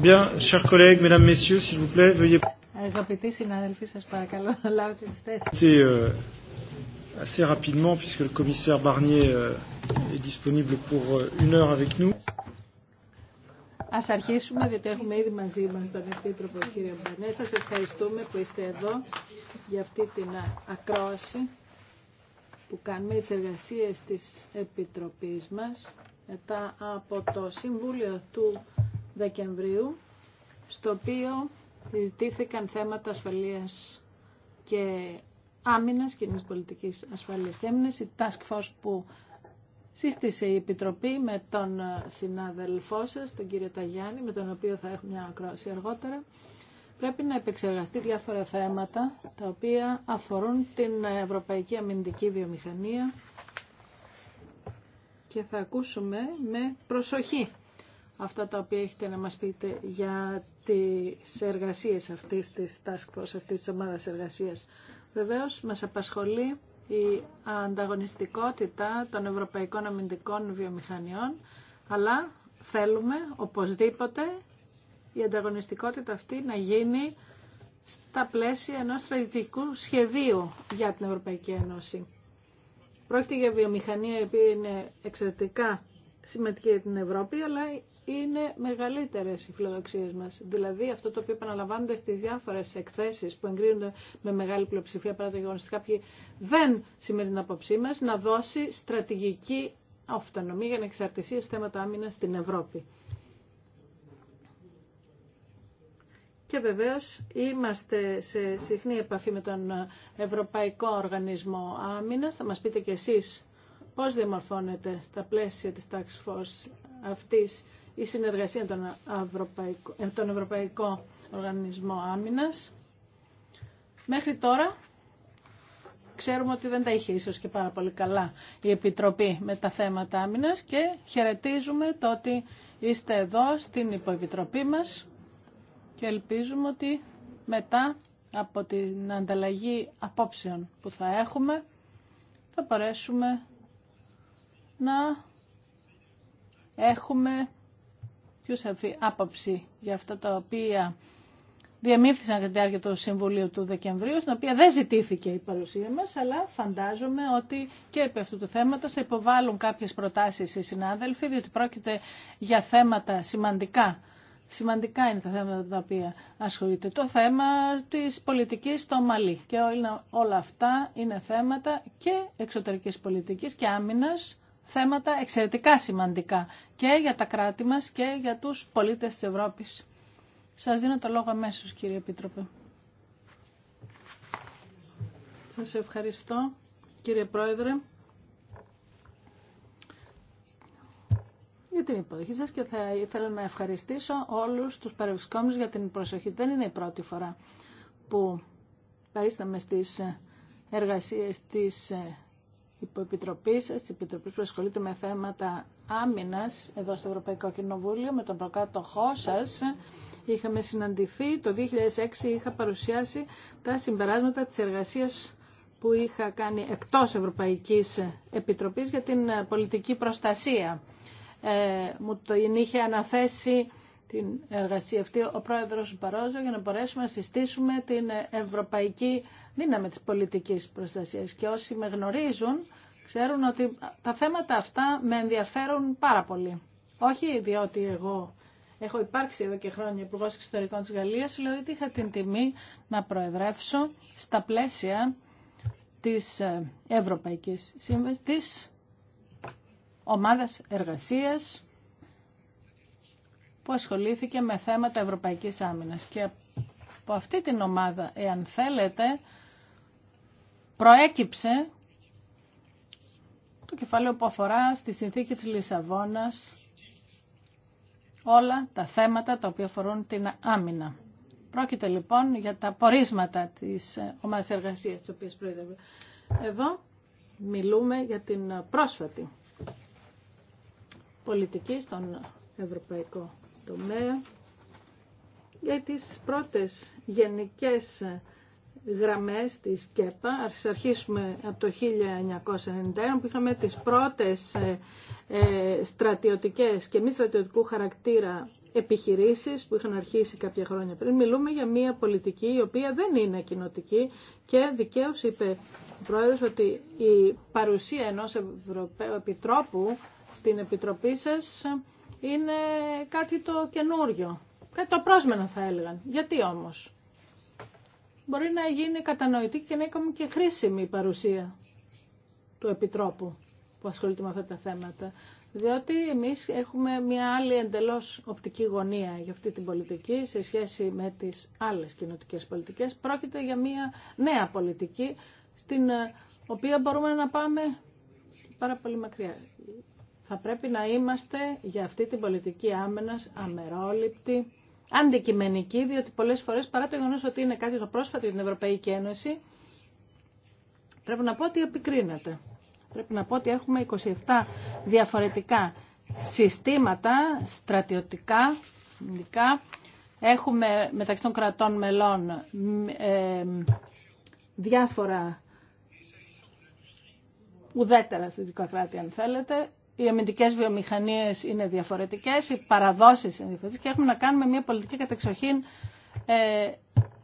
Bien, chers collègues, mesdames, messieurs, s'il vous plaît, veuillez. Αγαπητοί συνάδελφοι, σας παρακαλώ να λάβετε τις θέσεις. Euh, assez rapidement, puisque le commissaire Barnier euh, est disponible pour euh, une heure avec nous. Ας αρχίσουμε, διότι έχουμε ήδη μαζί μας τον Επίτροπο κύριε Μπανέ. Σας ευχαριστούμε που είστε εδώ για αυτή την ακρόαση που κάνουμε τις εργασίες της Επιτροπής μας μετά από το Συμβούλιο του Δεκεμβρίου, στο οποίο συζητήθηκαν θέματα ασφαλείας και άμυνας, κοινή πολιτικής ασφαλείας και άμυνας, η task force που σύστησε η Επιτροπή με τον συνάδελφό σας, τον κύριο Ταγιάννη, με τον οποίο θα έχουμε μια ακρόαση αργότερα, πρέπει να επεξεργαστεί διάφορα θέματα τα οποία αφορούν την Ευρωπαϊκή Αμυντική Βιομηχανία και θα ακούσουμε με προσοχή αυτά τα οποία έχετε να μας πείτε για τις εργασίες αυτής της Task Force, αυτής της ομάδας εργασίας. Βεβαίως, μας απασχολεί η ανταγωνιστικότητα των ευρωπαϊκών αμυντικών βιομηχανιών, αλλά θέλουμε οπωσδήποτε η ανταγωνιστικότητα αυτή να γίνει στα πλαίσια ενός στρατηγικού σχεδίου για την Ευρωπαϊκή Ένωση. Πρόκειται για βιομηχανία η οποία είναι εξαιρετικά σημαντική για την Ευρώπη, αλλά είναι μεγαλύτερες οι φιλοδοξίες μας. Δηλαδή αυτό το οποίο επαναλαμβάνονται στις διάφορες εκθέσεις που εγκρίνονται με μεγάλη πλειοψηφία παρά το γεγονό ότι κάποιοι δεν σημαίνει την απόψή μα να δώσει στρατηγική αυτονομία για να εξαρτησία θέματα άμυνα στην Ευρώπη. Και βεβαίως είμαστε σε συχνή επαφή με τον Ευρωπαϊκό Οργανισμό Άμυνας. Θα μας πείτε κι εσείς πώς διαμορφώνεται στα πλαίσια της Tax Force αυτής η συνεργασία των, ε, τον Ευρωπαϊκό Οργανισμό Άμυνας. Μέχρι τώρα ξέρουμε ότι δεν τα είχε ίσως και πάρα πολύ καλά η Επιτροπή με τα θέματα άμυνας και χαιρετίζουμε το ότι είστε εδώ στην υποεπιτροπή μας και ελπίζουμε ότι μετά από την ανταλλαγή απόψεων που θα έχουμε θα μπορέσουμε να έχουμε πιο σαφή άποψη για αυτά τα οποία διαμήφθησαν κατά τη διάρκεια του Συμβουλίου του Δεκεμβρίου, στην οποία δεν ζητήθηκε η παρουσία μα, αλλά φαντάζομαι ότι και επί αυτού του θέματο θα υποβάλουν κάποιε προτάσει οι συνάδελφοι, διότι πρόκειται για θέματα σημαντικά. Σημαντικά είναι τα θέματα τα οποία ασχολείται. Το θέμα της πολιτική στο Μαλί και όλα αυτά είναι θέματα και εξωτερική πολιτική και άμυνας θέματα εξαιρετικά σημαντικά και για τα κράτη μας και για τους πολίτες της Ευρώπης. Σας δίνω το λόγο αμέσω, κύριε Επίτροπε. Σας ευχαριστώ, κύριε Πρόεδρε, για την υποδοχή σας και θα ήθελα να ευχαριστήσω όλους τους παρευρισκόμενους για την προσοχή. Δεν είναι η πρώτη φορά που παρίσταμε στις εργασίες της Επιτροπή, σα, τη Επιτροπή που ασχολείται με θέματα άμυνα εδώ στο Ευρωπαϊκό Κοινοβούλιο, με τον προκάτοχό σα. Είχαμε συναντηθεί το 2006, είχα παρουσιάσει τα συμπεράσματα της εργασίας που είχα κάνει εκτός Ευρωπαϊκής Επιτροπής για την πολιτική προστασία. Ε, μου το είχε αναθέσει την εργασία αυτή ο πρόεδρος Μπαρόζο για να μπορέσουμε να συστήσουμε την ευρωπαϊκή δύναμη της πολιτικής προστασίας. Και όσοι με γνωρίζουν ξέρουν ότι τα θέματα αυτά με ενδιαφέρουν πάρα πολύ. Όχι διότι εγώ έχω υπάρξει εδώ και χρόνια υπουργό Εξωτερικών της Γαλλίας, αλλά ότι είχα την τιμή να προεδρεύσω στα πλαίσια της ε, Ευρωπαϊκής Σύμβασης, της ομάδας εργασίας που ασχολήθηκε με θέματα ευρωπαϊκής άμυνας. Και από αυτή την ομάδα, εάν θέλετε, προέκυψε το κεφάλαιο που αφορά στη συνθήκη της Λισαβόνας όλα τα θέματα τα οποία αφορούν την άμυνα. Πρόκειται λοιπόν για τα πορίσματα της ομάδας εργασίας της οποίας προείδευε. Εδώ μιλούμε για την πρόσφατη πολιτική στον ευρωπαϊκό τομέα για τις πρώτες γενικές γραμμές της ΚΕΠΑ. Ας αρχίσουμε από το 1991 που είχαμε τις πρώτες ε, ε, στρατιωτικές και μη στρατιωτικού χαρακτήρα επιχειρήσεις που είχαν αρχίσει κάποια χρόνια πριν. Μιλούμε για μια πολιτική η οποία δεν είναι κοινοτική και δικαίω είπε ο Πρόεδρος ότι η παρουσία ενός Ευρωπαίου Επιτρόπου στην Επιτροπή σας είναι κάτι το καινούριο. Κάτι το πρόσμενο θα έλεγαν. Γιατί όμως. Μπορεί να γίνει κατανοητή και να είχαμε και χρήσιμη η παρουσία του Επιτρόπου που ασχολείται με αυτά τα θέματα. Διότι εμείς έχουμε μια άλλη εντελώς οπτική γωνία για αυτή την πολιτική σε σχέση με τις άλλες κοινωτικέ πολιτικές. Πρόκειται για μια νέα πολιτική στην ε, οποία μπορούμε να πάμε πάρα πολύ μακριά θα πρέπει να είμαστε για αυτή την πολιτική άμενας αμερόληπτοι, αντικειμενικοί, διότι πολλές φορές παρά το γεγονός ότι είναι κάτι το πρόσφατο για την Ευρωπαϊκή Ένωση, πρέπει να πω ότι επικρίνεται. Πρέπει να πω ότι έχουμε 27 διαφορετικά συστήματα στρατιωτικά, ειδικά. Έχουμε μεταξύ των κρατών μελών ε, διάφορα ουδέτερα στρατιωτικά κράτη, αν θέλετε οι αμυντικέ βιομηχανίες είναι διαφορετικές, οι παραδόσεις είναι διαφορετικέ και έχουμε να κάνουμε μια πολιτική κατεξοχήν ε,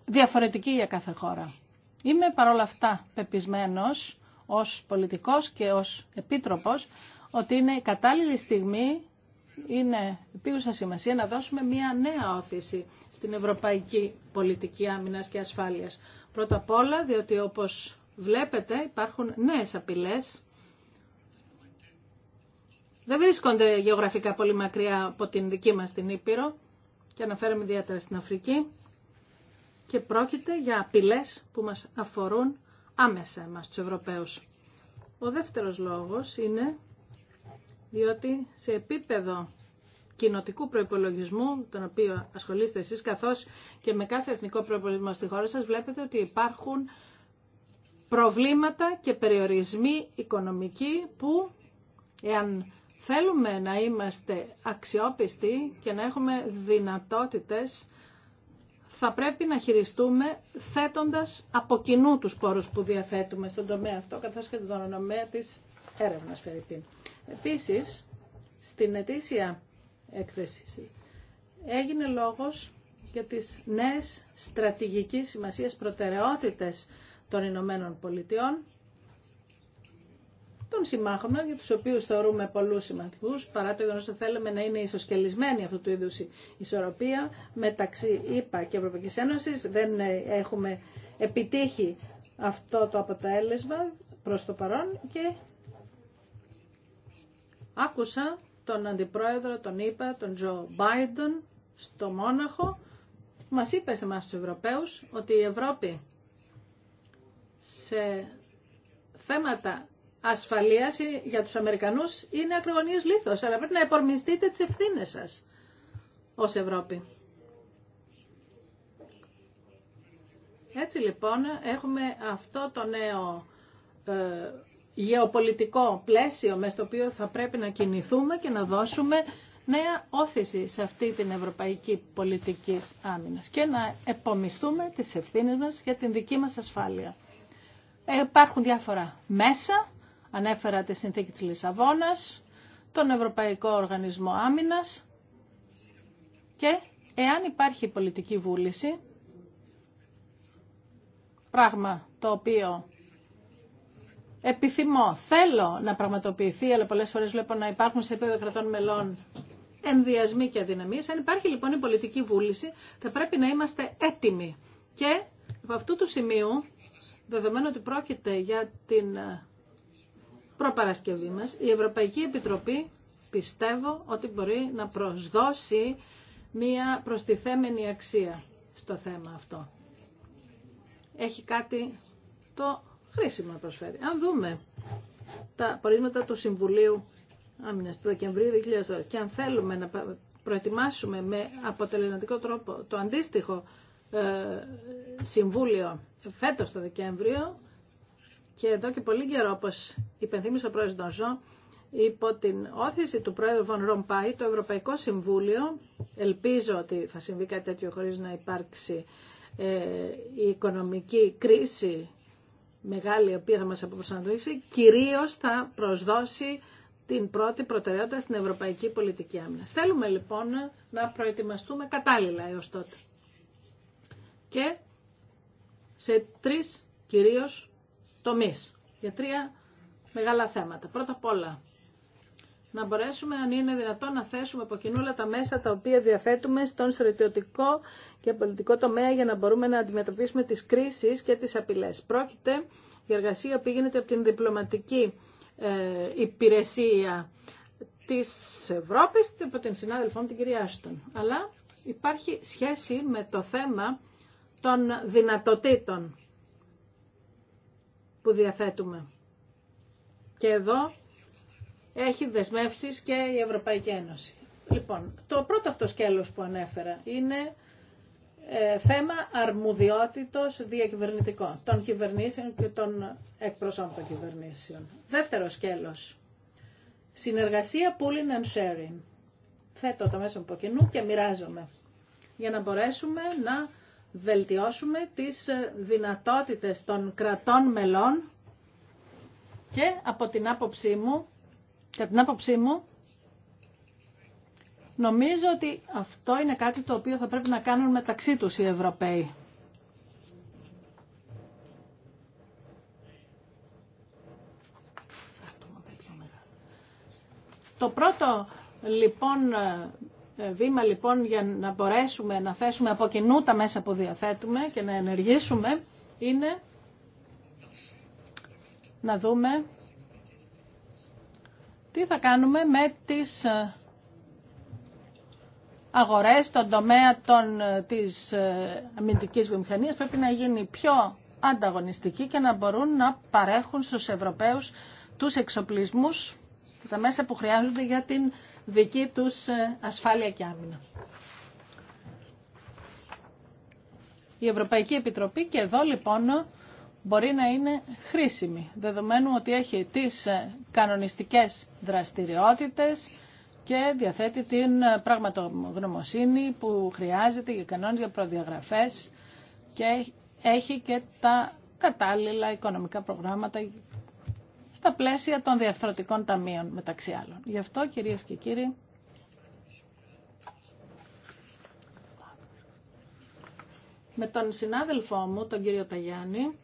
διαφορετική για κάθε χώρα. Είμαι παρόλα αυτά πεπισμένος ως πολιτικός και ως επίτροπος ότι είναι η κατάλληλη στιγμή, είναι επίγουσα σημασία να δώσουμε μια νέα όθηση στην ευρωπαϊκή πολιτική άμυνας και ασφάλεια. Πρώτα απ' όλα διότι όπως βλέπετε υπάρχουν νέες απειλές δεν βρίσκονται γεωγραφικά πολύ μακριά από την δική μας την Ήπειρο και αναφέρομαι ιδιαίτερα στην Αφρική και πρόκειται για απειλές που μας αφορούν άμεσα μας τους Ευρωπαίους. Ο δεύτερος λόγος είναι διότι σε επίπεδο κοινοτικού προϋπολογισμού τον οποίο ασχολείστε εσείς, καθώς και με κάθε εθνικό προϋπολογισμό στη χώρα σας, βλέπετε ότι υπάρχουν προβλήματα και περιορισμοί οικονομικοί που, εάν Θέλουμε να είμαστε αξιόπιστοι και να έχουμε δυνατότητες θα πρέπει να χειριστούμε θέτοντας από κοινού τους πόρους που διαθέτουμε στον τομέα αυτό, καθώς και τον τομέα της έρευνας, Φερρυπίν. Επίσης, στην ετήσια έκθεση έγινε λόγος για τις νέες στρατηγικής σημασίας προτεραιότητες των Ηνωμένων Πολιτειών των συμμάχων μας, για τους οποίους θεωρούμε πολλούς σημαντικούς, παρά το γεγονός ότι θέλουμε να είναι ισοσκελισμένη αυτού του είδους η ισορροπία μεταξύ ΕΠΑ και Ευρωπαϊκής Ένωσης. Δεν ε, έχουμε επιτύχει αυτό το αποτέλεσμα προς το παρόν και άκουσα τον αντιπρόεδρο, τον ΙΠΑ, τον Τζο Μπάιντον στο Μόναχο, μας είπε σε εμάς τους Ευρωπαίους ότι η Ευρώπη σε θέματα ασφαλεία για τους Αμερικανούς είναι ακρογωνίως λίθος. αλλά πρέπει να επορμιστείτε τις ευθύνε σας ως Ευρώπη. Έτσι λοιπόν έχουμε αυτό το νέο ε, γεωπολιτικό πλαίσιο με στο οποίο θα πρέπει να κινηθούμε και να δώσουμε νέα όθηση σε αυτή την ευρωπαϊκή πολιτική άμυνας και να επομιστούμε τις ευθύνες μας για την δική μας ασφάλεια. Ε, υπάρχουν διάφορα μέσα Ανέφερα τη συνθήκη της Λισαβόνας, τον Ευρωπαϊκό Οργανισμό Άμυνας και εάν υπάρχει πολιτική βούληση, πράγμα το οποίο επιθυμώ, θέλω να πραγματοποιηθεί, αλλά πολλές φορές βλέπω να υπάρχουν σε επίπεδο κρατών μελών ενδιασμοί και αδυναμίες. Αν υπάρχει λοιπόν η πολιτική βούληση, θα πρέπει να είμαστε έτοιμοι. Και από αυτού του σημείου, δεδομένου ότι πρόκειται για την ε, προπαρασκευή μας, η Ευρωπαϊκή Επιτροπή πιστεύω ότι μπορεί να προσδώσει μία προστιθέμενη αξία στο θέμα αυτό. Έχει κάτι το χρήσιμο να προσφέρει. Αν δούμε τα πορίσματα του Συμβουλίου Άμυνας του Δεκεμβρίου 2012 και αν θέλουμε να προετοιμάσουμε με αποτελεσματικό τρόπο το αντίστοιχο ε, Συμβούλιο φέτος το Δεκέμβριο, και εδώ και πολύ καιρό, όπω υπενθύμισε ο πρόεδρο Ντοζό, υπό την όθηση του πρόεδρου Βον Ρομπάη, το Ευρωπαϊκό Συμβούλιο, ελπίζω ότι θα συμβεί κάτι τέτοιο χωρί να υπάρξει ε, η οικονομική κρίση μεγάλη, η οποία θα μας αποπροσανατολίσει, κυρίως θα προσδώσει την πρώτη προτεραιότητα στην ευρωπαϊκή πολιτική άμυνα. Θέλουμε λοιπόν να προετοιμαστούμε κατάλληλα έω τότε. Και σε τρεις κυρίως για τρία μεγάλα θέματα. Πρώτα απ' όλα, να μπορέσουμε, αν είναι δυνατόν, να θέσουμε από κοινού τα μέσα τα οποία διαθέτουμε στον στρατιωτικό και πολιτικό τομέα για να μπορούμε να αντιμετωπίσουμε τις κρίσεις και τις απειλές. Πρόκειται για εργασία που γίνεται από την διπλωματική ε, υπηρεσία της Ευρώπης, από την συνάδελφό μου την κυρία Άστον. Αλλά υπάρχει σχέση με το θέμα των δυνατοτήτων που διαθέτουμε. Και εδώ έχει δεσμεύσεις και η Ευρωπαϊκή Ένωση. Λοιπόν, το πρώτο αυτό σκέλος που ανέφερα είναι ε, θέμα αρμουδιότητος διακυβερνητικών των κυβερνήσεων και των εκπροσώπων των κυβερνήσεων. Δεύτερο σκέλος. Συνεργασία, pooling and sharing. Θέτω το μέσο από κοινού και μοιράζομαι για να μπορέσουμε να βελτιώσουμε τις ε, δυνατότητες των κρατών μελών και από την άποψή μου, κατά την άποψή μου, νομίζω ότι αυτό είναι κάτι το οποίο θα πρέπει να κάνουν μεταξύ τους οι Ευρωπαίοι. Το πρώτο λοιπόν ε, βήμα λοιπόν για να μπορέσουμε να θέσουμε από κοινού τα μέσα που διαθέτουμε και να ενεργήσουμε είναι να δούμε τι θα κάνουμε με τις ε, αγορές στον τομέα των, ε, της ε, αμυντικής βιομηχανίας. Πρέπει να γίνει πιο ανταγωνιστική και να μπορούν να παρέχουν στους Ευρωπαίους τους εξοπλισμούς, τα μέσα που χρειάζονται για την δική τους ε, ασφάλεια και άμυνα. Η Ευρωπαϊκή Επιτροπή και εδώ λοιπόν μπορεί να είναι χρήσιμη, δεδομένου ότι έχει τις ε, κανονιστικές δραστηριότητες και διαθέτει την ε, πραγματογνωμοσύνη που χρειάζεται για κανόνες για προδιαγραφές και έχει και τα κατάλληλα οικονομικά προγράμματα στα πλαίσια των διαρθρωτικών ταμείων μεταξύ άλλων. Γι' αυτό κυρίες και κύριοι με τον συνάδελφό μου, τον κύριο Ταγιάννη,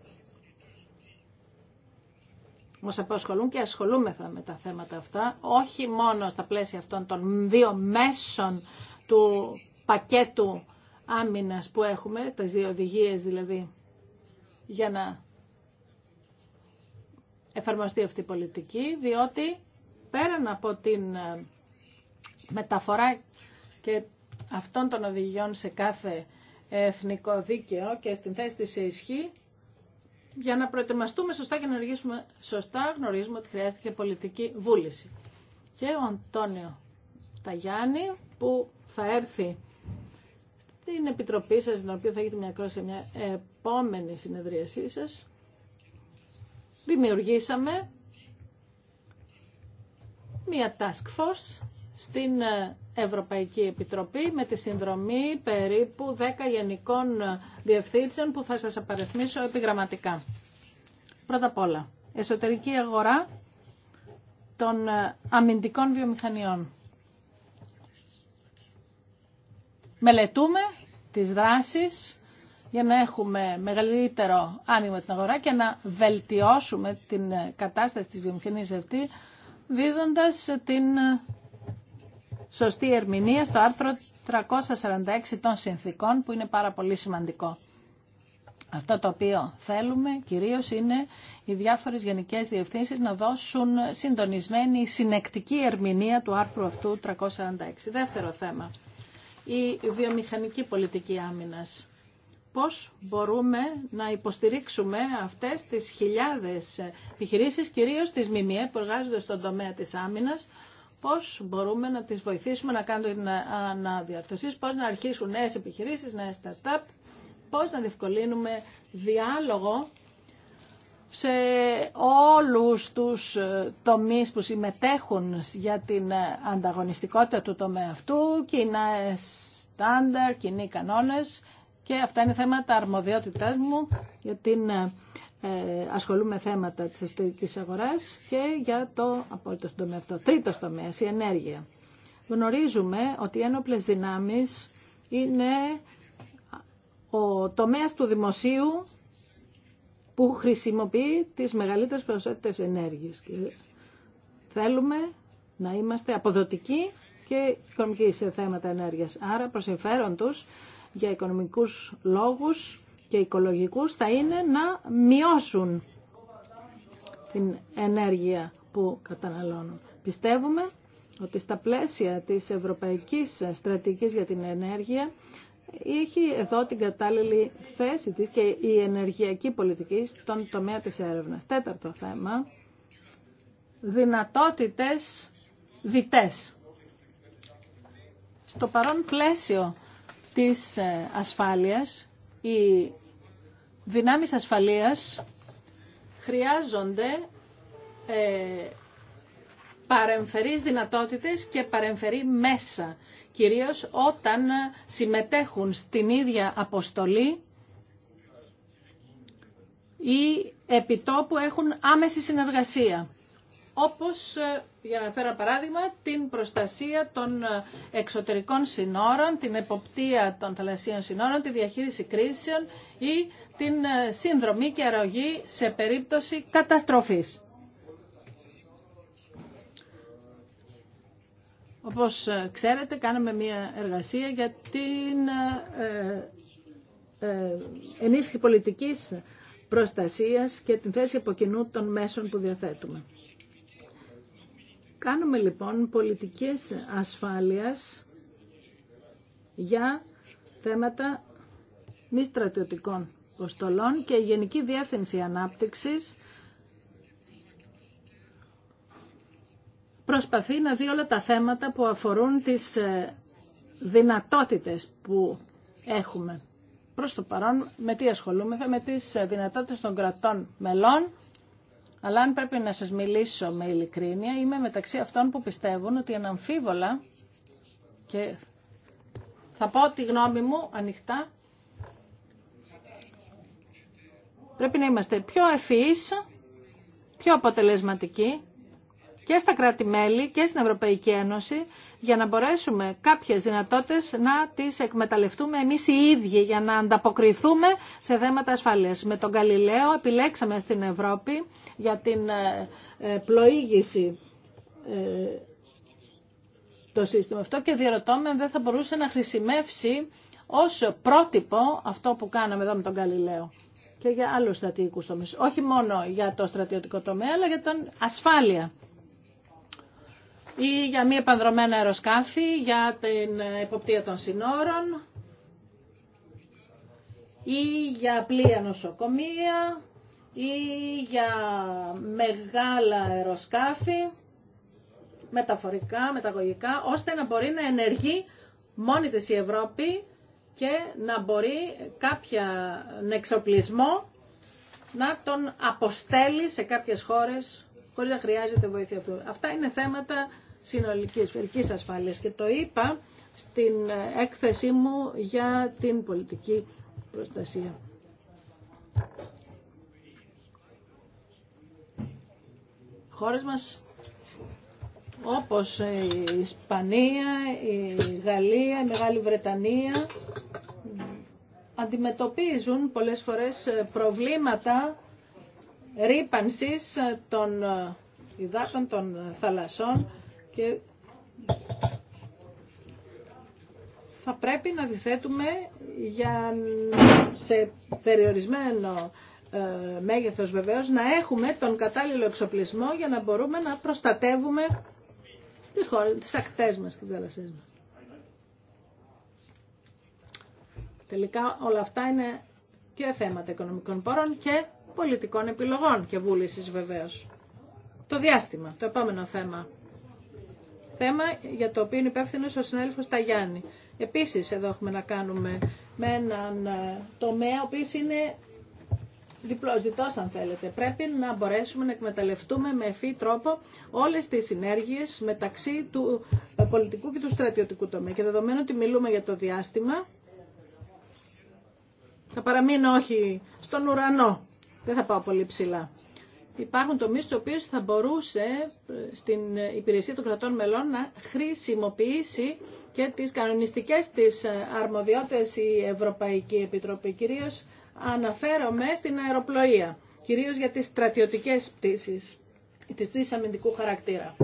μας απασχολούν και ασχολούμεθα με τα θέματα αυτά, όχι μόνο στα πλαίσια αυτών των δύο μέσων του πακέτου άμυνας που έχουμε, τις δύο οδηγίε δηλαδή, για να εφαρμοστεί αυτή η πολιτική, διότι πέραν από την ε, μεταφορά και αυτών των οδηγιών σε κάθε εθνικό δίκαιο και στην θέση της σε ισχύ, για να προετοιμαστούμε σωστά και να ενεργήσουμε σωστά, γνωρίζουμε ότι χρειάστηκε πολιτική βούληση. Και ο Αντώνιο Ταγιάννη, που θα έρθει στην Επιτροπή σας, την οποία θα έχετε μια κρόση σε μια επόμενη συνεδρίασή σας, δημιουργήσαμε μία task force στην ε, Ευρωπαϊκή Επιτροπή με τη συνδρομή περίπου 10 γενικών ε, διευθύνσεων που θα σας απαριθμίσω επιγραμματικά. Πρώτα απ' όλα, εσωτερική αγορά των ε, αμυντικών βιομηχανιών. Μελετούμε τις δράσεις για να έχουμε μεγαλύτερο άνοιγμα την αγορά και να βελτιώσουμε την κατάσταση της βιομηχανίας αυτή δίδοντας την σωστή ερμηνεία στο άρθρο 346 των συνθήκων που είναι πάρα πολύ σημαντικό. Αυτό το οποίο θέλουμε κυρίως είναι οι διάφορες γενικές διευθύνσεις να δώσουν συντονισμένη συνεκτική ερμηνεία του άρθρου αυτού 346. Δεύτερο θέμα, η βιομηχανική πολιτική άμυνας πώς μπορούμε να υποστηρίξουμε αυτές τις χιλιάδες επιχειρήσεις, κυρίως τις ΜΜΕ που εργάζονται στον τομέα της άμυνας, πώς μπορούμε να τις βοηθήσουμε να κάνουν αναδιαρθρωσίες, πώς να αρχίσουν νέες επιχειρήσεις, νέες startup, πώς να διευκολύνουμε διάλογο σε όλους τους ε, τομείς που συμμετέχουν για την ε, ανταγωνιστικότητα του τομέα αυτού, κοινά στάνταρ, κοινοί κανόνες, και αυτά είναι θέματα αρμοδιότητάς μου για την ε, ασχολούμαι θέματα της ιστορικής αγοράς και για το απόλυτο στον τομέα αυτό. Τρίτος τομέας, η ενέργεια. Γνωρίζουμε ότι οι ένοπλες δυνάμεις είναι ο τομέας του δημοσίου που χρησιμοποιεί τις μεγαλύτερες ποσότητες ενέργειας. Και θέλουμε να είμαστε αποδοτικοί και οικονομικοί σε θέματα ενέργειας. Άρα, προς συμφέρον τους, για οικονομικούς λόγους και οικολογικούς θα είναι να μειώσουν την ενέργεια που καταναλώνουν. Πιστεύουμε ότι στα πλαίσια της Ευρωπαϊκής Στρατηγικής για την Ενέργεια έχει εδώ την κατάλληλη θέση της και η ενεργειακή πολιτική στον τομέα της έρευνας. Τέταρτο θέμα, δυνατότητες διτές. Στο παρόν πλαίσιο της ε, ασφάλειας, οι δυνάμεις ασφαλείας χρειάζονται ε, παρεμφερείς δυνατότητες και παρεμφερή μέσα, κυρίως όταν συμμετέχουν στην ίδια αποστολή ή επιτόπου έχουν άμεση συνεργασία όπως, ε, για να φέρω παράδειγμα, την προστασία των ε, εξωτερικών συνόρων, την εποπτεία των θαλασσίων συνόρων, τη διαχείριση κρίσεων ή την ε, σύνδρομη και αρρωγή σε περίπτωση καταστροφής. Όπως ξέρετε, κάναμε μια εργασία για την ενίσχυση πολιτικής προστασίας και την θέση από των μέσων που διαθέτουμε. Κάνουμε λοιπόν πολιτικές ασφάλειας για θέματα μη στρατιωτικών οστολών και Γενική Διεύθυνση Ανάπτυξης προσπαθεί να δει όλα τα θέματα που αφορούν τις ε, δυνατότητες που έχουμε. Προς το παρόν, με τι ασχολούμεθα, με τις ε, δυνατότητες των κρατών μελών αλλά αν πρέπει να σας μιλήσω με ειλικρίνεια, είμαι μεταξύ αυτών που πιστεύουν ότι αναμφίβολα και θα πω τη γνώμη μου ανοιχτά, πρέπει να είμαστε πιο ευφυείς, πιο αποτελεσματικοί και στα κράτη-μέλη και στην Ευρωπαϊκή Ένωση για να μπορέσουμε κάποιες δυνατότητες να τις εκμεταλλευτούμε εμείς οι ίδιοι για να ανταποκριθούμε σε θέματα ασφαλείας. Με τον Καλλιλέο επιλέξαμε στην Ευρώπη για την ε, ε, πλοήγηση ε, το σύστημα αυτό και διερωτώμε με δεν θα μπορούσε να χρησιμεύσει ως πρότυπο αυτό που κάναμε εδώ με τον Καλλιλέο και για άλλους στρατηγικούς τομείς. Όχι μόνο για το στρατιωτικό τομέα, αλλά για τον ασφάλεια ή για μη επανδρομένα αεροσκάφη, για την εποπτεία των συνόρων ή για πλοία νοσοκομεία ή για μεγάλα αεροσκάφη μεταφορικά, μεταγωγικά, ώστε να μπορεί να ενεργεί μόνη της η Ευρώπη και να μπορεί κάποια εξοπλισμό να τον αποστέλει σε κάποιες χώρες χωρίς να χρειάζεται βοήθεια του. Αυτά είναι θέματα συνολικής σφαιρικής ασφάλειας και το είπα στην έκθεσή μου για την πολιτική προστασία. Χώρες μας όπως η Ισπανία, η Γαλλία, η Μεγάλη Βρετανία αντιμετωπίζουν πολλές φορές προβλήματα ρήπανσης των υδάτων των θαλασσών και θα πρέπει να διθέτουμε για σε περιορισμένο ε, μέγεθος βεβαίως να έχουμε τον κατάλληλο εξοπλισμό για να μπορούμε να προστατεύουμε τις, χώρες, τις ακτές μας και τις Τελικά όλα αυτά είναι και θέματα οικονομικών πόρων και πολιτικών επιλογών και βούλησης βεβαίως. Το διάστημα, το επόμενο θέμα θέμα για το οποίο είναι υπεύθυνο ο συνάδελφος Ταγιάννη. Επίσης εδώ έχουμε να κάνουμε με έναν ε, τομέα ο οποίος είναι διπλόζητος, αν θέλετε. Πρέπει να μπορέσουμε να εκμεταλλευτούμε με ευφύ τρόπο όλες τις συνέργειες μεταξύ του ε, πολιτικού και του στρατιωτικού τομέα. Και δεδομένου ότι μιλούμε για το διάστημα, θα παραμείνω όχι στον ουρανό. Δεν θα πάω πολύ ψηλά υπάρχουν τομείς στους οποίους θα μπορούσε ε, στην υπηρεσία των κρατών μελών να χρησιμοποιήσει και τις κανονιστικές της ε, αρμοδιότητες η Ευρωπαϊκή Επιτροπή. Κυρίως αναφέρομαι στην αεροπλοεία, κυρίως για τις στρατιωτικές πτήσεις, τις πτήσεις αμυντικού χαρακτήρα.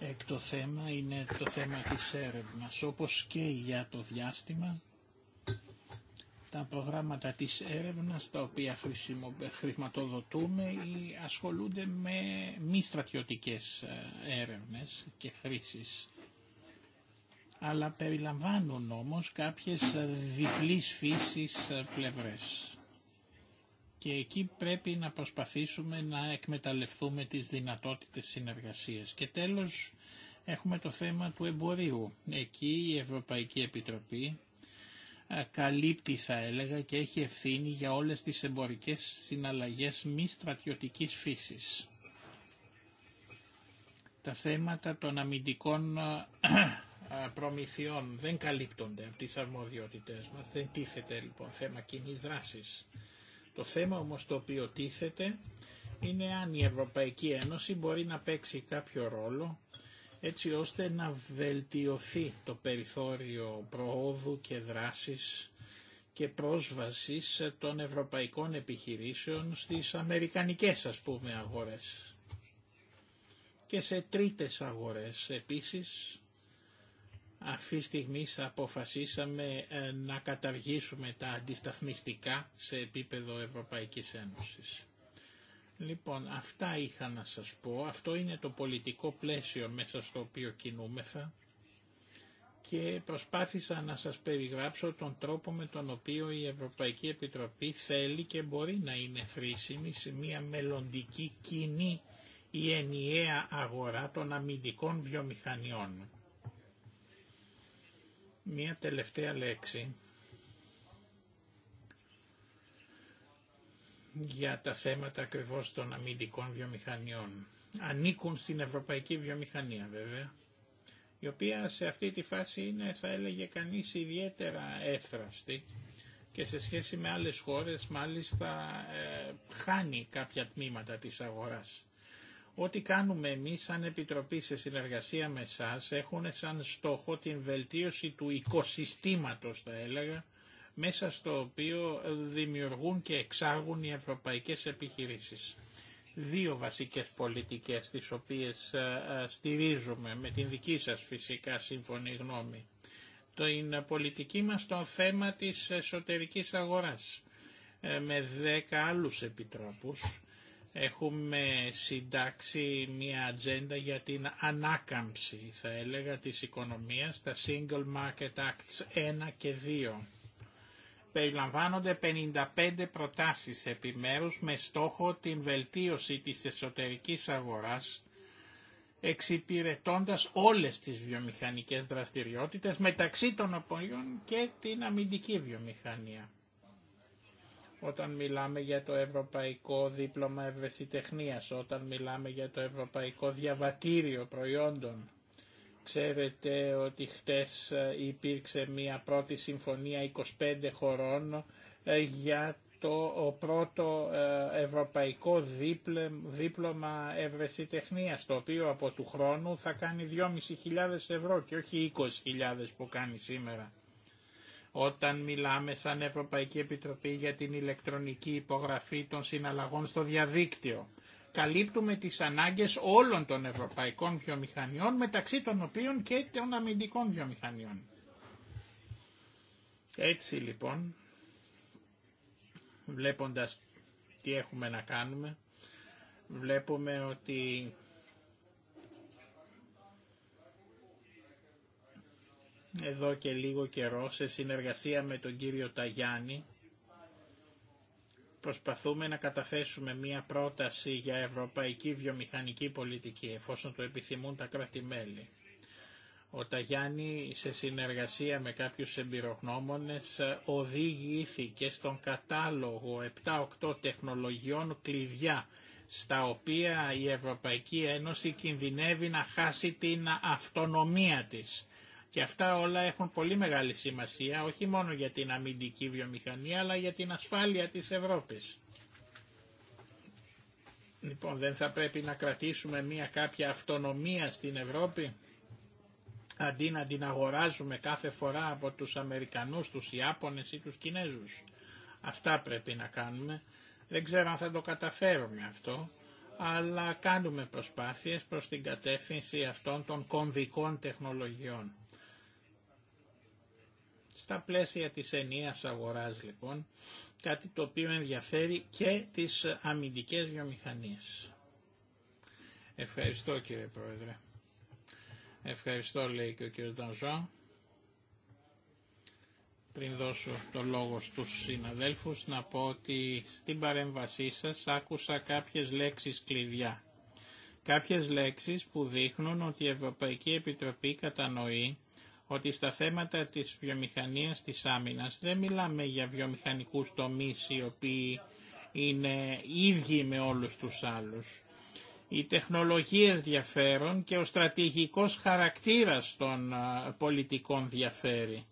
Έκτο θέμα είναι το θέμα της έρευνας, όπως και για το διάστημα τα προγράμματα της έρευνας τα οποία χρηματοδοτούμε ασχολούνται με μη στρατιωτικές ε, έρευνες και χρήσεις. Αλλά περιλαμβάνουν όμως κάποιες διπλής φύσης ε, πλευρές. Και εκεί πρέπει να προσπαθήσουμε να εκμεταλλευτούμε τις δυνατότητες συνεργασίας. Και τέλος έχουμε το θέμα του εμπορίου. Εκεί η Ευρωπαϊκή Επιτροπή καλύπτει θα έλεγα και έχει ευθύνη για όλες τις εμπορικές συναλλαγές μη στρατιωτικής φύσης. Τα θέματα των αμυντικών προμηθειών δεν καλύπτονται από τις αρμοδιότητές μας, δεν τίθεται λοιπόν θέμα κοινή δράση. Το θέμα όμως το οποίο τίθεται είναι αν η Ευρωπαϊκή Ένωση μπορεί να παίξει κάποιο ρόλο έτσι ώστε να βελτιωθεί το περιθώριο προόδου και δράσης και πρόσβασης των ευρωπαϊκών επιχειρήσεων στις αμερικανικές ας πούμε αγορές και σε τρίτες αγορές επίσης. Αυτή τη στιγμή αποφασίσαμε ε, να καταργήσουμε τα αντισταθμιστικά σε επίπεδο Ευρωπαϊκής Ένωσης. Λοιπόν, αυτά είχα να σας πω. Αυτό είναι το πολιτικό πλαίσιο μέσα στο οποίο κινούμεθα και προσπάθησα να σας περιγράψω τον τρόπο με τον οποίο η Ευρωπαϊκή Επιτροπή θέλει και μπορεί να είναι χρήσιμη σε μια μελλοντική κοινή ή ενιαία αγορά των αμυντικών βιομηχανιών. Μια τελευταία λέξη για τα θέματα ακριβώς των αμυντικών βιομηχανιών. Ανήκουν στην ευρωπαϊκή βιομηχανία βέβαια, η οποία σε αυτή τη φάση είναι θα έλεγε κανείς ιδιαίτερα έθραυστη και σε σχέση με άλλες χώρες μάλιστα ε, χάνει κάποια τμήματα της αγοράς. Ό,τι κάνουμε εμείς σαν Επιτροπή σε συνεργασία με εσά έχουν σαν στόχο την βελτίωση του οικοσυστήματος θα έλεγα μέσα στο οποίο δημιουργούν και εξάγουν οι ευρωπαϊκές επιχειρήσεις. Δύο βασικές πολιτικές τις οποίες ε, ε, στηρίζουμε με την δική σας φυσικά σύμφωνη γνώμη. Το είναι πολιτική μας το θέμα της εσωτερικής αγοράς. Ε, με δέκα άλλους επιτρόπους έχουμε συντάξει μια ατζέντα για την ανάκαμψη θα έλεγα της οικονομίας, τα Single Market Acts 1 και 2 περιλαμβάνονται 55 προτάσεις επιμέρους με στόχο την βελτίωση της εσωτερικής αγοράς, εξυπηρετώντας όλες τις βιομηχανικές δραστηριότητες, μεταξύ των οποίων και την αμυντική βιομηχανία. Όταν μιλάμε για το Ευρωπαϊκό Δίπλωμα Ευρεσιτεχνίας, όταν μιλάμε για το Ευρωπαϊκό Διαβατήριο Προϊόντων, Ξέρετε ότι χτες ε, υπήρξε μια πρώτη συμφωνία 25 χωρών ε, για το πρώτο ε, ευρωπαϊκό δίπλωμα ευρεσιτεχνίας, το οποίο από του χρόνου θα κάνει 2.500 ευρώ και όχι 20.000 που κάνει σήμερα. Όταν μιλάμε σαν Ευρωπαϊκή Επιτροπή για την ηλεκτρονική υπογραφή των συναλλαγών στο διαδίκτυο, καλύπτουμε τις ανάγκες όλων των ευρωπαϊκών βιομηχανιών, μεταξύ των οποίων και των αμυντικών βιομηχανιών. Έτσι λοιπόν, βλέποντας τι έχουμε να κάνουμε, βλέπουμε ότι εδώ και λίγο καιρό σε συνεργασία με τον κύριο Ταγιάννη προσπαθούμε να καταθέσουμε μία πρόταση για ευρωπαϊκή βιομηχανική πολιτική, εφόσον το επιθυμούν τα κράτη-μέλη. Ο Ταγιάννη, σε συνεργασία με κάποιους εμπειρογνώμονες, οδηγήθηκε στον κατάλογο 7-8 τεχνολογιών κλειδιά, στα οποία η Ευρωπαϊκή Ένωση κινδυνεύει να χάσει την αυτονομία της και αυτά όλα έχουν πολύ μεγάλη σημασία, όχι μόνο για την αμυντική βιομηχανία, αλλά για την ασφάλεια της Ευρώπης. Λοιπόν, δεν θα πρέπει να κρατήσουμε μία κάποια αυτονομία στην Ευρώπη, αντί να την αγοράζουμε κάθε φορά από τους Αμερικανούς, τους Ιάπωνες ή τους Κινέζους. Αυτά πρέπει να κάνουμε. Δεν ξέρω αν θα το καταφέρουμε αυτό αλλά κάνουμε προσπάθειες προς την κατεύθυνση αυτών των κομβικών τεχνολογιών. Στα πλαίσια της ενίας αγοράς λοιπόν, κάτι το οποίο ενδιαφέρει και τις αμυντικές βιομηχανίες. Ευχαριστώ κύριε Πρόεδρε. Ευχαριστώ λέει και ο κύριος Ντανζό πριν δώσω το λόγο στους συναδέλφους να πω ότι στην παρέμβασή σας άκουσα κάποιες λέξεις κλειδιά. Κάποιες λέξεις που δείχνουν ότι η Ευρωπαϊκή Επιτροπή κατανοεί ότι στα θέματα της βιομηχανίας της άμυνας δεν μιλάμε για βιομηχανικούς τομείς οι οποίοι είναι ίδιοι με όλους τους άλλους. Οι τεχνολογίες διαφέρουν και ο στρατηγικός χαρακτήρας των ε, πολιτικών διαφέρει.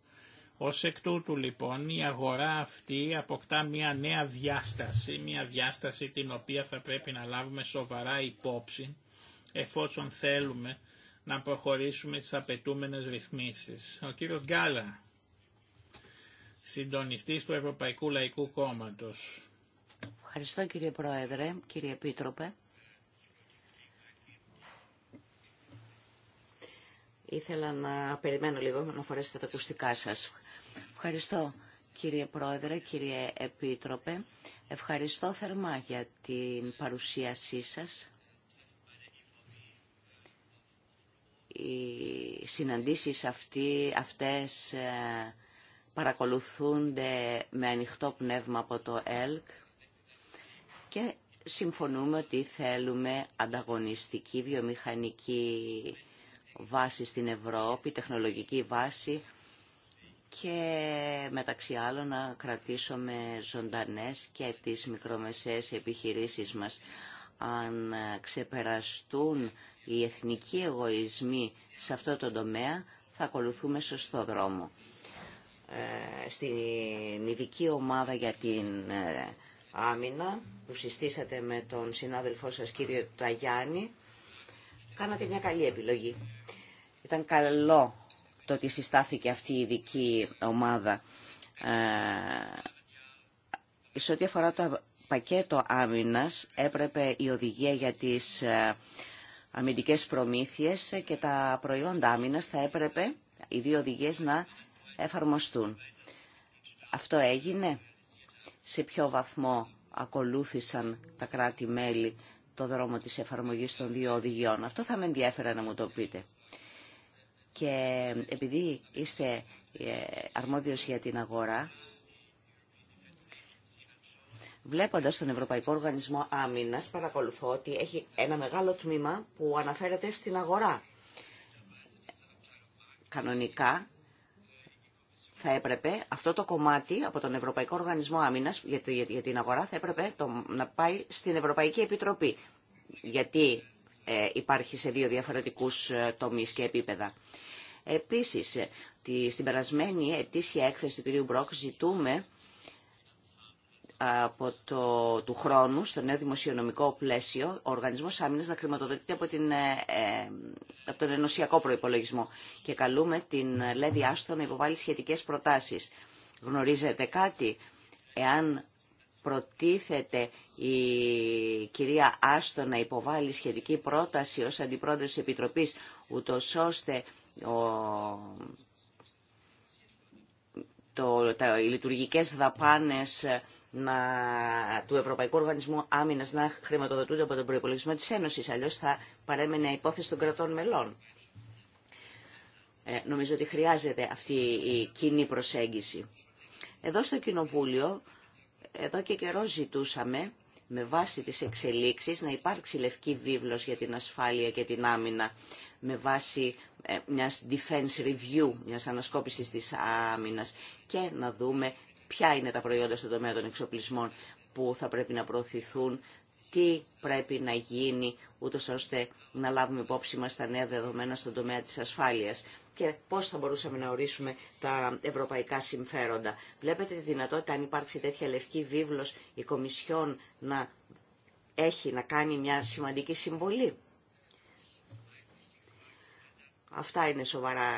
Ως εκ τούτου λοιπόν η αγορά αυτή αποκτά μια νέα διάσταση, μια διάσταση την οποία θα πρέπει να λάβουμε σοβαρά υπόψη εφόσον θέλουμε να προχωρήσουμε στις απαιτούμενες ρυθμίσεις. Ο κύριος Γκάλα, συντονιστής του Ευρωπαϊκού Λαϊκού Κόμματος. Ευχαριστώ κύριε Πρόεδρε, κύριε Επίτροπε. Ήθελα να περιμένω λίγο να φορέσετε τα ακουστικά σας. Ευχαριστώ κύριε Πρόεδρε, κύριε Επίτροπε. Ευχαριστώ θερμά για την παρουσίασή σας. Οι συναντήσεις αυτές ε, παρακολουθούνται με ανοιχτό πνεύμα από το ΕΛΚ και συμφωνούμε ότι θέλουμε ανταγωνιστική βιομηχανική βάση στην Ευρώπη, τεχνολογική βάση και μεταξύ άλλων να κρατήσουμε ζωντανές και τις μικρομεσαίες επιχειρήσεις μας. Αν ξεπεραστούν οι εθνικοί εγωισμοί σε αυτό το τομέα, θα ακολουθούμε σωστό δρόμο. Ε, στην ειδική ομάδα για την ε, άμυνα που συστήσατε με τον συνάδελφό σας κύριο Ταγιάννη, κάνατε μια καλή επιλογή. Ήταν καλό το ότι συστάθηκε αυτή η ειδική ομάδα. Ε, σε ό,τι αφορά το πακέτο άμυνας έπρεπε η οδηγία για τις ε, αμυντικές προμήθειες και τα προϊόντα άμυνας θα έπρεπε οι δύο οδηγίες να εφαρμοστούν. Αυτό έγινε. Σε ποιο βαθμό ακολούθησαν τα κράτη-μέλη το δρόμο της εφαρμογής των δύο οδηγιών. Αυτό θα με ενδιαφέρε να μου το πείτε. Και επειδή είστε ε, αρμόδιος για την αγορά, βλέποντας τον Ευρωπαϊκό Οργανισμό Άμυνας, παρακολουθώ ότι έχει ένα μεγάλο τμήμα που αναφέρεται στην αγορά. Κανονικά θα έπρεπε αυτό το κομμάτι από τον Ευρωπαϊκό Οργανισμό Άμυνας για την αγορά θα έπρεπε να πάει στην Ευρωπαϊκή Επιτροπή. Γιατί ε, υπάρχει σε δύο διαφορετικούς ε, τομείς και επίπεδα. Επίσης, ε, στην περασμένη ετήσια έκθεση του κ. Μπρόκ ζητούμε από το, του χρόνου στο νέο δημοσιονομικό πλαίσιο ο οργανισμός άμυνας να χρηματοδοτείται από, την, από τον ενωσιακό προϋπολογισμό και καλούμε την Λέδη Άστο να υποβάλει σχετικές προτάσεις. Γνωρίζετε κάτι εάν προτίθεται η κυρία Άστο να υποβάλει σχετική πρόταση ως Αντιπρόεδρος της Επιτροπής, ούτως ώστε το... τα... οι λειτουργικές δαπάνες ε, να... του Ευρωπαϊκού Οργανισμού Άμυνας να χρηματοδοτούνται από τον προϋπολογισμό της Ένωσης, αλλιώς θα παρέμενε υπόθεση των κρατών μελών. Ε, νομίζω ότι χρειάζεται αυτή η κοινή προσέγγιση. Εδώ στο Κοινοβούλιο εδώ και καιρό ζητούσαμε με βάση τις εξελίξεις να υπάρξει λευκή βίβλος για την ασφάλεια και την άμυνα με βάση ε, μιας defense review, μιας ανασκόπησης της άμυνας και να δούμε ποια είναι τα προϊόντα στον τομέα των εξοπλισμών που θα πρέπει να προωθηθούν, τι πρέπει να γίνει ούτως ώστε να λάβουμε υπόψη μας τα νέα δεδομένα στον τομέα της ασφάλειας και πώς θα μπορούσαμε να ορίσουμε τα ευρωπαϊκά συμφέροντα. Βλέπετε τη δυνατότητα αν υπάρξει τέτοια λευκή βίβλος η Κομισιόν να έχει να κάνει μια σημαντική συμβολή. Αυτά είναι σοβαρά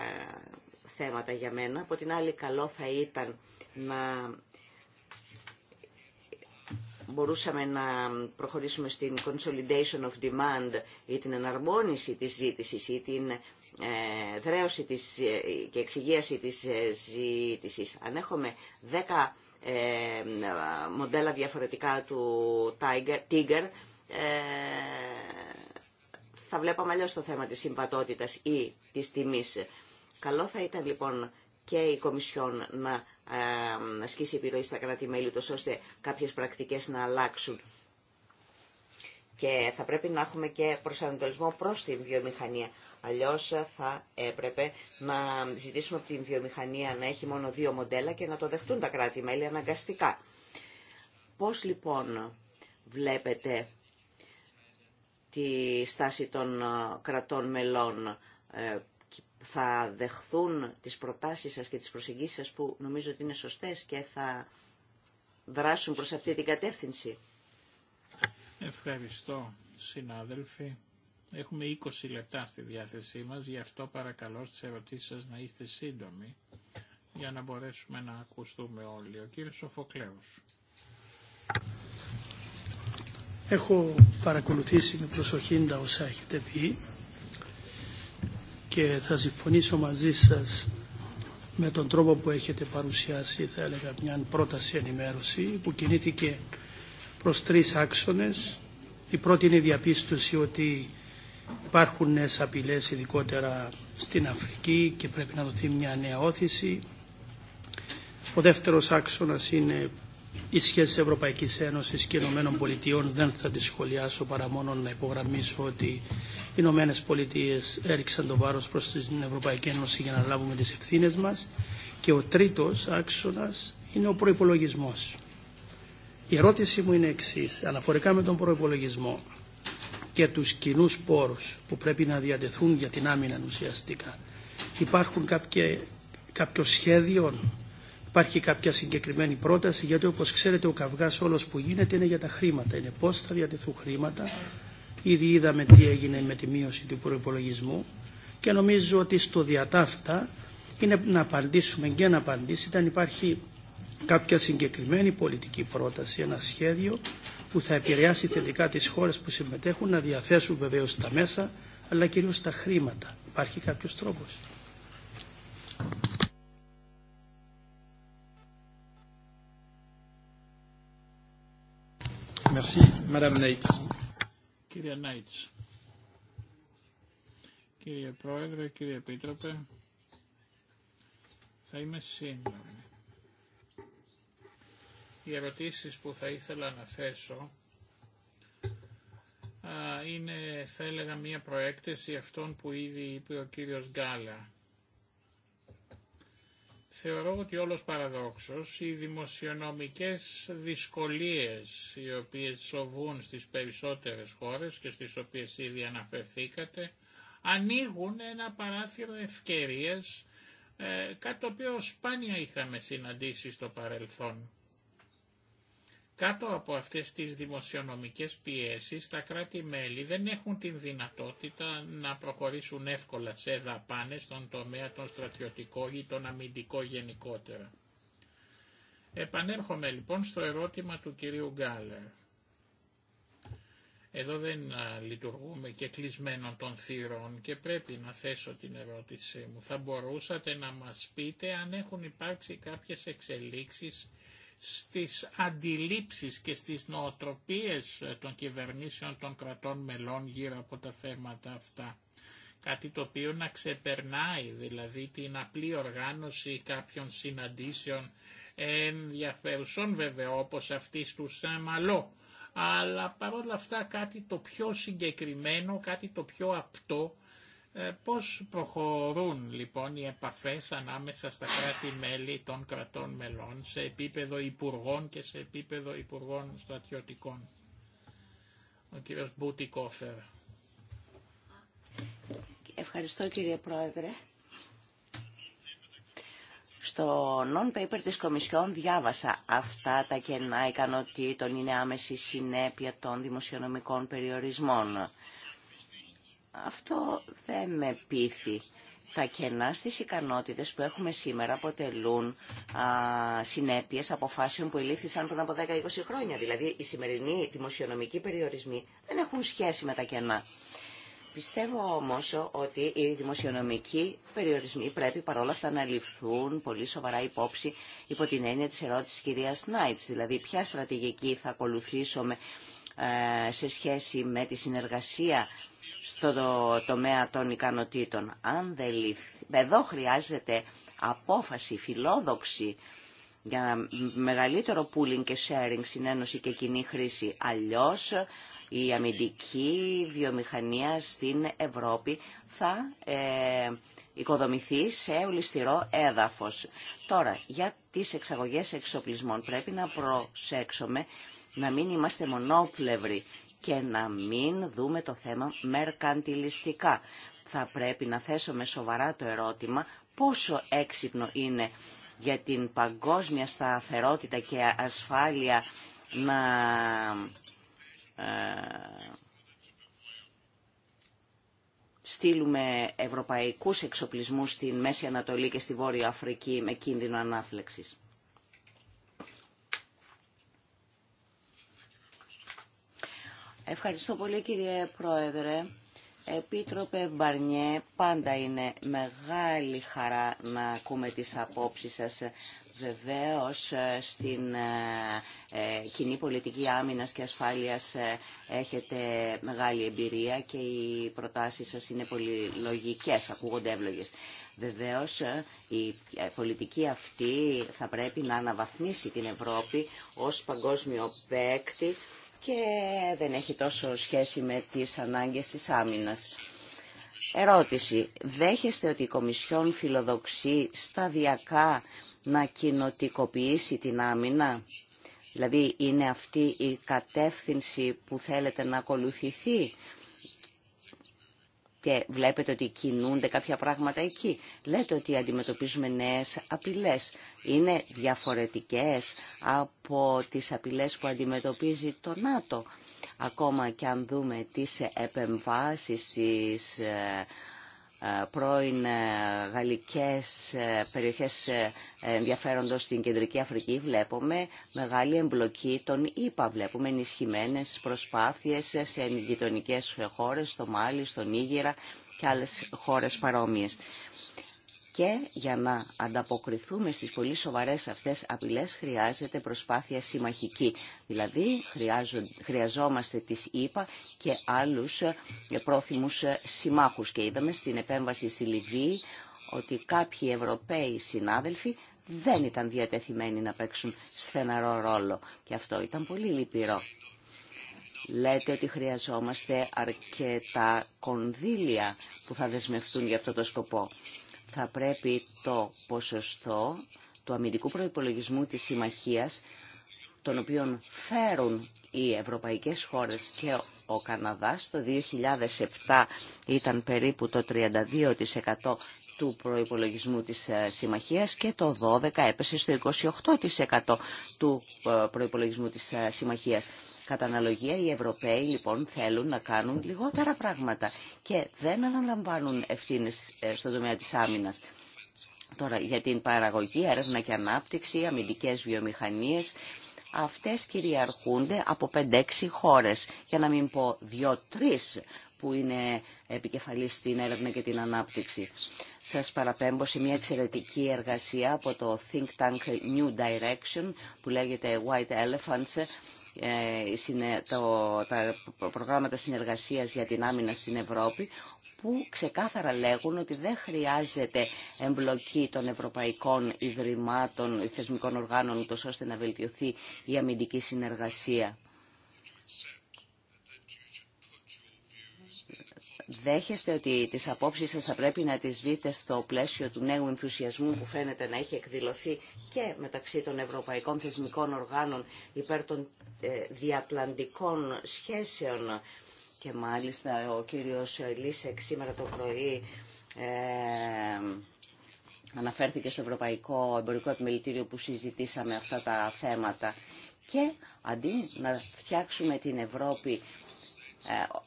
θέματα για μένα. Από την άλλη καλό θα ήταν να μπορούσαμε να προχωρήσουμε στην consolidation of demand ή την εναρμόνιση της ζήτησης ή την ε, δρέωση ε, και εξυγίαση της ε, ζήτησης. Αν έχουμε 10 μοντέλα διαφορετικά του Tiger, θα βλέπαμε αλλιώ το θέμα της συμπατότητας ή της τιμής. Καλό θα ήταν λοιπόν και η Κομισιόν να ασκήσει επιρροή στα κράτη-μέλη τους, ώστε κάποιες πρακτικές να αλλάξουν. Και θα πρέπει να έχουμε και προσανατολισμό προς την βιομηχανία. Αλλιώς ε, θα έπρεπε να ζητήσουμε από την βιομηχανία να έχει μόνο δύο μοντέλα και να το δεχτούν τα κράτη-μέλη αναγκαστικά. Πώς λοιπόν βλέπετε τη στάση των ε, κρατών μελών ε, θα δεχθούν τις προτάσεις σας και τις προσεγγίσεις σας που νομίζω ότι είναι σωστές και θα δράσουν προς αυτή την κατεύθυνση. Ευχαριστώ συνάδελφοι. Έχουμε 20 λεπτά στη διάθεσή μας, γι' αυτό παρακαλώ στις ερωτήσεις σας να είστε σύντομοι για να μπορέσουμε να ακουστούμε όλοι. Ο κύριος Σοφοκλέους. Έχω παρακολουθήσει με προσοχή τα όσα έχετε πει και θα συμφωνήσω μαζί σας με τον τρόπο που έχετε παρουσιάσει, θα έλεγα, μια πρόταση ενημέρωση που κινήθηκε προς τρεις άξονες. Η πρώτη είναι η διαπίστωση ότι Υπάρχουν νέες απειλές ειδικότερα στην Αφρική και πρέπει να δοθεί μια νέα όθηση. Ο δεύτερος άξονας είναι οι σχέσεις Ευρωπαϊκής Ένωσης και Ηνωμένων Πολιτειών. Δεν θα τις σχολιάσω παρά μόνο να υπογραμμίσω ότι οι Ηνωμένε Πολιτείε έριξαν το βάρος προς την Ευρωπαϊκή Ένωση για να λάβουμε τις ευθύνε μας. Και ο τρίτος άξονας είναι ο προϋπολογισμός. Η ερώτηση μου είναι εξή αναφορικά με τον προϋπολογισμό και τους κοινού πόρους που πρέπει να διατεθούν για την άμυνα ουσιαστικά. Υπάρχουν κάποια, κάποιο σχέδιο, υπάρχει κάποια συγκεκριμένη πρόταση, γιατί όπως ξέρετε ο καυγάς όλος που γίνεται είναι για τα χρήματα, είναι πώς θα διατεθούν χρήματα. Ήδη είδαμε τι έγινε με τη μείωση του προπολογισμού και νομίζω ότι στο διατάφτα είναι να απαντήσουμε και να απαντήσει, αν υπάρχει κάποια συγκεκριμένη πολιτική πρόταση, ένα σχέδιο που θα επηρεάσει θετικά τις χώρες που συμμετέχουν να διαθέσουν βεβαίως τα μέσα αλλά κυρίως τα χρήματα. Υπάρχει κάποιος τρόπος. Merci, Madame Nates. Κύριε Νάιτς, κύριε Πρόεδρε, κύριε Επίτροπε, θα είμαι σύντομη. Οι ερωτήσεις που θα ήθελα να θέσω είναι, θα έλεγα, μία προέκτηση αυτών που ήδη είπε ο κύριος Γκάλα. Θεωρώ ότι όλος παραδόξος οι δημοσιονομικές δυσκολίες οι οποίες σοβούν στις περισσότερες χώρες και στις οποίες ήδη αναφερθήκατε ανοίγουν ένα παράθυρο ευκαιρίες, ε, κάτι το οποίο σπάνια είχαμε συναντήσει στο παρελθόν. Κάτω από αυτές τις δημοσιονομικές πιέσεις, τα κράτη-μέλη δεν έχουν την δυνατότητα να προχωρήσουν εύκολα σε δαπάνες στον τομέα των στρατιωτικών ή των αμυντικό γενικότερα. Επανέρχομαι λοιπόν στο ερώτημα του κυρίου Γκάλερ. Εδώ δεν λειτουργούμε και κλεισμένων των θύρων και πρέπει να θέσω την ερώτησή μου. Θα μπορούσατε να μας πείτε αν έχουν υπάρξει κάποιες εξελίξεις στις αντιλήψεις και στις νοοτροπίες των κυβερνήσεων των κρατών μελών γύρω από τα θέματα αυτά. Κάτι το οποίο να ξεπερνάει δηλαδή την απλή οργάνωση κάποιων συναντήσεων ενδιαφέρουσων βέβαια όπως αυτή του Σαμαλό. Αλλά παρόλα αυτά κάτι το πιο συγκεκριμένο, κάτι το πιο απτό ε, πώς προχωρούν λοιπόν οι επαφές ανάμεσα στα κράτη-μέλη των κρατών μελών σε επίπεδο υπουργών και σε επίπεδο υπουργών στρατιωτικών. Ο κύριος Μπούτι Ευχαριστώ κύριε Πρόεδρε. Στο non-paper της Κομισιόν διάβασα αυτά τα κενά ικανοτήτων είναι άμεση συνέπεια των δημοσιονομικών περιορισμών αυτό δεν με πείθει. Τα κενά στις ικανότητες που έχουμε σήμερα αποτελούν α, συνέπειες αποφάσεων που ελήφθησαν πριν από 10-20 χρόνια. Δηλαδή, οι σημερινοί δημοσιονομικοί περιορισμοί δεν έχουν σχέση με τα κενά. Πιστεύω όμως ότι οι δημοσιονομικοί περιορισμοί πρέπει παρόλα αυτά να ληφθούν πολύ σοβαρά υπόψη υπό την έννοια της ερώτησης κυρίας Νάιτς, δηλαδή ποια στρατηγική θα ακολουθήσουμε ε, σε σχέση με τη συνεργασία στο τομέα των ικανοτήτων. Αν δεν εδώ χρειάζεται απόφαση φιλόδοξη για μεγαλύτερο pooling και sharing, συνένωση και κοινή χρήση. Αλλιώς η αμυντική βιομηχανία στην Ευρώπη θα ε, οικοδομηθεί σε ολιστηρό έδαφος. Τώρα, για τις εξαγωγές εξοπλισμών πρέπει να προσέξουμε να μην είμαστε μονόπλευροι και να μην δούμε το θέμα μερκαντιλιστικά. Θα πρέπει να θέσουμε σοβαρά το ερώτημα πόσο έξυπνο είναι για την παγκόσμια σταθερότητα και ασφάλεια να ε, στείλουμε ευρωπαϊκούς εξοπλισμούς στην Μέση Ανατολή και στη Βόρεια Αφρική με κίνδυνο ανάφλεξης. Ευχαριστώ πολύ κύριε Πρόεδρε. Επίτροπε Μπαρνιέ, πάντα είναι μεγάλη χαρά να ακούμε τις απόψεις σας. Βεβαίως στην ε, ε, κοινή πολιτική άμυνας και ασφάλειας ε, έχετε μεγάλη εμπειρία και οι προτάσεις σας είναι πολύ λογικές, ακούγονται εύλογες. Βεβαίως η πολιτική αυτή θα πρέπει να αναβαθμίσει την Ευρώπη ως παγκόσμιο παίκτη και δεν έχει τόσο σχέση με τις ανάγκες της άμυνας. Ερώτηση. Δέχεστε ότι η Κομισιόν φιλοδοξεί σταδιακά να κοινοτικοποιήσει την άμυνα. Δηλαδή είναι αυτή η κατεύθυνση που θέλετε να ακολουθηθεί και βλέπετε ότι κινούνται κάποια πράγματα εκεί. Λέτε ότι αντιμετωπίζουμε νέες απειλές. Είναι διαφορετικές από τις απειλές που αντιμετωπίζει το ΝΑΤΟ. Ακόμα και αν δούμε τις επεμβάσεις, τις ε, ε, πρώην ε, γαλλικές ε, περιοχές ενδιαφέροντος στην Κεντρική Αφρική βλέπουμε μεγάλη εμπλοκή των ΙΠΑ. Βλέπουμε ενισχυμένε προσπάθειες σε γειτονικέ χώρες, στο Μάλι, στον Νίγηρα και άλλες χώρες παρόμοιες. Και για να ανταποκριθούμε στις πολύ σοβαρές αυτές απειλές χρειάζεται προσπάθεια συμμαχική. Δηλαδή χρειαζόμαστε τις ΙΠΑ και άλλους ε, πρόθυμους ε, συμμάχους. Και είδαμε στην επέμβαση στη Λιβύη ότι κάποιοι Ευρωπαίοι συνάδελφοι δεν ήταν διατεθειμένοι να παίξουν στεναρό ρόλο. Και αυτό ήταν πολύ λυπηρό. Λέτε ότι χρειαζόμαστε αρκετά κονδύλια που θα δεσμευτούν για αυτό το σκοπό θα πρέπει το ποσοστό του αμυντικού προϋπολογισμού της Συμμαχίας, τον οποίον φέρουν οι ευρωπαϊκές χώρες και ο Καναδάς, το 2007 ήταν περίπου το 32% του προϋπολογισμού της ε, Συμμαχίας και το 12 έπεσε στο 28% του ε, προϋπολογισμού της ε, Συμμαχίας. Κατά αναλογία οι Ευρωπαίοι λοιπόν θέλουν να κάνουν λιγότερα πράγματα και δεν αναλαμβάνουν ευθύνες ε, στον τομέα της άμυνας. Τώρα για την παραγωγή, έρευνα και ανάπτυξη, αμυντικές βιομηχανίες, αυτές κυριαρχούνται από 5-6 χώρες, για να μην πω 2-3 που είναι επικεφαλής στην έρευνα και την ανάπτυξη. Σας παραπέμπω σε μια εξαιρετική εργασία από το Think Tank New Direction που λέγεται White Elephants ε, τα προγράμματα συνεργασίας για την άμυνα στην Ευρώπη που ξεκάθαρα λέγουν ότι δεν χρειάζεται εμπλοκή των ευρωπαϊκών ιδρυμάτων, θεσμικών οργάνων, ώστε να βελτιωθεί η αμυντική συνεργασία. Δέχεστε ότι τις απόψεις σας θα πρέπει να τις δείτε στο πλαίσιο του νέου ενθουσιασμού που φαίνεται να έχει εκδηλωθεί και μεταξύ των ευρωπαϊκών θεσμικών οργάνων υπέρ των ε, διατλαντικών σχέσεων και μάλιστα ο κύριος Λίσεκ σήμερα το πρωί ε, αναφέρθηκε στο Ευρωπαϊκό Εμπορικό Επιμελητήριο που συζητήσαμε αυτά τα θέματα και αντί να φτιάξουμε την Ευρώπη ε,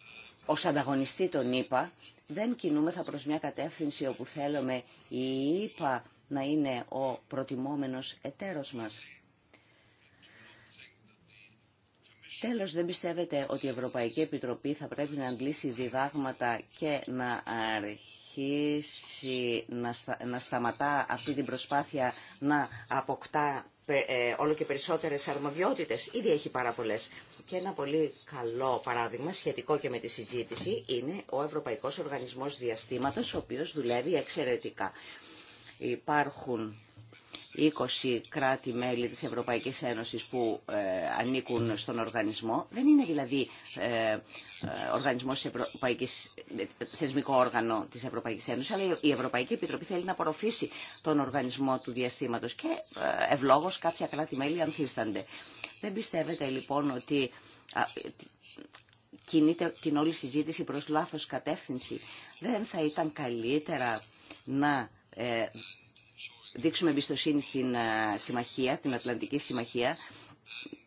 Ω ανταγωνιστή των ΗΠΑ, δεν κινούμεθα προ μια κατεύθυνση όπου θέλουμε η ΗΠΑ να είναι ο προτιμόμενος εταίρος μας. Τέλος, δεν πιστεύετε ότι η Ευρωπαϊκή Επιτροπή θα πρέπει να αντλήσει διδάγματα και να αρχίσει να, σταματά αυτή την προσπάθεια να αποκτά ε, όλο και περισσότερες αρμοδιότητες. Ήδη έχει πάρα πολλές. Και ένα πολύ καλό παράδειγμα σχετικό και με τη συζήτηση είναι ο Ευρωπαϊκός Οργανισμός Διαστήματος, ο οποίος δουλεύει εξαιρετικά. Υπάρχουν 20 κράτη-μέλη της Ευρωπαϊκής Ένωσης που ε, ανήκουν στον οργανισμό. Δεν είναι δηλαδή ε, ε, οργανισμός της Ευρωπαϊκής, θεσμικό όργανο της Ευρωπαϊκής Ένωσης, αλλά η Ευρωπαϊκή Επιτροπή θέλει να απορροφήσει τον οργανισμό του διαστήματος και ευλόγως κάποια κράτη-μέλη ανθίστανται. Δεν πιστεύετε λοιπόν ότι κινείται την όλη συζήτηση προς λάθος κατεύθυνση. Δεν θα ήταν καλύτερα να δείξουμε εμπιστοσύνη στην ε, συμμαχία, την Ατλαντική Συμμαχία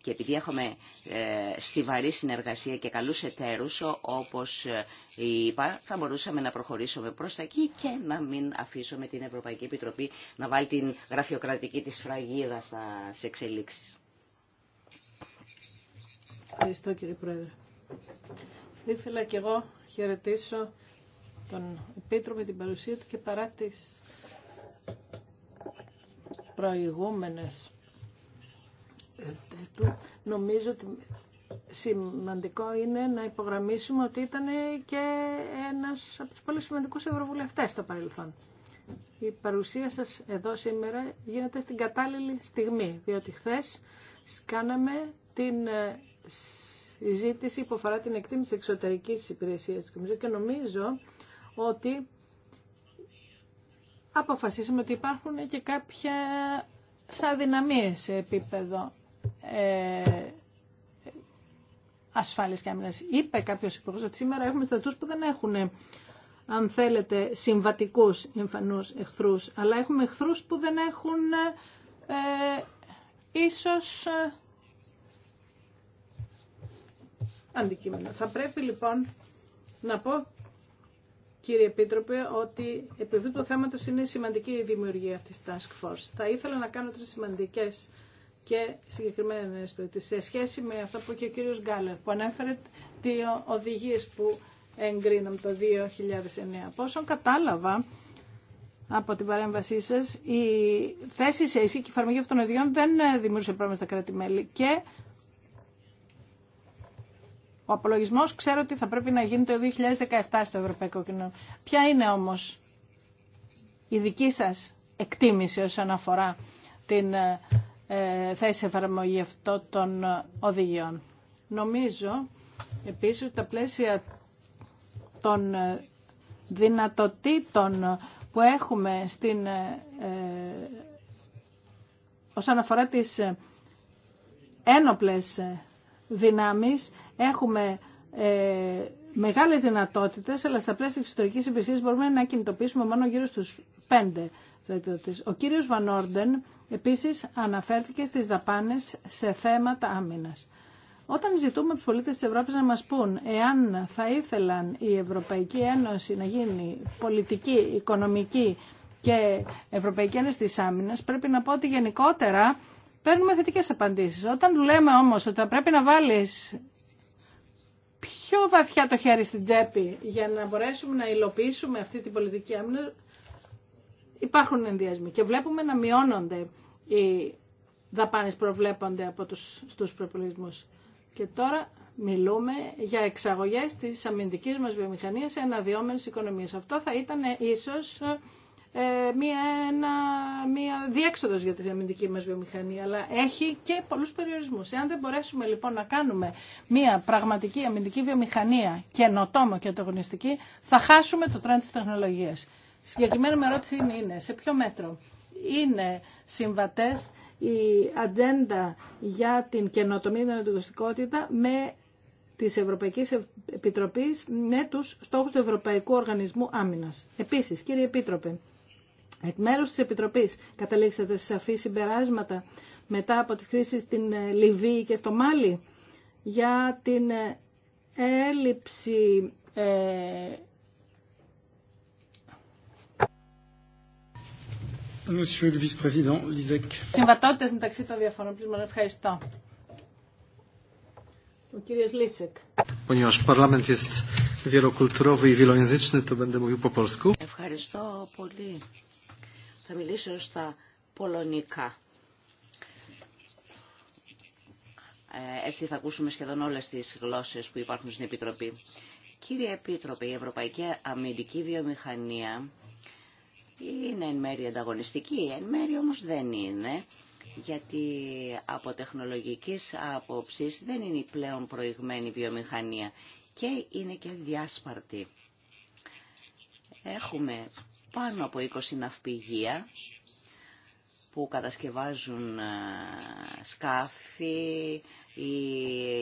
και επειδή έχουμε ε, στιβαρή συνεργασία και καλούς εταίρους όπως ε, είπα θα μπορούσαμε να προχωρήσουμε προς τα εκεί και να μην αφήσουμε την Ευρωπαϊκή Επιτροπή να βάλει την γραφειοκρατική της φραγίδα σε εξελίξεις. Ευχαριστώ κύριε Πρόεδρε. Ήθελα και εγώ χαιρετήσω τον Επίτροπο με την παρουσία του και παρά τις προηγούμενες του. Νομίζω ότι σημαντικό είναι να υπογραμμίσουμε ότι ήταν και ένας από τους πολύ σημαντικούς ευρωβουλευτές στο παρελθόν. Η παρουσία σας εδώ σήμερα γίνεται στην κατάλληλη στιγμή, διότι χθε κάναμε την ε, συζήτηση που αφορά την εκτίμηση εξωτερικής υπηρεσίας της και νομίζω ότι αποφασίσαμε ότι υπάρχουν και κάποια σαν σε επίπεδο ε, και άμυνας. Είπε κάποιος υπουργός ότι σήμερα έχουμε στρατούς που δεν έχουν αν θέλετε, συμβατικούς εμφανούς εχθρούς, αλλά έχουμε εχθρούς που δεν έχουν ε, ίσως ε, αντικείμενα. Θα πρέπει λοιπόν να πω κύριε Επίτροπε, ότι επί αυτού του θέματο είναι σημαντική η δημιουργία αυτής τη Task Force. Θα ήθελα να κάνω τρεις σημαντικέ και συγκεκριμένε ερωτήσει σε σχέση με αυτό που και ο κύριος Γκάλερ, που ανέφερε τι οδηγίες που εγκρίναμε το 2009. Πόσο κατάλαβα από την παρέμβασή σα, η θέση σε και η εφαρμογή αυτών των οδηγιών δεν δημιούργησε πρόβλημα στα κράτη-μέλη και ο απολογισμό ξέρω ότι θα πρέπει να γίνει το 2017 στο Ευρωπαϊκό Κοινό. Ποια είναι όμω η δική σα εκτίμηση όσον αφορά την ε, ε, θέση εφαρμογή αυτών των οδηγιών. Νομίζω επίσης ότι τα πλαίσια των ε, δυνατοτήτων που έχουμε στην, ε, όσον αφορά τις ένοπλες δυνάμεις Έχουμε ε, μεγάλες δυνατότητες, αλλά στα πλαίσια της ιστορικής υπηρεσίας μπορούμε να κινητοποιήσουμε μόνο γύρω στους πέντε στρατιώτες. Ο κύριος Βανόρντεν επίσης αναφέρθηκε στις δαπάνες σε θέματα άμυνας. Όταν ζητούμε από τους πολίτες της Ευρώπης να μας πούν εάν θα ήθελαν η Ευρωπαϊκή Ένωση να γίνει πολιτική, οικονομική και Ευρωπαϊκή Ένωση της Άμυνας, πρέπει να πω ότι γενικότερα παίρνουμε θετικές απαντήσεις. Όταν λέμε όμως ότι θα πρέπει να βάλεις πιο βαθιά το χέρι στην τσέπη για να μπορέσουμε να υλοποιήσουμε αυτή την πολιτική άμυνα, υπάρχουν ενδιασμοί και βλέπουμε να μειώνονται οι δαπάνες προβλέπονται από τους, στους προπολισμούς. Και τώρα μιλούμε για εξαγωγέ της αμυντικής μας βιομηχανίας σε αναδυόμενες οικονομίες. Αυτό θα ήταν ίσως ε, μία, ένα, μία διέξοδος για τη αμυντική μας βιομηχανία, αλλά έχει και πολλούς περιορισμούς. Εάν δεν μπορέσουμε λοιπόν να κάνουμε μία πραγματική αμυντική βιομηχανία καινοτόμο και ανταγωνιστική, θα χάσουμε το τρέν της τεχνολογίας. Συγκεκριμένη με ερώτηση είναι, σε ποιο μέτρο είναι συμβατές η ατζέντα για την καινοτομία και την ανταγωνιστικότητα με της Ευρωπαϊκής Επιτροπής με τους στόχους του Ευρωπαϊκού Οργανισμού Άμυνας. Επίσης, κύριε Επίτροπε, Εκ μέρους της Επιτροπής καταλήξατε σε σαφή συμπεράσματα μετά από τις κρίσεις στην ε, Λιβύη και στο Μάλι για την ε, έλλειψη ε, Monsieur le Vice-président Lisek. Συμβατότητα μεταξύ των διαφορών πλήμων. Ευχαριστώ. Ο κύριος Λίσεκ. Ponieważ parlament jest wielokulturowy i wielojęzyczny, to będę mówił po polsku. Ευχαριστώ πολύ. Θα μιλήσω στα πολωνικά. Ε, έτσι θα ακούσουμε σχεδόν όλες τις γλώσσες που υπάρχουν στην Επιτροπή. Κύριε Επίτροπε, η Ευρωπαϊκή Αμυντική Βιομηχανία είναι εν μέρει ανταγωνιστική, εν μέρει όμως δεν είναι, γιατί από τεχνολογικής άποψης δεν είναι η πλέον προηγμένη βιομηχανία και είναι και διάσπαρτη. Έχουμε πάνω από 20 ναυπηγεία που κατασκευάζουν ε, σκάφη, ή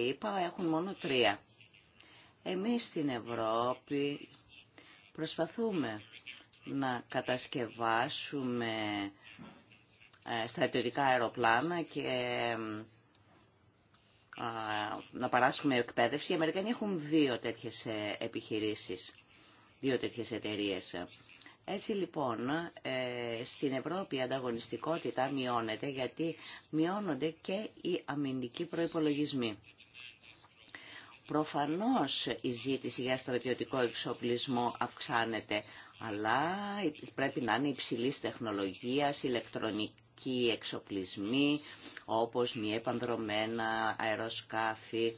είπα έχουν μόνο τρία. Εμείς στην Ευρώπη προσπαθούμε να κατασκευάσουμε ε, στρατιωτικά αεροπλάνα και ε, να παράσχουμε εκπαίδευση. Οι Αμερικανοί έχουν δύο τέτοιες επιχειρήσεις, δύο τέτοιες εταιρείες. Έτσι λοιπόν ε, στην Ευρώπη η ανταγωνιστικότητα μειώνεται γιατί μειώνονται και οι αμυντικοί προϋπολογισμοί. Προφανώς η ζήτηση για στρατιωτικό εξοπλισμό αυξάνεται, αλλά πρέπει να είναι υψηλής τεχνολογίας, ηλεκτρονικοί εξοπλισμοί, όπως μη επανδρομένα αεροσκάφη,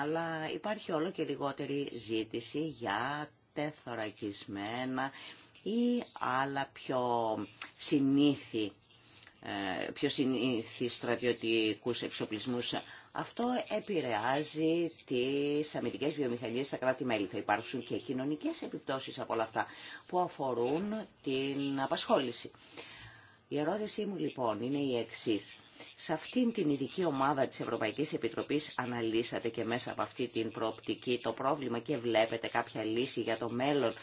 αλλά υπάρχει όλο και λιγότερη ζήτηση για τεθωρακισμένα ή άλλα πιο συνήθη ε, πιο συνήθι στρατιωτικούς εξοπλισμούς. Αυτό επηρεάζει τις αμυντικές βιομηχανίες στα κράτη-μέλη. Θα υπάρξουν και κοινωνικές επιπτώσεις από όλα αυτά που αφορούν την απασχόληση. Η ερώτησή μου λοιπόν είναι η εξής. Σε αυτήν την ειδική ομάδα της Ευρωπαϊκής Επιτροπής αναλύσατε και μέσα από αυτή την προοπτική το πρόβλημα και βλέπετε κάποια λύση για το μέλλον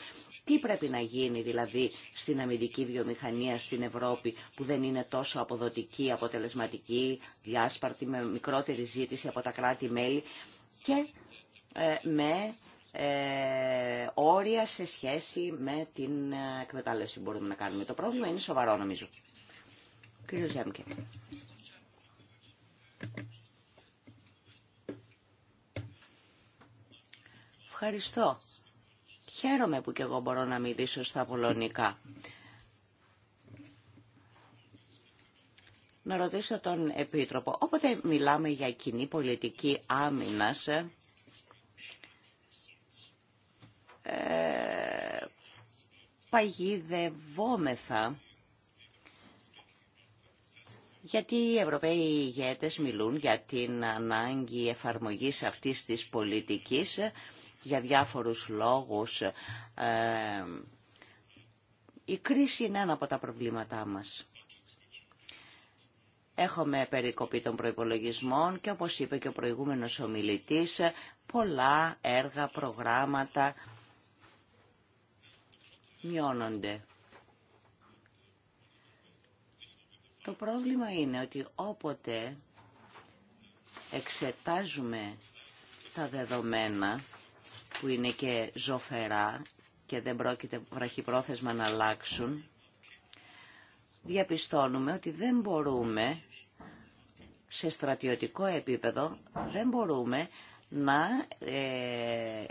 τι πρέπει να γίνει δηλαδή στην αμυντική βιομηχανία στην Ευρώπη που δεν είναι τόσο αποδοτική, αποτελεσματική, διάσπαρτη, με μικρότερη ζήτηση από τα κράτη-μέλη και ε, με ε, όρια σε σχέση με την ε, εκμετάλλευση που μπορούμε να κάνουμε. Το πρόβλημα είναι σοβαρό νομίζω. Κύριε Ζέμκε. Ευχαριστώ. Χαίρομαι που και εγώ μπορώ να μιλήσω στα πολωνικά. Να ρωτήσω τον Επίτροπο. Όποτε μιλάμε για κοινή πολιτική άμυνας, ε, παγιδευόμεθα γιατί οι Ευρωπαίοι ηγέτες μιλούν για την ανάγκη εφαρμογής αυτής της πολιτικής για διάφορους λόγους. Ε, η κρίση είναι ένα από τα προβλήματά μας. Έχουμε περικοπή των προϋπολογισμών και όπως είπε και ο προηγούμενος ομιλητής, πολλά έργα, προγράμματα μειώνονται. Το πρόβλημα είναι ότι όποτε εξετάζουμε τα δεδομένα, που είναι και ζωφερά και δεν πρόκειται βραχυπρόθεσμα να αλλάξουν, διαπιστώνουμε ότι δεν μπορούμε σε στρατιωτικό επίπεδο δεν μπορούμε να ε,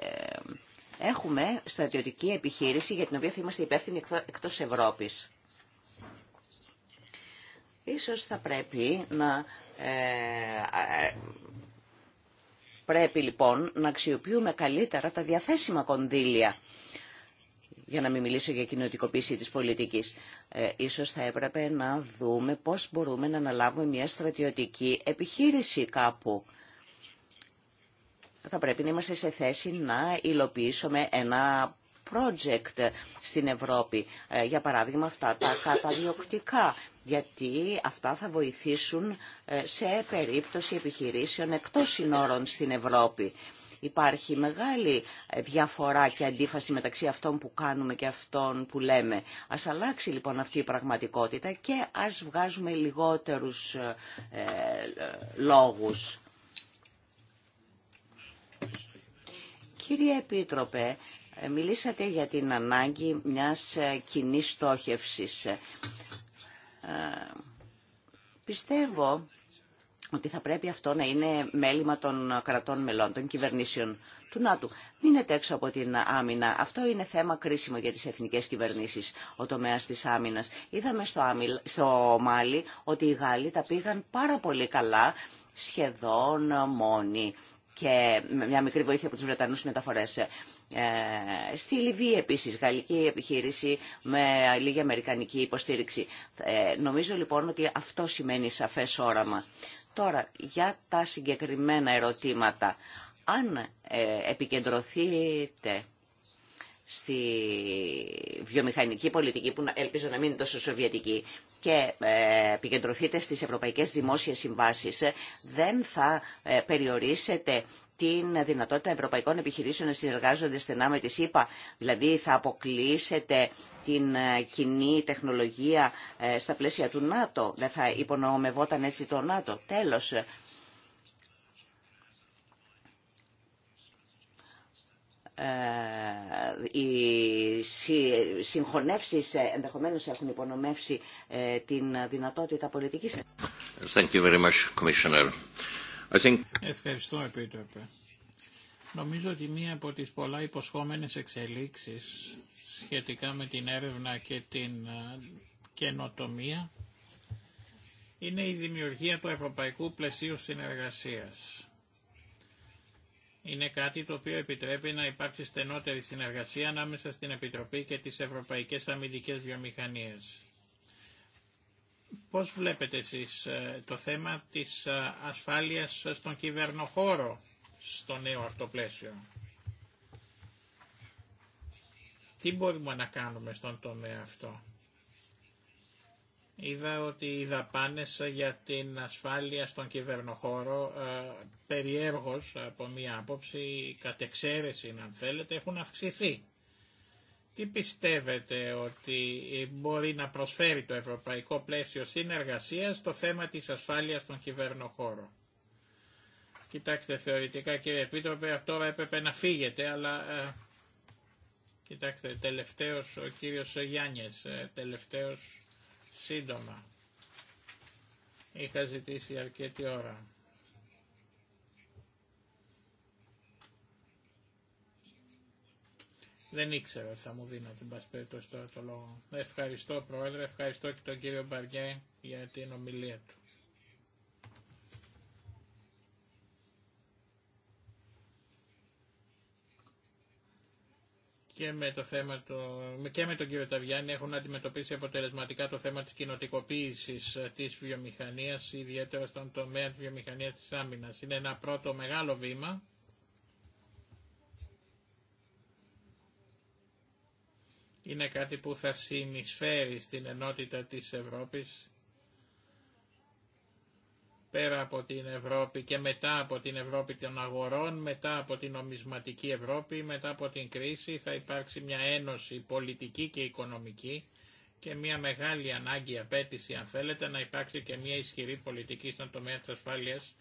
έχουμε στρατιωτική επιχείρηση για την οποία θα είμαστε υπεύθυνοι εκτός Ευρώπης. Ίσως θα πρέπει να ε, Πρέπει λοιπόν να αξιοποιούμε καλύτερα τα διαθέσιμα κονδύλια για να μην μιλήσω για κοινωτικοποίηση της πολιτικής. Ε, ίσως θα έπρεπε να δούμε πώς μπορούμε να αναλάβουμε μια στρατιωτική επιχείρηση κάπου. Θα πρέπει να είμαστε σε θέση να υλοποιήσουμε ένα project στην Ευρώπη. Ε, για παράδειγμα αυτά τα καταδιοκτικά γιατί αυτά θα βοηθήσουν ε, σε περίπτωση επιχειρήσεων εκτός συνόρων στην Ευρώπη. Υπάρχει μεγάλη ε, διαφορά και αντίφαση μεταξύ αυτών που κάνουμε και αυτών που λέμε. Ας αλλάξει λοιπόν αυτή η πραγματικότητα και ας βγάζουμε λιγότερους ε, λόγους. Κύριε Επίτροπε, ε, μιλήσατε για την ανάγκη μιας ε, κοινή στόχευσης. Ε, πιστεύω ότι θα πρέπει αυτό να είναι μέλημα των κρατών μελών, των κυβερνήσεων του ΝΑΤΟΥ. Μείνετε έξω από την άμυνα. Αυτό είναι θέμα κρίσιμο για τις εθνικές κυβερνήσεις, ο τομέας της άμυνας. Είδαμε στο, Άμιλ, στο Μάλι ότι οι Γάλλοι τα πήγαν πάρα πολύ καλά, σχεδόν μόνοι και μια μικρή βοήθεια από τους Βρετανούς μεταφορές. Ε, στη Λιβύη επίσης γαλλική επιχείρηση με λίγη αμερικανική υποστήριξη. Ε, νομίζω λοιπόν ότι αυτό σημαίνει σαφές όραμα. Τώρα, για τα συγκεκριμένα ερωτήματα. Αν ε, επικεντρωθείτε στη βιομηχανική πολιτική που ελπίζω να μην είναι τόσο σοβιετική και επικεντρωθείτε στις ευρωπαϊκές δημόσιες συμβάσεις δεν θα περιορίσετε την δυνατότητα ευρωπαϊκών επιχειρήσεων να συνεργάζονται στενά με τη ΣΥΠΑ. Δηλαδή θα αποκλείσετε την ε, κοινή τεχνολογία ε, στα πλαίσια του ΝΑΤΟ. Δεν θα υπονομευόταν έτσι το ΝΑΤΟ. Τέλος, ε, οι συγχωνεύσεις ενδεχομένως έχουν υπονομεύσει την δυνατότητα πολιτικής. Ευχαριστώ, Επίτροπε. Νομίζω ότι μία από τις πολλά υποσχόμενες εξελίξεις σχετικά με την έρευνα και την ε, καινοτομία είναι η δημιουργία του Ευρωπαϊκού Πλαισίου Συνεργασίας. Είναι κάτι το οποίο επιτρέπει να υπάρξει στενότερη συνεργασία ανάμεσα στην Επιτροπή και τις Ευρωπαϊκές Αμυντικές Βιομηχανίες. Πώς βλέπετε εσείς ε, το θέμα της ε, ασφάλειας στον κυβερνοχώρο στο νέο αυτό πλαίσιο. Τι μπορούμε να κάνουμε στον τομέα αυτό. Είδα ότι οι δαπάνες για την ασφάλεια στον κυβερνοχώρο ε, περιέργως από μία άποψη, κατεξαίρεση αν θέλετε, έχουν αυξηθεί. Τι πιστεύετε ότι ε, μπορεί να προσφέρει το ευρωπαϊκό πλαίσιο συνεργασίας στο θέμα της ασφάλειας των χώρων. Κοιτάξτε, θεωρητικά κύριε Επίτροπε, τώρα έπρεπε να φύγετε, αλλά ε, κοιτάξτε, τελευταίος ο κύριος Γιάννης, ε, τελευταίος σύντομα. Είχα ζητήσει αρκετή ώρα. Δεν ήξερα ότι θα μου δίνατε, εν πάση περιπτώσει, τώρα το λόγο. Ευχαριστώ, Πρόεδρε, ευχαριστώ και τον κύριο Μπαριέ για την ομιλία του. και με, το θέμα και με τον κύριο Ταβιάννη έχουν αντιμετωπίσει αποτελεσματικά το θέμα της κοινοτικοποίηση της βιομηχανίας, ιδιαίτερα στον τομέα της βιομηχανίας της άμυνας. Είναι ένα πρώτο μεγάλο βήμα είναι κάτι που θα συνεισφέρει στην ενότητα της Ευρώπης πέρα από την Ευρώπη και μετά από την Ευρώπη των αγορών, μετά από την νομισματική Ευρώπη, μετά από την κρίση θα υπάρξει μια ένωση πολιτική και οικονομική και μια μεγάλη ανάγκη απέτηση αν θέλετε να υπάρξει και μια ισχυρή πολιτική στον τομέα της ασφάλειας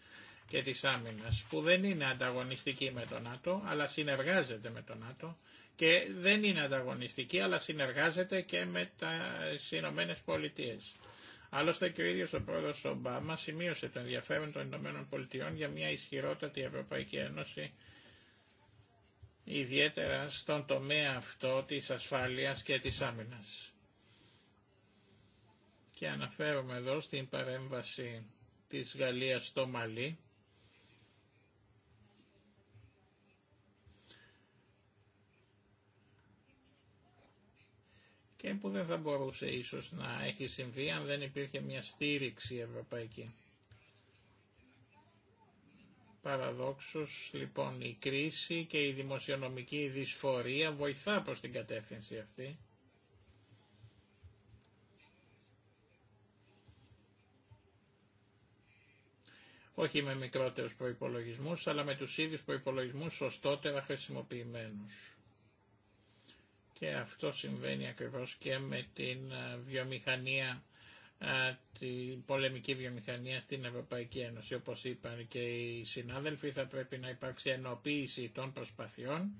και της άμυνας που δεν είναι ανταγωνιστική με τον ΝΑΤΟ αλλά συνεργάζεται με τον ΝΑΤΟ και δεν είναι ανταγωνιστική αλλά συνεργάζεται και με τα Ηνωμένε Πολιτείε. Άλλωστε και ο ίδιος ο πρόεδρος Ομπάμα σημείωσε το ενδιαφέρον των Ηνωμένων Πολιτειών για μια ισχυρότατη Ευρωπαϊκή Ένωση ιδιαίτερα στον τομέα αυτό της ασφάλειας και της άμυνας. Και αναφέρομαι εδώ στην παρέμβαση της Γαλλίας στο Μαλί, και που δεν θα μπορούσε ίσως να έχει συμβεί αν δεν υπήρχε μια στήριξη ευρωπαϊκή. Παραδόξως λοιπόν η κρίση και η δημοσιονομική δυσφορία βοηθά προς την κατεύθυνση αυτή. όχι με μικρότερους προϋπολογισμούς, αλλά με τους ίδιους προϋπολογισμούς σωστότερα χρησιμοποιημένους και αυτό συμβαίνει ακριβώς και με την ε, βιομηχανία, ε, την πολεμική βιομηχανία στην Ευρωπαϊκή Ένωση. Όπως είπαν και οι συνάδελφοι θα πρέπει να υπάρξει ενοποίηση των προσπαθειών.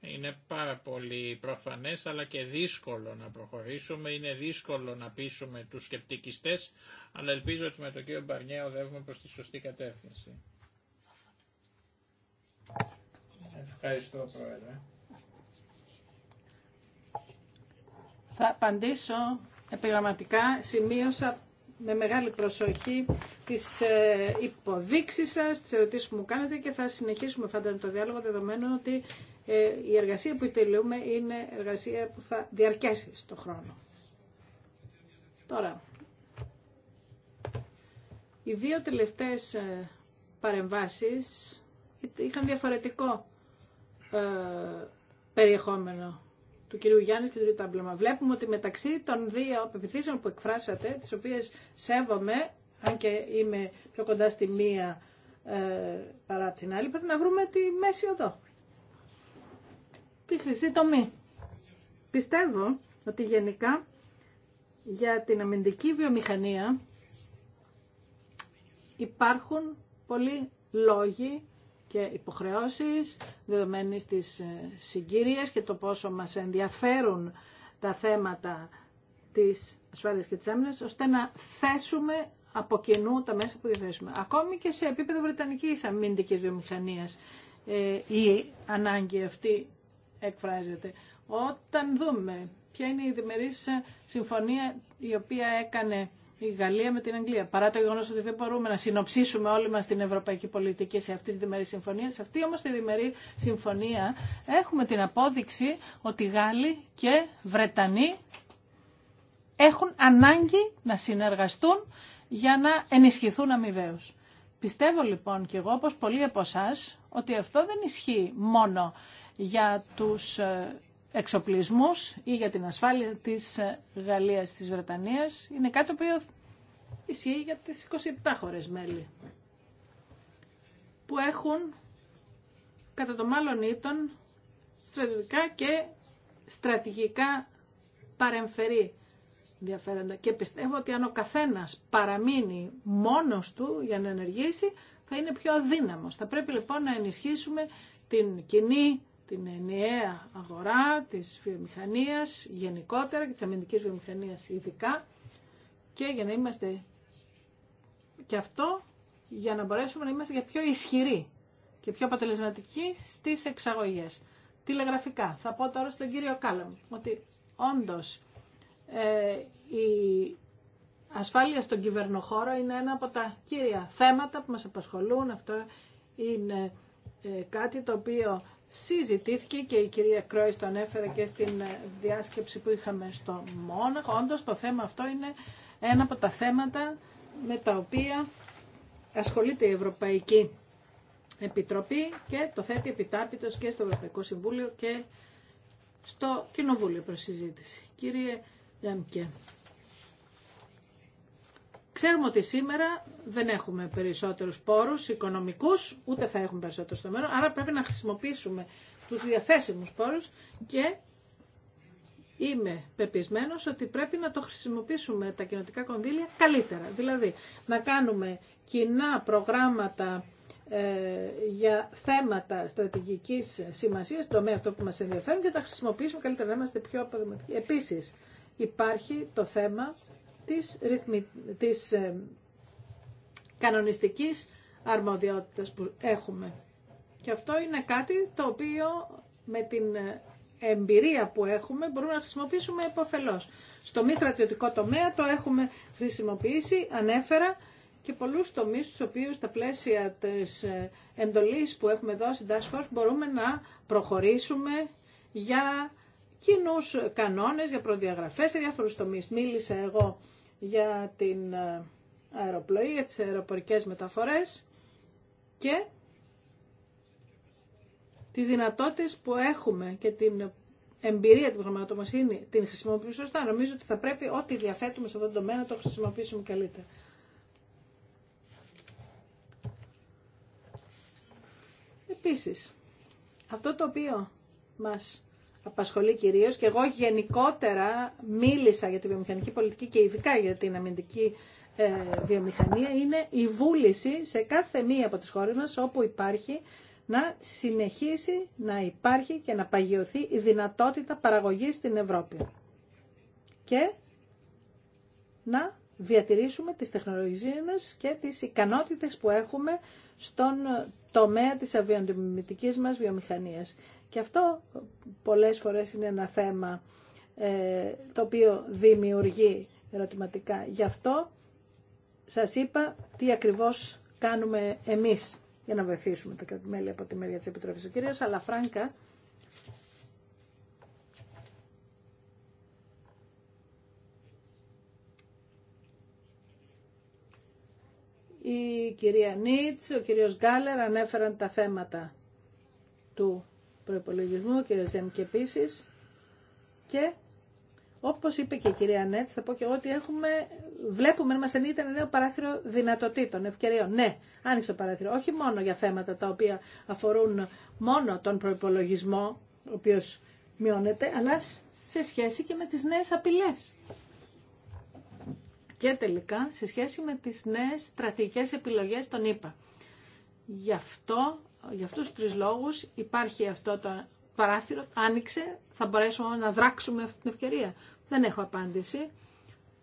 Είναι πάρα πολύ προφανές αλλά και δύσκολο να προχωρήσουμε, είναι δύσκολο να πείσουμε τους σκεπτικιστές, αλλά ελπίζω ότι με τον κύριο Μπαρνιέ οδεύουμε προς τη σωστή κατεύθυνση. Ευχαριστώ Πρόεδρε. Θα απαντήσω επιγραμματικά. Σημείωσα με μεγάλη προσοχή τις ε, υποδείξεις σας, τις ερωτήσεις που μου κάνετε και θα συνεχίσουμε φαντάζομαι το διάλογο δεδομένου ότι ε, η εργασία που τελειούμε είναι εργασία που θα διαρκέσει στο χρόνο. Τώρα, οι δύο τελευταίες ε, παρεμβάσεις είχαν διαφορετικό περιεχόμενο του κυρίου Γιάννη και του κυρίου Βλέπουμε ότι μεταξύ των δύο πεπιθήσεων που εκφράσατε, τις οποίες σέβομαι, αν και είμαι πιο κοντά στη μία ε, παρά την άλλη, πρέπει να βρούμε τη μέση εδώ, Τη χρυσή τομή. Πιστεύω ότι γενικά για την αμυντική βιομηχανία υπάρχουν πολλοί λόγοι και υποχρεώσεις δεδομένης της ε, συγκύριας και το πόσο μας ενδιαφέρουν τα θέματα της ασφάλειας και της άμυνας, ώστε να θέσουμε από κοινού τα μέσα που διαθέσουμε. Ακόμη και σε επίπεδο Βρετανικής αμυντικής βιομηχανίας ε, η ανάγκη αυτή εκφράζεται. Όταν δούμε ποια είναι η διμερής ε, συμφωνία η οποία έκανε η Γαλλία με την Αγγλία. Παρά το γεγονό ότι δεν μπορούμε να συνοψίσουμε όλοι μα την ευρωπαϊκή πολιτική σε αυτή τη διμερή συμφωνία, σε αυτή όμω τη διμερή συμφωνία έχουμε την απόδειξη ότι Γάλλοι και Βρετανοί έχουν ανάγκη να συνεργαστούν για να ενισχυθούν αμοιβαίω. Πιστεύω λοιπόν και εγώ, όπως πολλοί από εσά, ότι αυτό δεν ισχύει μόνο για τους ε, εξοπλισμούς ή για την ασφάλεια της Γαλλίας, της Βρετανίας, είναι κάτι το οποίο ισχύει για τις 27 χώρες μέλη, που έχουν κατά το μάλλον ήτον στρατηγικά και στρατηγικά παρεμφερή ενδιαφέροντα. Και πιστεύω ότι αν ο καθένας παραμείνει μόνος του για να ενεργήσει, θα είναι πιο αδύναμος. Θα πρέπει λοιπόν να ενισχύσουμε την κοινή την ενιαία αγορά της βιομηχανίας γενικότερα και της αμυντικής βιομηχανίας ειδικά και για να είμαστε και αυτό για να μπορέσουμε να είμαστε και πιο ισχυροί και πιο αποτελεσματικοί στις εξαγωγές. Τηλεγραφικά. Θα πω τώρα στον κύριο Κάλαμ ότι όντως ε, η ασφάλεια στον κυβερνοχώρο είναι ένα από τα κύρια θέματα που μας απασχολούν. Αυτό είναι ε, κάτι το οποίο συζητήθηκε και η κυρία Κρόης το ανέφερε και στην διάσκεψη που είχαμε στο Μόναχο. Όντως το θέμα αυτό είναι ένα από τα θέματα με τα οποία ασχολείται η Ευρωπαϊκή Επιτροπή και το θέτει επιτάπητος και στο Ευρωπαϊκό Συμβούλιο και στο Κοινοβούλιο προς συζήτηση. Κύριε Γιάννη. Ξέρουμε ότι σήμερα δεν έχουμε περισσότερους πόρους οικονομικούς, ούτε θα έχουμε περισσότερο στο μέλλον, άρα πρέπει να χρησιμοποιήσουμε τους διαθέσιμους πόρους και είμαι πεπισμένος ότι πρέπει να το χρησιμοποιήσουμε τα κοινοτικά κονδύλια καλύτερα. Δηλαδή να κάνουμε κοινά προγράμματα ε, για θέματα στρατηγικής σημασίας, το τομέα αυτό που μας ενδιαφέρουν και τα χρησιμοποιήσουμε καλύτερα να είμαστε πιο αποδηματικοί. Επίσης υπάρχει το θέμα της, ρυθμι... της ε, κανονιστικής αρμοδιότητας που έχουμε. Και αυτό είναι κάτι το οποίο με την ε, εμπειρία που έχουμε μπορούμε να χρησιμοποιήσουμε επωφελώς. Στο μη στρατιωτικό τομέα το έχουμε χρησιμοποιήσει, ανέφερα, και πολλούς τομείς στους οποίους στα πλαίσια της ε, εντολής που έχουμε δώσει μπορούμε να προχωρήσουμε για κοινού κανόνες, για προδιαγραφές σε διάφορους τομείς. Μίλησα εγώ για την ε, αεροπλοή, για τις αεροπορικές μεταφορές και τις δυνατότητες που έχουμε και την εμπειρία, την πραγματομοσύνη, την χρησιμοποιούμε σωστά. Νομίζω ότι θα πρέπει ό,τι διαθέτουμε σε αυτό το τομέα να το χρησιμοποιήσουμε καλύτερα. Επίσης, αυτό το οποίο μας απασχολεί κυρίως και εγώ γενικότερα μίλησα για τη βιομηχανική πολιτική και ειδικά για την αμυντική ε, βιομηχανία είναι η βούληση σε κάθε μία από τις χώρες μας όπου υπάρχει να συνεχίσει να υπάρχει και να παγιωθεί η δυνατότητα παραγωγής στην Ευρώπη. Και να διατηρήσουμε τις τεχνολογίες μας και τις ικανότητες που έχουμε στον τομέα της αβιοντιμητικής μας βιομηχανίας. Και αυτό πολλές φορές είναι ένα θέμα ε, το οποίο δημιουργεί ερωτηματικά. Γι' αυτό σας είπα τι ακριβώς κάνουμε εμείς για να βοηθήσουμε τα κρατημέλη από τη μεριά της Επιτροπής. Ο κύριος Αλαφράνκα η κυρία Νίτς, ο κύριος Γκάλερ ανέφεραν τα θέματα του προπολογισμού, ο κύριος και επίσης. Και όπως είπε και η κυρία Νέτ, θα πω και εγώ ότι έχουμε, βλέπουμε να μας ενείται ένα νέο παράθυρο δυνατοτήτων, ευκαιριών. Ναι, άνοιξε το παράθυρο, όχι μόνο για θέματα τα οποία αφορούν μόνο τον προπολογισμό, ο οποίος μειώνεται, αλλά σε σχέση και με τις νέες απειλές. Και τελικά, σε σχέση με τις νέες στρατηγικές επιλογές των ΗΠΑ. Γι' αυτό για αυτούς του τρεις λόγους υπάρχει αυτό το παράθυρο, άνοιξε, θα μπορέσουμε να δράξουμε αυτή την ευκαιρία. Δεν έχω απάντηση.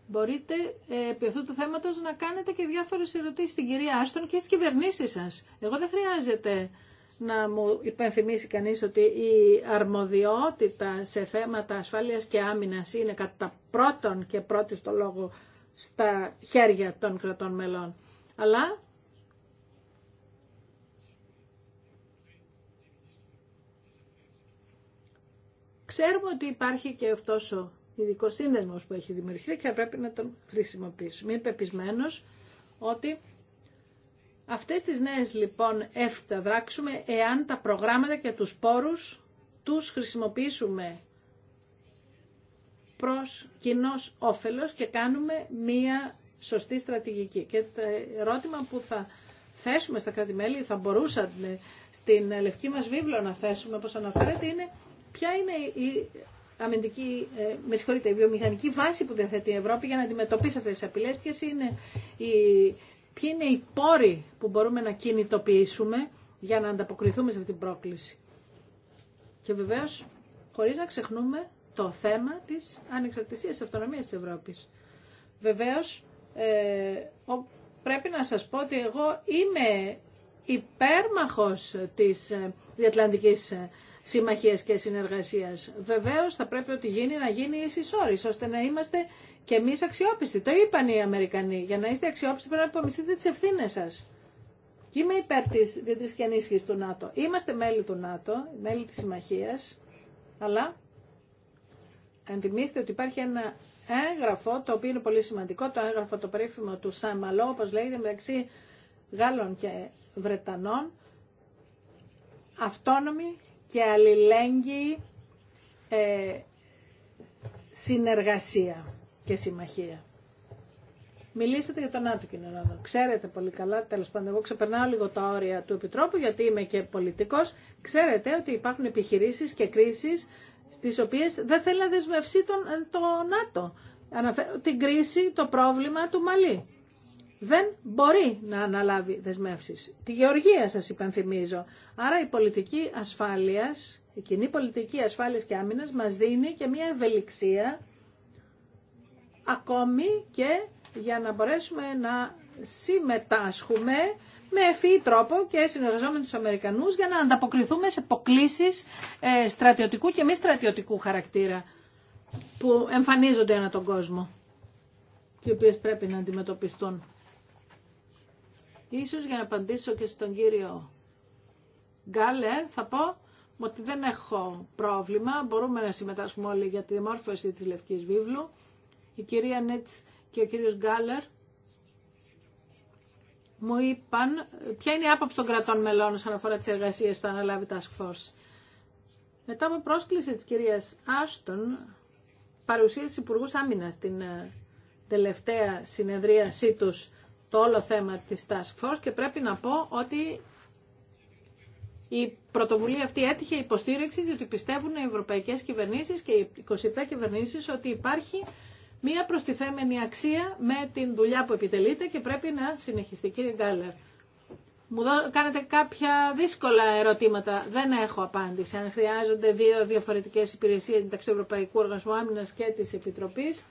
Μπορείτε ε, επί αυτού του θέματος να κάνετε και διάφορες ερωτήσεις στην κυρία Άστον και στι κυβερνήσει σας. Εγώ δεν χρειάζεται να μου υπενθυμίσει κανείς ότι η αρμοδιότητα σε θέματα ασφάλειας και άμυνας είναι κατά πρώτον και πρώτη στο λόγο στα χέρια των κρατών μελών. Αλλά Ξέρουμε ότι υπάρχει και αυτό ο ειδικό σύνδεσμος που έχει δημιουργηθεί και θα πρέπει να τον χρησιμοποιήσουμε. Είμαι πεπισμένο ότι αυτές τις νέες λοιπόν θα δράξουμε εάν τα προγράμματα και τους πόρους τους χρησιμοποιήσουμε προς κοινό όφελος και κάνουμε μία σωστή στρατηγική. Και το ερώτημα που θα θέσουμε στα κράτη-μέλη, θα μπορούσαμε στην λευκή μας βίβλο να θέσουμε, όπως αναφέρεται, είναι Ποια είναι η αμυντική, ε, με συγχωρείτε, η βιομηχανική βάση που διαθέτει η Ευρώπη για να αντιμετωπίσει αυτές τις απειλές, ποιες είναι οι, ποιοι είναι οι πόροι που μπορούμε να κινητοποιήσουμε για να ανταποκριθούμε σε αυτή την πρόκληση. Και βεβαίως, χωρίς να ξεχνούμε το θέμα της ανεξαρτησίας, της αυτονομίας της Ευρώπης. Βεβαίως, ε, πρέπει να σας πω ότι εγώ είμαι υπέρμαχος της ε, διατλαντικής ε, συμμαχίας και συνεργασίας. Βεβαίως θα πρέπει ότι γίνει να γίνει η όρης, ώστε να είμαστε και εμείς αξιόπιστοι. Το είπαν οι Αμερικανοί. Για να είστε αξιόπιστοι πρέπει να υπομειστείτε τις ευθύνες σας. Και είμαι υπέρ της διετής και ενίσχυσης του ΝΑΤΟ. Είμαστε μέλη του ΝΑΤΟ, μέλη της συμμαχίας, αλλά ενθυμίστε ότι υπάρχει ένα έγγραφο, το οποίο είναι πολύ σημαντικό, το έγγραφο το περίφημο του Σαμαλό, όπως λέγεται, μεταξύ Γάλλων και Βρετανών, αυτόνομη και αλληλέγγυη ε, συνεργασία και συμμαχία. Μιλήσατε για τον Άτο Κοινωνόδο. Ξέρετε πολύ καλά, τέλος πάντων, εγώ ξεπερνάω λίγο τα όρια του Επιτρόπου γιατί είμαι και πολιτικός. Ξέρετε ότι υπάρχουν επιχειρήσεις και κρίσεις στις οποίες δεν θέλει να δεσμευσει τον, ε, το ΝΑΤΟ. Αναφέρω την κρίση, το πρόβλημα του Μαλή δεν μπορεί να αναλάβει δεσμεύσεις. Τη γεωργία σας υπενθυμίζω. Άρα η πολιτική ασφάλειας, η κοινή πολιτική ασφάλειας και άμυνας μας δίνει και μια ευελιξία ακόμη και για να μπορέσουμε να συμμετάσχουμε με ευφύ τρόπο και συνεργαζόμενοι τους Αμερικανούς για να ανταποκριθούμε σε αποκλήσεις ε, στρατιωτικού και μη στρατιωτικού χαρακτήρα που εμφανίζονται ανά τον κόσμο και οι οποίες πρέπει να αντιμετωπιστούν. Ίσως για να απαντήσω και στον κύριο Γκάλερ θα πω ότι δεν έχω πρόβλημα, μπορούμε να συμμετάσχουμε όλοι για τη δημόρφωση της Λευκής Βίβλου. Η κυρία Νέτς και ο κύριος Γκάλερ μου είπαν ποια είναι η άποψη των κρατών μελών όσον αφορά τις εργασίες που αναλάβει Task Force. Μετά από πρόσκληση της κυρίας Άστον, παρουσίαση υπουργού Άμυνα στην ε, τελευταία συνεδρίασή του το όλο θέμα της Task Force και πρέπει να πω ότι η πρωτοβουλία αυτή έτυχε υποστήριξη διότι πιστεύουν οι ευρωπαϊκές κυβερνήσεις και οι 27 κυβερνήσεις ότι υπάρχει μία προστιθέμενη αξία με την δουλειά που επιτελείται και πρέπει να συνεχιστεί. Κύριε Γκάλερ, μου κάνετε κάποια δύσκολα ερωτήματα. Δεν έχω απάντηση. Αν χρειάζονται δύο διαφορετικές υπηρεσίες μεταξύ του Ευρωπαϊκού Οργανισμού Άμυνας και της Επιτροπής,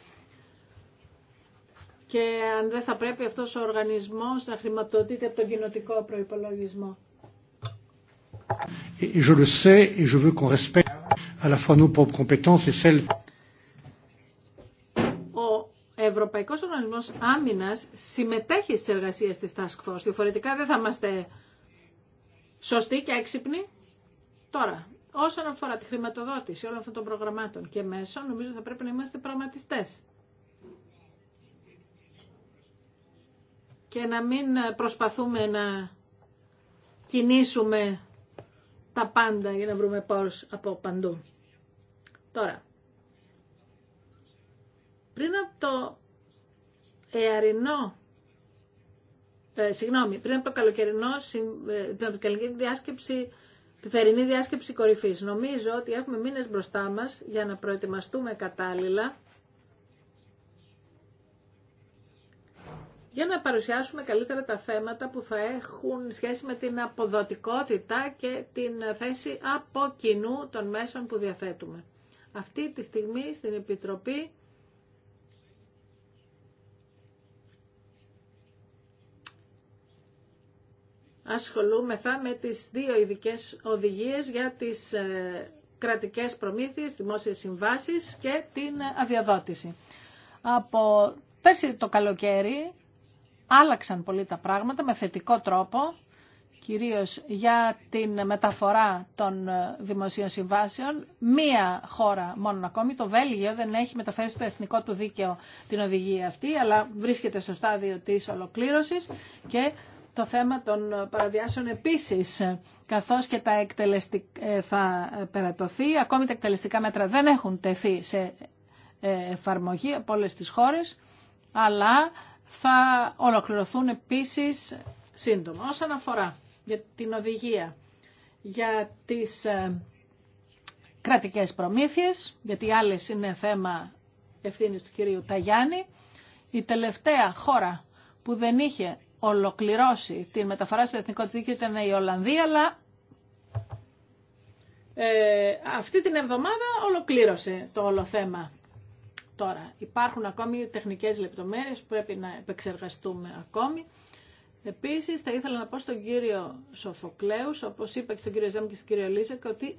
και αν δεν θα πρέπει αυτός ο οργανισμός να χρηματοδοτείται από τον κοινοτικό προϋπολογισμό. Ο Ευρωπαϊκός Οργανισμός Άμυνας συμμετέχει στις εργασίες της Task Force. Διαφορετικά δεν θα είμαστε σωστοί και έξυπνοι. Τώρα, όσον αφορά τη χρηματοδότηση όλων αυτών των προγραμμάτων και μέσων, νομίζω θα πρέπει να είμαστε πραγματιστές. και να μην προσπαθούμε να κινήσουμε τα πάντα για να βρούμε πόρους από παντού. Τώρα, πριν από το εαρινό, ε, συγγνώμη, πριν από το καλοκαιρινό, πριν από ε, την διάσκεψη, τη θερινή διάσκεψη κορυφής, νομίζω ότι έχουμε μήνες μπροστά μας για να προετοιμαστούμε κατάλληλα για να παρουσιάσουμε καλύτερα τα θέματα που θα έχουν σχέση με την αποδοτικότητα και την θέση από κοινού των μέσων που διαθέτουμε. Αυτή τη στιγμή στην Επιτροπή ασχολούμεθα με τις δύο ειδικέ οδηγίες για τις ε, κρατικές προμήθειες, δημόσιες συμβάσεις και την ε, αδιαδότηση. Από πέρσι το καλοκαίρι άλλαξαν πολύ τα πράγματα με θετικό τρόπο, κυρίως για την μεταφορά των ε, δημοσίων συμβάσεων. Μία χώρα μόνο ακόμη, το Βέλγιο, δεν έχει μεταφέρει στο εθνικό του δίκαιο την οδηγία αυτή, αλλά βρίσκεται στο στάδιο της ολοκλήρωσης και το θέμα των παραβιάσεων επίσης, καθώς και τα εκτελεστικά ε, θα ε, περατωθεί. Ακόμη τα εκτελεστικά μέτρα δεν έχουν τεθεί σε εφαρμογή από όλες τις χώρες, αλλά θα ολοκληρωθούν επίσης σύντομα. Όσον αφορά για την οδηγία για τις ε, κρατικές προμήθειες, γιατί άλλες είναι θέμα ευθύνης του κυρίου Ταγιάννη, η τελευταία χώρα που δεν είχε ολοκληρώσει την μεταφορά στο εθνικό δίκαιο ήταν η Ολλανδία, αλλά ε, αυτή την εβδομάδα ολοκλήρωσε το όλο θέμα. Τώρα, υπάρχουν ακόμη τεχνικές λεπτομέρειες που πρέπει να επεξεργαστούμε ακόμη. Επίσης, θα ήθελα να πω στον κύριο Σοφοκλέους, όπως είπα και στον κύριο Ζέμ και στον κύριο Λίζεκ, ότι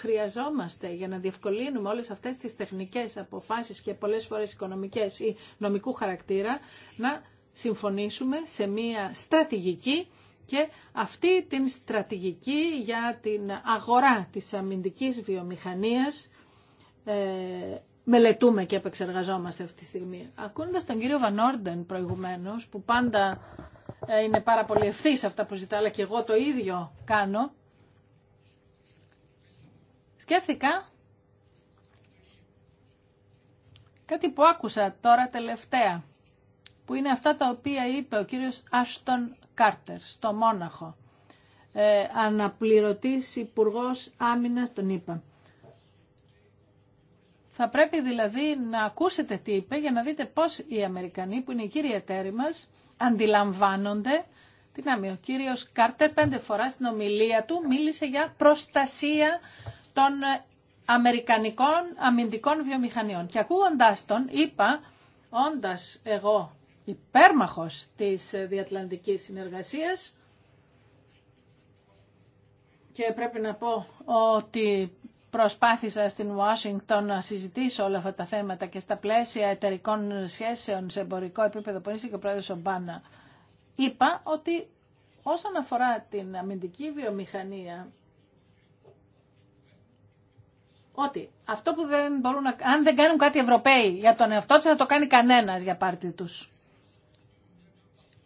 χρειαζόμαστε για να διευκολύνουμε όλες αυτές τις τεχνικές αποφάσεις και πολλές φορές οικονομικές ή νομικού χαρακτήρα, να συμφωνήσουμε σε μία στρατηγική και αυτή την στρατηγική για την αγορά της αμυντικής βιομηχανίας ε, μελετούμε και επεξεργαζόμαστε αυτή τη στιγμή. Ακούγοντα τον κύριο Βανόρντεν προηγουμένω, που πάντα ε, είναι πάρα πολύ ευθύ αυτά που ζητά, αλλά και εγώ το ίδιο κάνω, σκέφτηκα κάτι που άκουσα τώρα τελευταία, που είναι αυτά τα οποία είπε ο κύριος Άστον Κάρτερ στο Μόναχο, ε, αναπληρωτής υπουργός άμυνας τον είπα. Θα πρέπει δηλαδή να ακούσετε τι είπε για να δείτε πώς οι Αμερικανοί που είναι οι κύριοι εταίροι μας αντιλαμβάνονται την άμυο. Ο κύριος Κάρτερ πέντε φορά στην ομιλία του μίλησε για προστασία των ε, Αμερικανικών αμυντικών βιομηχανιών. Και ακούγοντάς τον είπα, όντας εγώ υπέρμαχος της ε, διατλαντικής συνεργασίας και πρέπει να πω ότι προσπάθησα στην Ουάσιγκτον να συζητήσω όλα αυτά τα θέματα και στα πλαίσια εταιρικών σχέσεων σε εμπορικό επίπεδο που είσαι και ο πρόεδρος Ομπάνα, είπα ότι όσον αφορά την αμυντική βιομηχανία, ότι αυτό που δεν μπορούν αν δεν κάνουν κάτι Ευρωπαίοι για τον εαυτό τους, να το κάνει κανένας για πάρτι τους.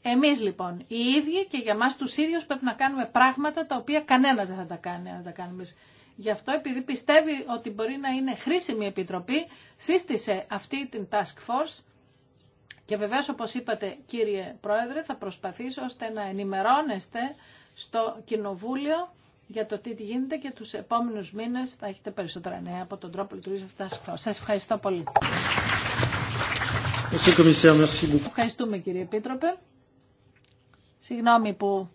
Εμείς λοιπόν, οι ίδιοι και για μας τους ίδιους πρέπει να κάνουμε πράγματα τα οποία κανένας δεν θα τα κάνει, αν τα κάνουμε εμείς. Γι' αυτό επειδή πιστεύει ότι μπορεί να είναι χρήσιμη η Επιτροπή, σύστησε αυτή την Task Force και βεβαίω, όπως είπατε κύριε Πρόεδρε θα προσπαθήσω ώστε να ενημερώνεστε στο Κοινοβούλιο για το τι γίνεται και τους επόμενους μήνες θα έχετε περισσότερα νέα από τον τρόπο λειτουργίας Task Force. Σας ευχαριστώ πολύ. Ευχαριστούμε κύριε Επίτροπε. Συγγνώμη που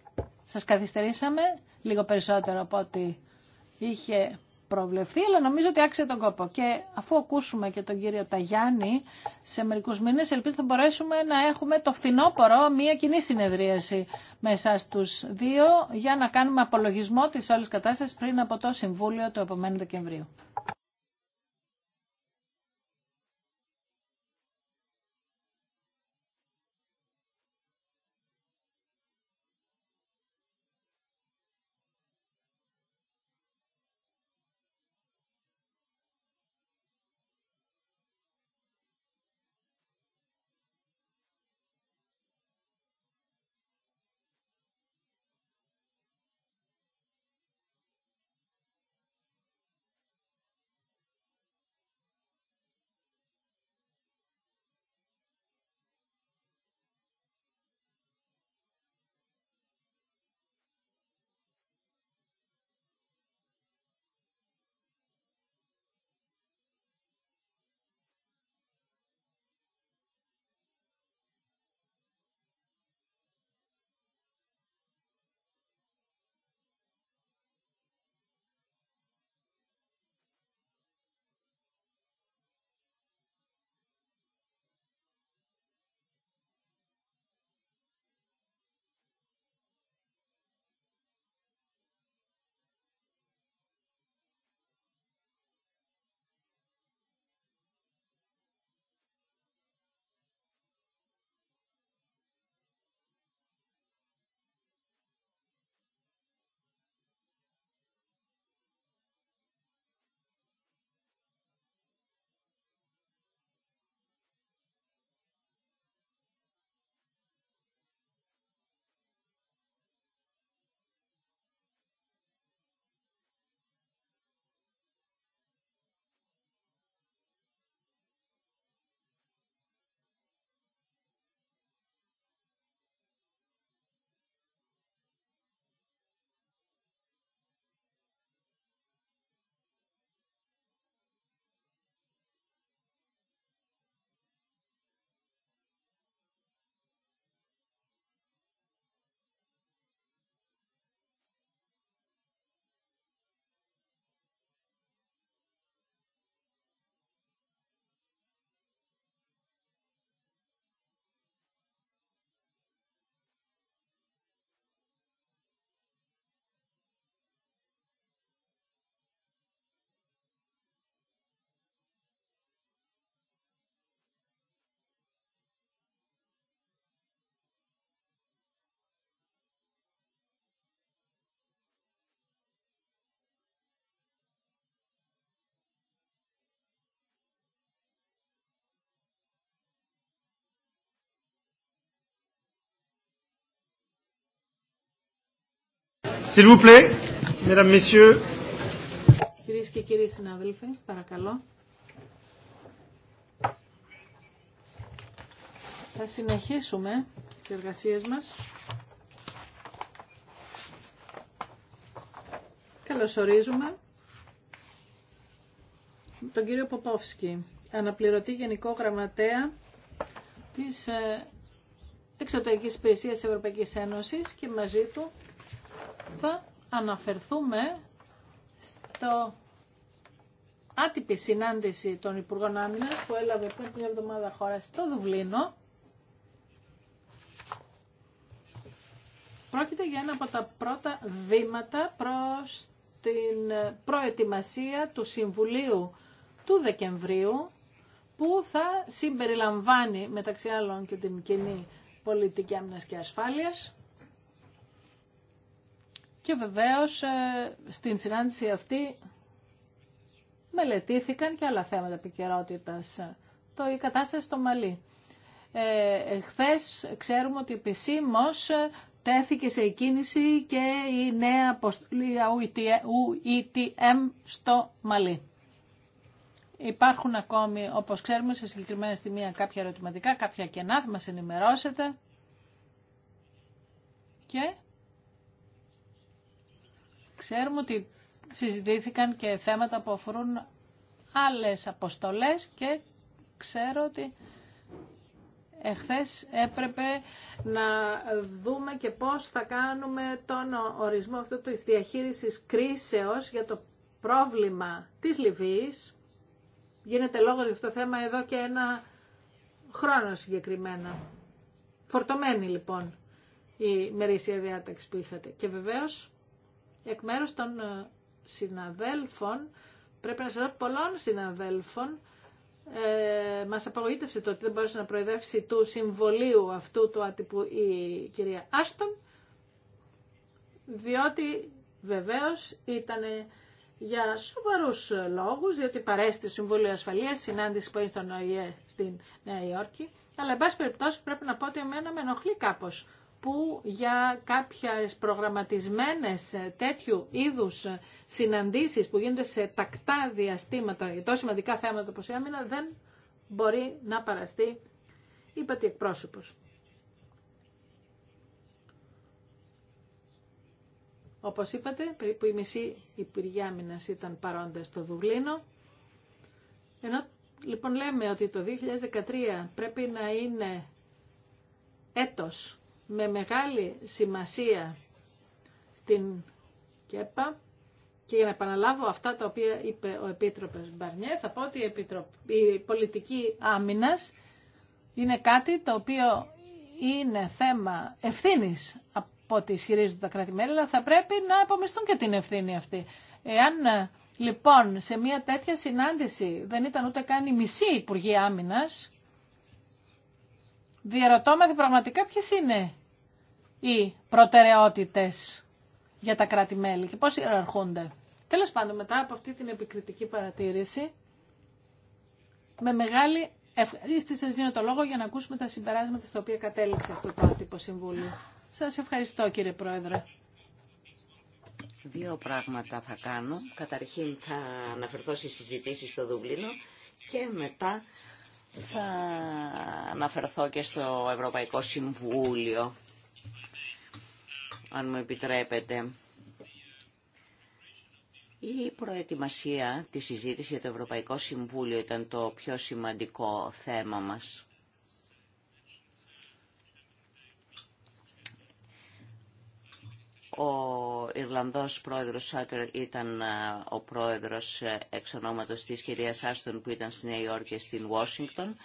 σας καθυστερήσαμε λίγο περισσότερο από ό,τι είχε προβλεφθεί, αλλά νομίζω ότι άξιζε τον κόπο. Και αφού ακούσουμε και τον κύριο Ταγιάννη, σε μερικού μήνε ελπίζω θα μπορέσουμε να έχουμε το φθινόπωρο μια κοινή συνεδρίαση με εσά τους δύο για να κάνουμε απολογισμό τη όλης κατάσταση πριν από το Συμβούλιο του επομένου Δεκεμβρίου. S'il Κυρίες και κύριοι συνάδελφοι, παρακαλώ. Θα συνεχίσουμε τις εργασίες μας. Καλωσορίζουμε τον κύριο Ποπόφσκι, αναπληρωτή Γενικό Γραμματέα της ε, Εξωτερικής Υπηρεσίας της Ευρωπαϊκής Ένωσης και μαζί του θα αναφερθούμε στο άτυπη συνάντηση των Υπουργών Άμυνα που έλαβε πριν μια εβδομάδα χώρα στο Δουβλίνο. Πρόκειται για ένα από τα πρώτα βήματα προς την προετοιμασία του Συμβουλίου του Δεκεμβρίου που θα συμπεριλαμβάνει μεταξύ άλλων και την κοινή πολιτική άμυνας και ασφάλειας. Και βεβαίως ε, στην συνάντηση αυτή μελετήθηκαν και άλλα θέματα επικαιρότητα. Το, η κατάσταση στο Μαλί. Ε, ξέρουμε ότι επισήμω ε, τέθηκε σε εκκίνηση και η νέα αποστολή UETM στο Μαλί. Υπάρχουν ακόμη, όπως ξέρουμε, σε συγκεκριμένα στιγμή κάποια ερωτηματικά, κάποια κενά, θα μας ενημερώσετε. Και Ξέρουμε ότι συζητήθηκαν και θέματα που αφορούν άλλες αποστολές και ξέρω ότι εχθές έπρεπε να δούμε και πώς θα κάνουμε τον ορισμό αυτού της διαχείρισης κρίσεως για το πρόβλημα της Λιβύης. Γίνεται λόγος για αυτό το θέμα εδώ και ένα χρόνο συγκεκριμένα. Φορτωμένη λοιπόν η μερίσια διάταξη που είχατε. Και βεβαίως εκ μέρους των ε, συναδέλφων, πρέπει να σας πω πολλών συναδέλφων, ε, μας απογοήτευσε το ότι δεν μπορούσε να προεδρεύσει του συμβολίου αυτού του άτυπου η κυρία Άστον, διότι βεβαίως ήταν για σοβαρούς λόγους, διότι παρέστη του Συμβουλίου Ασφαλείας, συνάντηση που έχει τον ΟΗΕ στην Νέα Υόρκη, αλλά εν πάση περιπτώσει πρέπει να πω ότι εμένα με ενοχλεί κάπως που για κάποιες προγραμματισμένες τέτοιου είδους συναντήσεις που γίνονται σε τακτά διαστήματα για τόσο σημαντικά θέματα όπως η άμυνα δεν μπορεί να παραστεί είπατε εκπρόσωπος. Όπως είπατε, περίπου η μισή Υπουργή ήταν παρόντα στο Δουβλίνο. Ενώ λοιπόν λέμε ότι το 2013 πρέπει να είναι έτος με μεγάλη σημασία στην ΚΕΠΑ και για να επαναλάβω αυτά τα οποία είπε ο Επίτροπος Μπαρνιέ, θα πω ότι η, πολιτική άμυνας είναι κάτι το οποίο είναι θέμα ευθύνης από ό,τι ισχυρίζονται τα κρατη αλλά θα πρέπει να απομιστούν και την ευθύνη αυτή. Εάν λοιπόν σε μια τέτοια συνάντηση δεν ήταν ούτε καν η μισή Υπουργή Άμυνας, με πραγματικά ποιες είναι οι προτεραιότητες για τα κράτη-μέλη και πώς ιεραρχούνται. Τέλος πάντων, μετά από αυτή την επικριτική παρατήρηση, με μεγάλη ευχαρίστηση σας δίνω το λόγο για να ακούσουμε τα συμπεράσματα στα οποία κατέληξε αυτό το άτυπο συμβούλιο. Σας ευχαριστώ κύριε Πρόεδρε. Δύο πράγματα θα κάνω. Καταρχήν θα αναφερθώ στις συζητήσεις στο Δουβλίνο και μετά θα αναφερθώ και στο Ευρωπαϊκό Συμβούλιο αν μου επιτρέπετε. Η προετοιμασία της συζήτηση για το Ευρωπαϊκό Συμβούλιο ήταν το πιο σημαντικό θέμα μας. Ο Ιρλανδός πρόεδρος Σάκερ ήταν ο πρόεδρος ε, εξ ονόματος της κυρίας Άστον που ήταν στη Νέα Υόρκη και στην Ουάσιγκτον.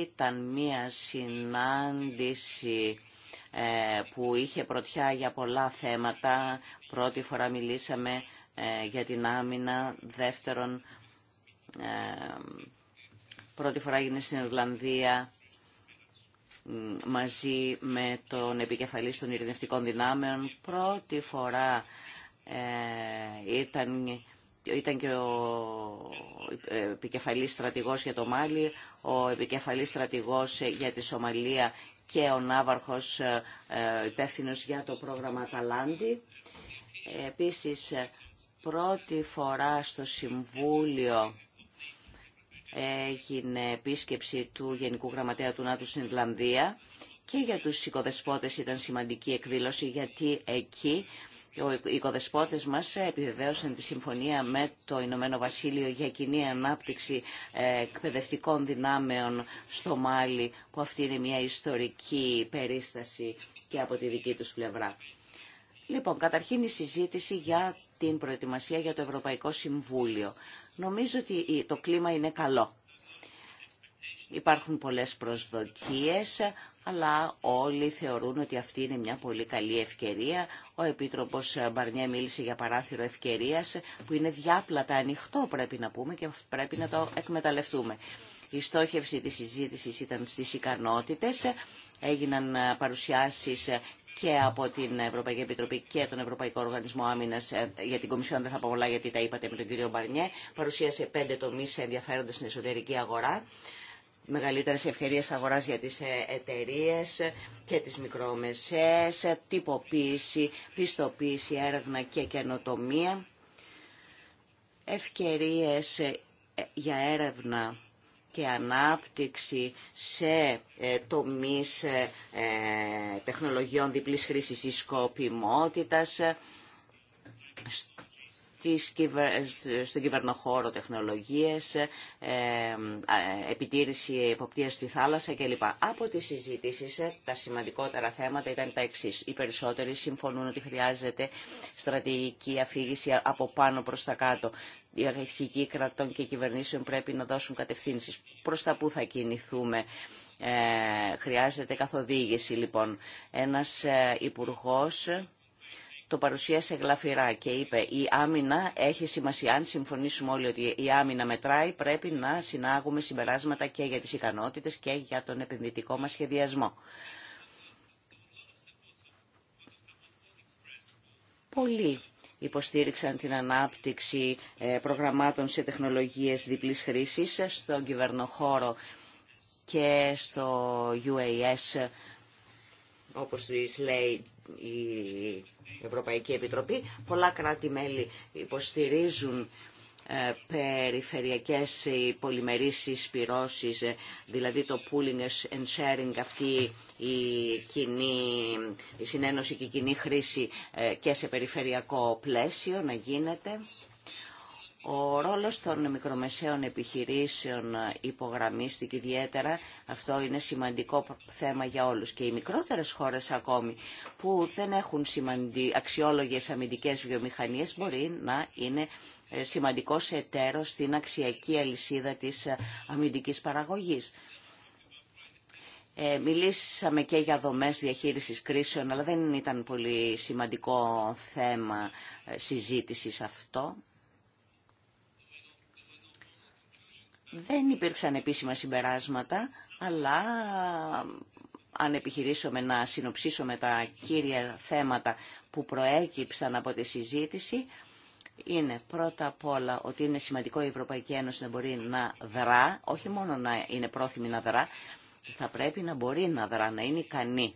Ήταν μία συνάντηση ε, που είχε πρωτιά για πολλά θέματα. Πρώτη φορά μιλήσαμε ε, για την άμυνα, δεύτερον ε, πρώτη φορά έγινε στην Ιρλανδία μαζί με τον επικεφαλής των ειρηνευτικών δυνάμεων. Πρώτη φορά ήταν ήταν και ο επικεφαλής στρατηγός για το Μάλι, ο επικεφαλής στρατηγός για τη Σομαλία και ο Ναύαρχος ε, ε, υπεύθυνο για το πρόγραμμα Ταλάντι. Επίσης, ε, πρώτη φορά στο Συμβούλιο έγινε επίσκεψη του Γενικού Γραμματέα του ΝΑΤΟ στην Ιρλανδία και για τους οικοδεσπότες ήταν σημαντική εκδήλωση γιατί εκεί οι οικοδεσπότες μας επιβεβαίωσαν τη συμφωνία με το Ηνωμένο Βασίλειο για κοινή ανάπτυξη ε, εκπαιδευτικών δυνάμεων στο Μάλι, που αυτή είναι μια ιστορική περίσταση και από τη δική τους πλευρά. Λοιπόν, καταρχήν η συζήτηση για την προετοιμασία για το Ευρωπαϊκό Συμβούλιο. Νομίζω ότι το κλίμα είναι καλό. Υπάρχουν πολλές προσδοκίες, αλλά όλοι θεωρούν ότι αυτή είναι μια πολύ καλή ευκαιρία. Ο Επίτροπος Μπαρνιέ μίλησε για παράθυρο ευκαιρίας που είναι διάπλατα ανοιχτό πρέπει να πούμε και πρέπει να το εκμεταλλευτούμε. Η στόχευση της συζήτησης ήταν στις ικανότητες, έγιναν παρουσιάσεις και από την Ευρωπαϊκή Επιτροπή και τον Ευρωπαϊκό Οργανισμό Άμυνα για την Κομισιόν. Δεν θα πω πολλά γιατί τα είπατε με τον κύριο Μπαρνιέ. Παρουσίασε πέντε τομεί ενδιαφέροντα στην εσωτερική αγορά μεγαλύτερες ευκαιρίες αγοράς για τις ε, εταιρείε και τις μικρομεσαίες, τυποποίηση, πιστοποίηση, έρευνα και καινοτομία, ευκαιρίες ε, για έρευνα και ανάπτυξη σε ε, τομείς τεχνολογιών διπλής χρήσης ή σκοπιμότητας, στον κυβερνοχώρο, τεχνολογίες, ε, ε, επιτήρηση εποπτείας στη θάλασσα κλπ. Από τις συζητήσεις ε, τα σημαντικότερα θέματα ήταν τα εξή. Οι περισσότεροι συμφωνούν ότι χρειάζεται στρατηγική αφήγηση από πάνω προς τα κάτω. Οι αρχικοί κρατών και κυβερνήσεων πρέπει να δώσουν κατευθύνσεις προς τα που θα κινηθούμε. Ε, χρειάζεται καθοδήγηση λοιπόν. Ένας υπουργός το παρουσίασε γλαφυρά και είπε η άμυνα έχει σημασία. Αν συμφωνήσουμε όλοι ότι η άμυνα μετράει, πρέπει να συνάγουμε συμπεράσματα και για τις ικανότητες και για τον επενδυτικό μας σχεδιασμό. Πολλοί υποστήριξαν την ανάπτυξη ε, προγραμμάτων σε τεχνολογίες διπλής χρήσης στον κυβερνοχώρο και στο UAS, όπως του λέει η Ευρωπαϊκή Επιτροπή. Πολλά κράτη-μέλη υποστηρίζουν ε, περιφερειακές πολυμερείς εισπυρώσεις, ε, δηλαδή το pooling and sharing, αυτή η, κοινή, η συνένωση και η κοινή χρήση ε, και σε περιφερειακό πλαίσιο να γίνεται. Ο ρόλος των μικρομεσαίων επιχειρήσεων υπογραμμίστηκε ιδιαίτερα. Αυτό είναι σημαντικό θέμα για όλους. Και οι μικρότερες χώρες ακόμη που δεν έχουν αξιόλογες αμυντικές βιομηχανίες μπορεί να είναι ε, σημαντικός εταίρος στην αξιακή αλυσίδα της ε, αμυντικής παραγωγής. Ε, μιλήσαμε και για δομές διαχείρισης κρίσεων, αλλά δεν ήταν πολύ σημαντικό θέμα συζήτησης αυτό. Δεν υπήρξαν επίσημα συμπεράσματα, αλλά αν επιχειρήσουμε να συνοψίσουμε τα κύρια θέματα που προέκυψαν από τη συζήτηση, είναι πρώτα απ' όλα ότι είναι σημαντικό η Ευρωπαϊκή Ένωση να μπορεί να δρά, όχι μόνο να είναι πρόθυμη να δρά, θα πρέπει να μπορεί να δρά, να είναι ικανή.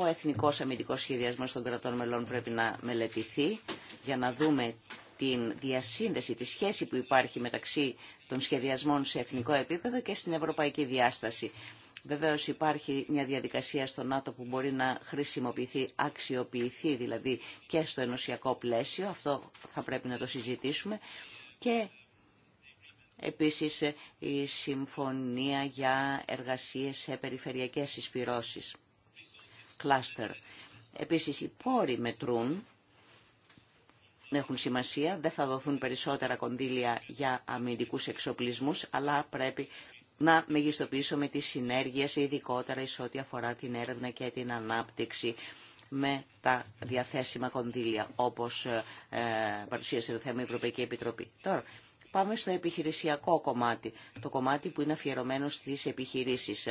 Ο εθνικός αμυντικός σχεδιασμός των κρατών μελών πρέπει να μελετηθεί για να δούμε την διασύνδεση, τη σχέση που υπάρχει μεταξύ των σχεδιασμών σε εθνικό επίπεδο και στην ευρωπαϊκή διάσταση. Βεβαίω υπάρχει μια διαδικασία στο ΝΑΤΟ που μπορεί να χρησιμοποιηθεί, αξιοποιηθεί δηλαδή και στο ενωσιακό πλαίσιο. Αυτό θα πρέπει να το συζητήσουμε. Και επίσης η συμφωνία για εργασίες σε περιφερειακές εισπυρώσεις. Κλάστερ. Επίσης οι πόροι μετρούν έχουν σημασία. Δεν θα δοθούν περισσότερα κονδύλια για αμυντικούς εξοπλισμούς, αλλά πρέπει να μεγιστοποιήσουμε τις συνέργειες, ειδικότερα σε ό,τι αφορά την έρευνα και την ανάπτυξη με τα διαθέσιμα κονδύλια, όπως ε, ε, παρουσίασε το θέμα η Ευρωπαϊκή Επιτροπή. Τώρα, πάμε στο επιχειρησιακό κομμάτι, το κομμάτι που είναι αφιερωμένο στις επιχειρήσεις.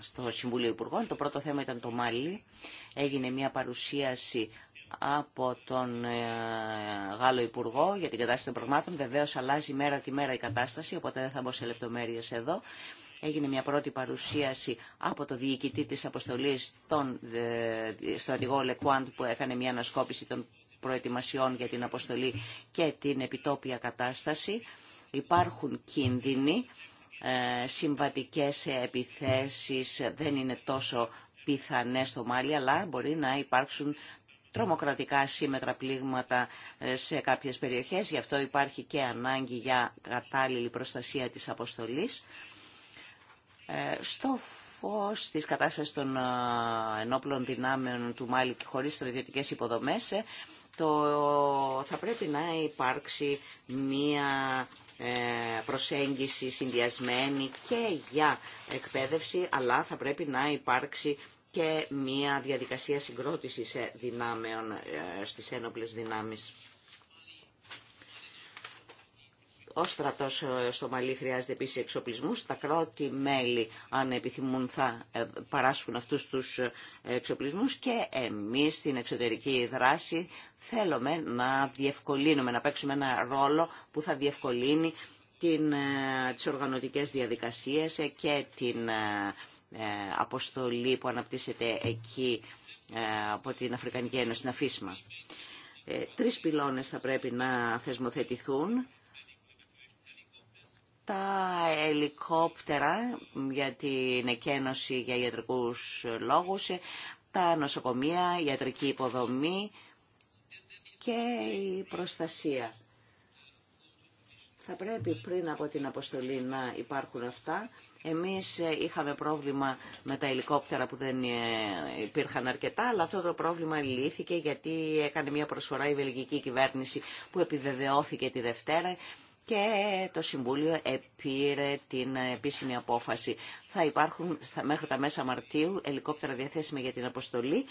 Στο Συμβούλιο Υπουργών, το πρώτο θέμα ήταν το Μάλι. Έγινε μια παρουσίαση από τον ε, Γάλλο Υπουργό για την κατάσταση των πραγμάτων. βεβαίω αλλάζει μέρα τη μέρα η κατάσταση, οπότε δεν θα μπω σε λεπτομέρειες εδώ. Έγινε μια πρώτη παρουσίαση από το διοικητή της αποστολής, τον ε, στρατηγό Λεκουάντ, που έκανε μια ανασκόπηση των προετοιμασιών για την αποστολή και την επιτόπια κατάσταση. Υπάρχουν κίνδυνοι, ε, συμβατικές επιθέσεις δεν είναι τόσο πιθανές στο Μάλι, αλλά μπορεί να υπάρξουν τρομοκρατικά σύμμετρα πλήγματα ε, σε κάποιες περιοχές, γι' αυτό υπάρχει και ανάγκη για κατάλληλη προστασία της αποστολής. Ε, στο φως της κατάστασης των ε, ενόπλων δυνάμεων του Μάλι χωρίς στρατιωτικές υποδομές, το θα πρέπει να υπάρξει μία προσέγγιση συνδυασμένη και για εκπαίδευση, αλλά θα πρέπει να υπάρξει και μια διαδικασία συγκρότησης ε, δυνάμεων ε, στις ένοπλες δυνάμεις. Ο στρατό ε, στο Μαλί χρειάζεται επίσης εξοπλισμούς. Τα κρότη μελη αν επιθυμούν, θα παράσχουν αυτούς τους εξοπλισμούς και εμείς στην εξωτερική δράση θέλουμε να διευκολύνουμε, να παίξουμε ένα ρόλο που θα διευκολύνει τι τις οργανωτικές και την ε, αποστολή που αναπτύσσεται εκεί ε, από την Αφρικανική Ένωση, την αφίσμα. Ε, τρεις πυλώνες θα πρέπει να θεσμοθετηθούν. Τα ελικόπτερα για την εκένωση για ιατρικούς λόγους, τα νοσοκομεία, η ιατρική υποδομή και η προστασία. Θα πρέπει πριν από την αποστολή να υπάρχουν αυτά εμείς ε, είχαμε πρόβλημα με τα ελικόπτερα που δεν ε, υπήρχαν αρκετά, αλλά αυτό το πρόβλημα λύθηκε γιατί έκανε μια προσφορά η βελγική κυβέρνηση που επιβεβαιώθηκε τη Δευτέρα και το Συμβούλιο επήρε την επίσημη απόφαση. Θα υπάρχουν μέχρι τα μέσα Μαρτίου ελικόπτερα διαθέσιμα για την αποστολή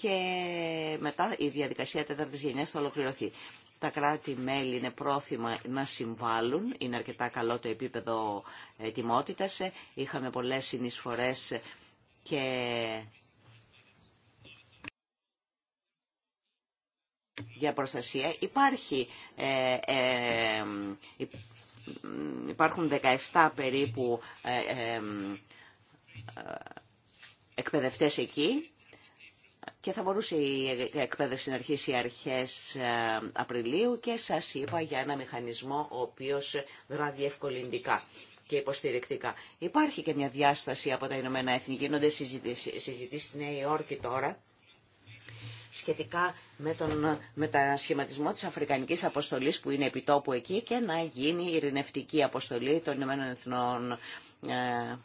και μετά η διαδικασία τέταρτης γενιάς θα ολοκληρωθεί. Τα κράτη-μέλη είναι πρόθυμα να συμβάλλουν, είναι αρκετά καλό το επίπεδο ετοιμότητας. Ε, είχαμε πολλές συνεισφορές και για προστασία. Υπάρχει, ε, ε, ε υπάρχουν 17 περίπου ε, ε, εκπαιδευτές εκεί και θα μπορούσε η εκπαίδευση να αρχίσει αρχές ε, Απριλίου και σας είπα για ένα μηχανισμό ο οποίος δρά διευκολυντικά και υποστηρικτικά. Υπάρχει και μια διάσταση από τα Ηνωμένα Έθνη. Γίνονται συζητήσεις στη Νέα Υόρκη τώρα σχετικά με τον μετασχηματισμό της Αφρικανικής Αποστολής που είναι επιτόπου εκεί και να γίνει η ειρηνευτική αποστολή των Ηνωμένων Εθνών ε,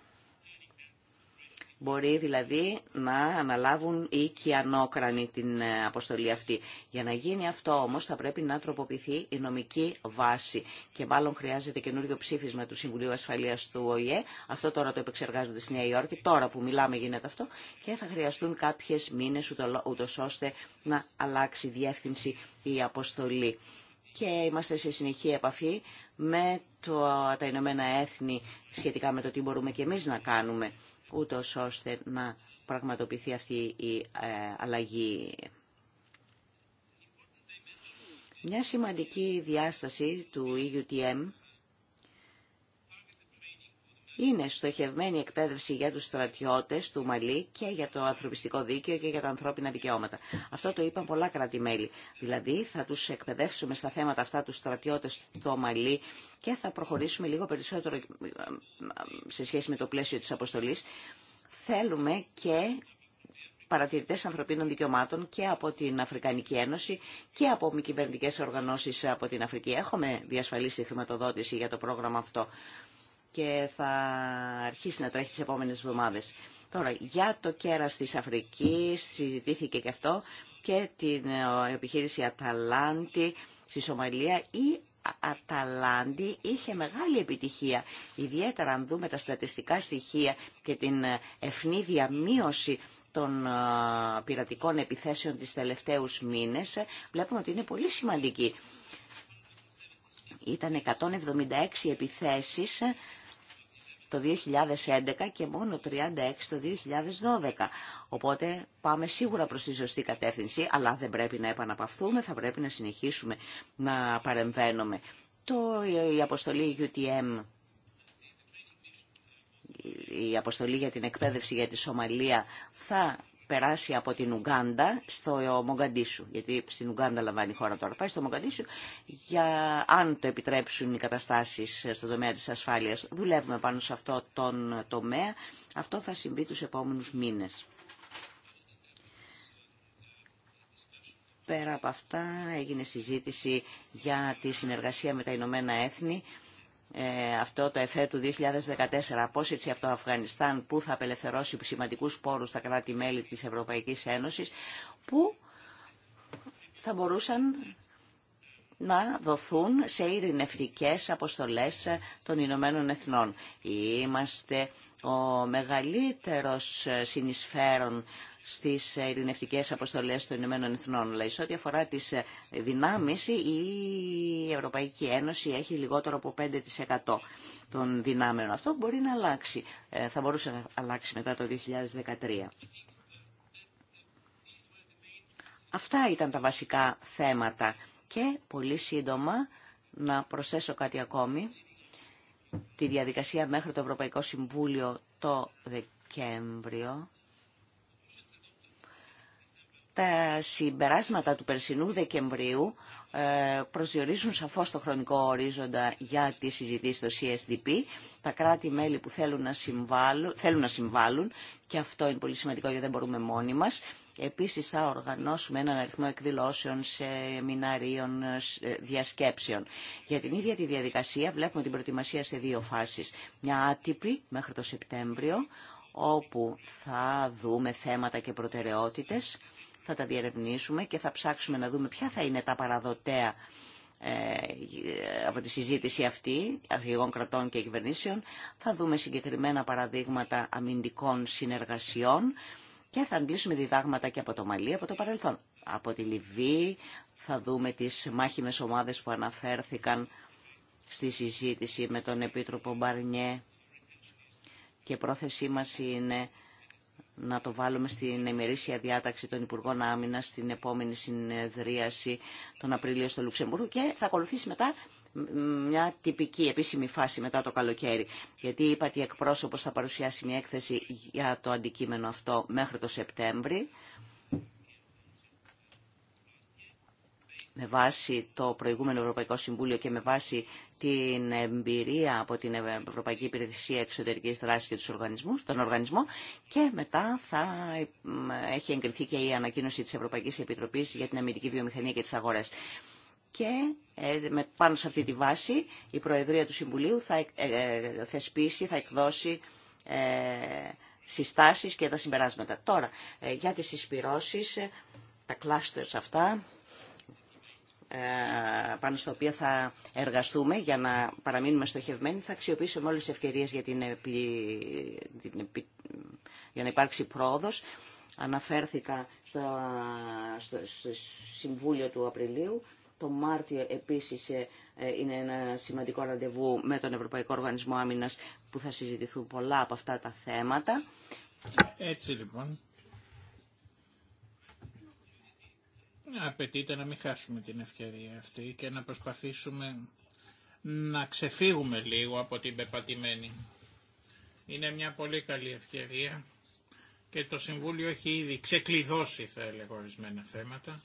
Μπορεί δηλαδή να αναλάβουν οι κιανόκρανοι την ε, αποστολή αυτή. Για να γίνει αυτό όμως θα πρέπει να τροποποιηθεί η νομική βάση και μάλλον χρειάζεται καινούριο ψήφισμα του Συμβουλίου Ασφαλείας του ΟΗΕ. Αυτό τώρα το επεξεργάζονται στη Νέα Υόρκη, τώρα που μιλάμε γίνεται αυτό και θα χρειαστούν κάποιες μήνες ούτω ώστε να αλλάξει διεύθυνση η αποστολή και είμαστε σε συνεχή επαφή με το, τα Ηνωμένα Έθνη σχετικά με το τι μπορούμε και εμείς να κάνουμε ούτω ώστε να πραγματοποιηθεί αυτή η ε, αλλαγή. Μια σημαντική διάσταση του EUTM είναι στοχευμένη εκπαίδευση για τους στρατιώτες του Μαλή και για το ανθρωπιστικό δίκαιο και για τα ανθρώπινα δικαιώματα. Αυτό το είπαν πολλά κράτη-μέλη. Δηλαδή θα τους εκπαιδεύσουμε στα θέματα αυτά τους στρατιώτες του Μαλή και θα προχωρήσουμε λίγο περισσότερο ε, σε σχέση με το πλαίσιο της αποστολής. Θέλουμε και παρατηρητέ ανθρωπίνων δικαιωμάτων και από την Αφρικανική Ένωση και από μη κυβερνητικέ οργανώσεις από την Αφρική. Έχουμε διασφαλίσει χρηματοδότηση για το πρόγραμμα αυτό και θα αρχίσει να τρέχει τις επόμενες εβδομάδες. Τώρα, για το κέρας της Αφρικής συζητήθηκε και αυτό και την ε, επιχείρηση Αταλάντη στη Σομαλία ή Αταλάντη είχε μεγάλη επιτυχία. Ιδιαίτερα αν δούμε τα στατιστικά στοιχεία και την ε, ευνίδια μείωση των ε, πειρατικών επιθέσεων τις τελευταίους μήνες, βλέπουμε ότι είναι πολύ σημαντική. Ήταν 176 επιθέσεις το 2011 και μόνο 36 το 2012. Οπότε πάμε σίγουρα προς τη σωστή κατεύθυνση, αλλά δεν πρέπει να επαναπαυθούμε, θα πρέπει να συνεχίσουμε να παρεμβαίνουμε. Το, η αποστολή UTM, η αποστολή για την εκπαίδευση για τη Σομαλία θα περάσει από την Ουγγάντα στο Μογκαντήσου, γιατί στην Ουγγάντα λαμβάνει η χώρα τώρα, πάει στο Μογκαντήσου, για αν το επιτρέψουν οι καταστάσεις στον τομέα της ασφάλειας. Δουλεύουμε πάνω σε αυτό τον τομέα. Αυτό θα συμβεί τους επόμενους μήνες. Πέρα από αυτά έγινε συζήτηση για τη συνεργασία με τα Ηνωμένα Έθνη ε, αυτό το ΕΦΕ του 2014, απόσυρση από το Αφγανιστάν που θα απελευθερώσει σημαντικούς πόρους στα κράτη-μέλη της Ευρωπαϊκής Ένωσης, που θα μπορούσαν να δοθούν σε ειρηνευτικές αποστολές των Ηνωμένων Εθνών. Είμαστε ο μεγαλύτερος συνεισφέρον στις ειρηνευτικές αποστολέ των Ηνωμένων Εθνών. Λέει, σε ό,τι αφορά τις ε, δυνάμεις, η Ευρωπαϊκή Ένωση έχει λιγότερο από 5% των δυνάμεων. Αυτό μπορεί να αλλάξει. Ε, θα μπορούσε να αλλάξει μετά το 2013. Αυτά ήταν τα βασικά θέματα. Και πολύ σύντομα να προσθέσω κάτι ακόμη. Τη διαδικασία μέχρι το Ευρωπαϊκό Συμβούλιο το Δεκέμβριο τα συμπεράσματα του περσινού Δεκεμβρίου ε, προσδιορίζουν σαφώς το χρονικό ορίζοντα για τη συζητήση στο CSDP. Τα κράτη-μέλη που θέλουν να, συμβάλλουν, θέλουν να συμβάλλουν, και αυτό είναι πολύ σημαντικό γιατί δεν μπορούμε μόνοι μας. Επίσης θα οργανώσουμε έναν αριθμό εκδηλώσεων, σεμιναρίων, διασκέψεων. Για την ίδια τη διαδικασία βλέπουμε την προετοιμασία σε δύο φάσεις. Μια άτυπη μέχρι το Σεπτέμβριο, όπου θα δούμε θέματα και προτεραιότητες θα τα διερευνήσουμε και θα ψάξουμε να δούμε ποια θα είναι τα παραδοτέα ε, από τη συζήτηση αυτή αρχηγών κρατών και κυβερνήσεων θα δούμε συγκεκριμένα παραδείγματα αμυντικών συνεργασιών και θα αντλήσουμε διδάγματα και από το Μαλί, από το παρελθόν. Από τη Λιβύη θα δούμε τις μάχημες ομάδες που αναφέρθηκαν στη συζήτηση με τον Επίτροπο Μπαρνιέ και πρόθεσή μας είναι να το βάλουμε στην εμερήσια διάταξη των Υπουργών Άμυνα στην επόμενη συνεδρίαση τον Απρίλιο στο Λουξεμβούργο και θα ακολουθήσει μετά μια τυπική επίσημη φάση μετά το καλοκαίρι. Γιατί είπα ότι εκπρόσωπος θα παρουσιάσει μια έκθεση για το αντικείμενο αυτό μέχρι το Σεπτέμβρη. με βάση το προηγούμενο Ευρωπαϊκό Συμβούλιο και με βάση την εμπειρία από την Ευρωπαϊκή Υπηρεσία Εξωτερική Δράση και τους τον οργανισμό και μετά θα έχει εγκριθεί και η ανακοίνωση της Ευρωπαϊκής Επιτροπής για την αμυντική βιομηχανία και τις αγορές. Και ε, με, πάνω σε αυτή τη βάση η Προεδρία του Συμβουλίου θα ε, ε, θεσπίσει, θα εκδώσει συστάσεις και τα συμπεράσματα. Τώρα, για τις συσπυρώσεις, τα clusters αυτά, ε, πάνω στα οποία θα εργαστούμε για να παραμείνουμε στοχευμένοι. Θα αξιοποιήσουμε όλες τις ευκαιρίες για, την επι... να υπάρξει πρόοδος. Αναφέρθηκα στο... στο Συμβούλιο του Απριλίου. Το Μάρτιο επίσης ε, είναι ένα σημαντικό ραντεβού με τον Ευρωπαϊκό Οργανισμό Άμυνας που θα συζητηθούν πολλά από αυτά τα θέματα. Έτσι λοιπόν Απαιτείται να μην χάσουμε την ευκαιρία αυτή και να προσπαθήσουμε να ξεφύγουμε λίγο από την πεπατημένη. Είναι μια πολύ καλή ευκαιρία και το Συμβούλιο έχει ήδη ξεκλειδώσει θα έλεγα ορισμένα θέματα.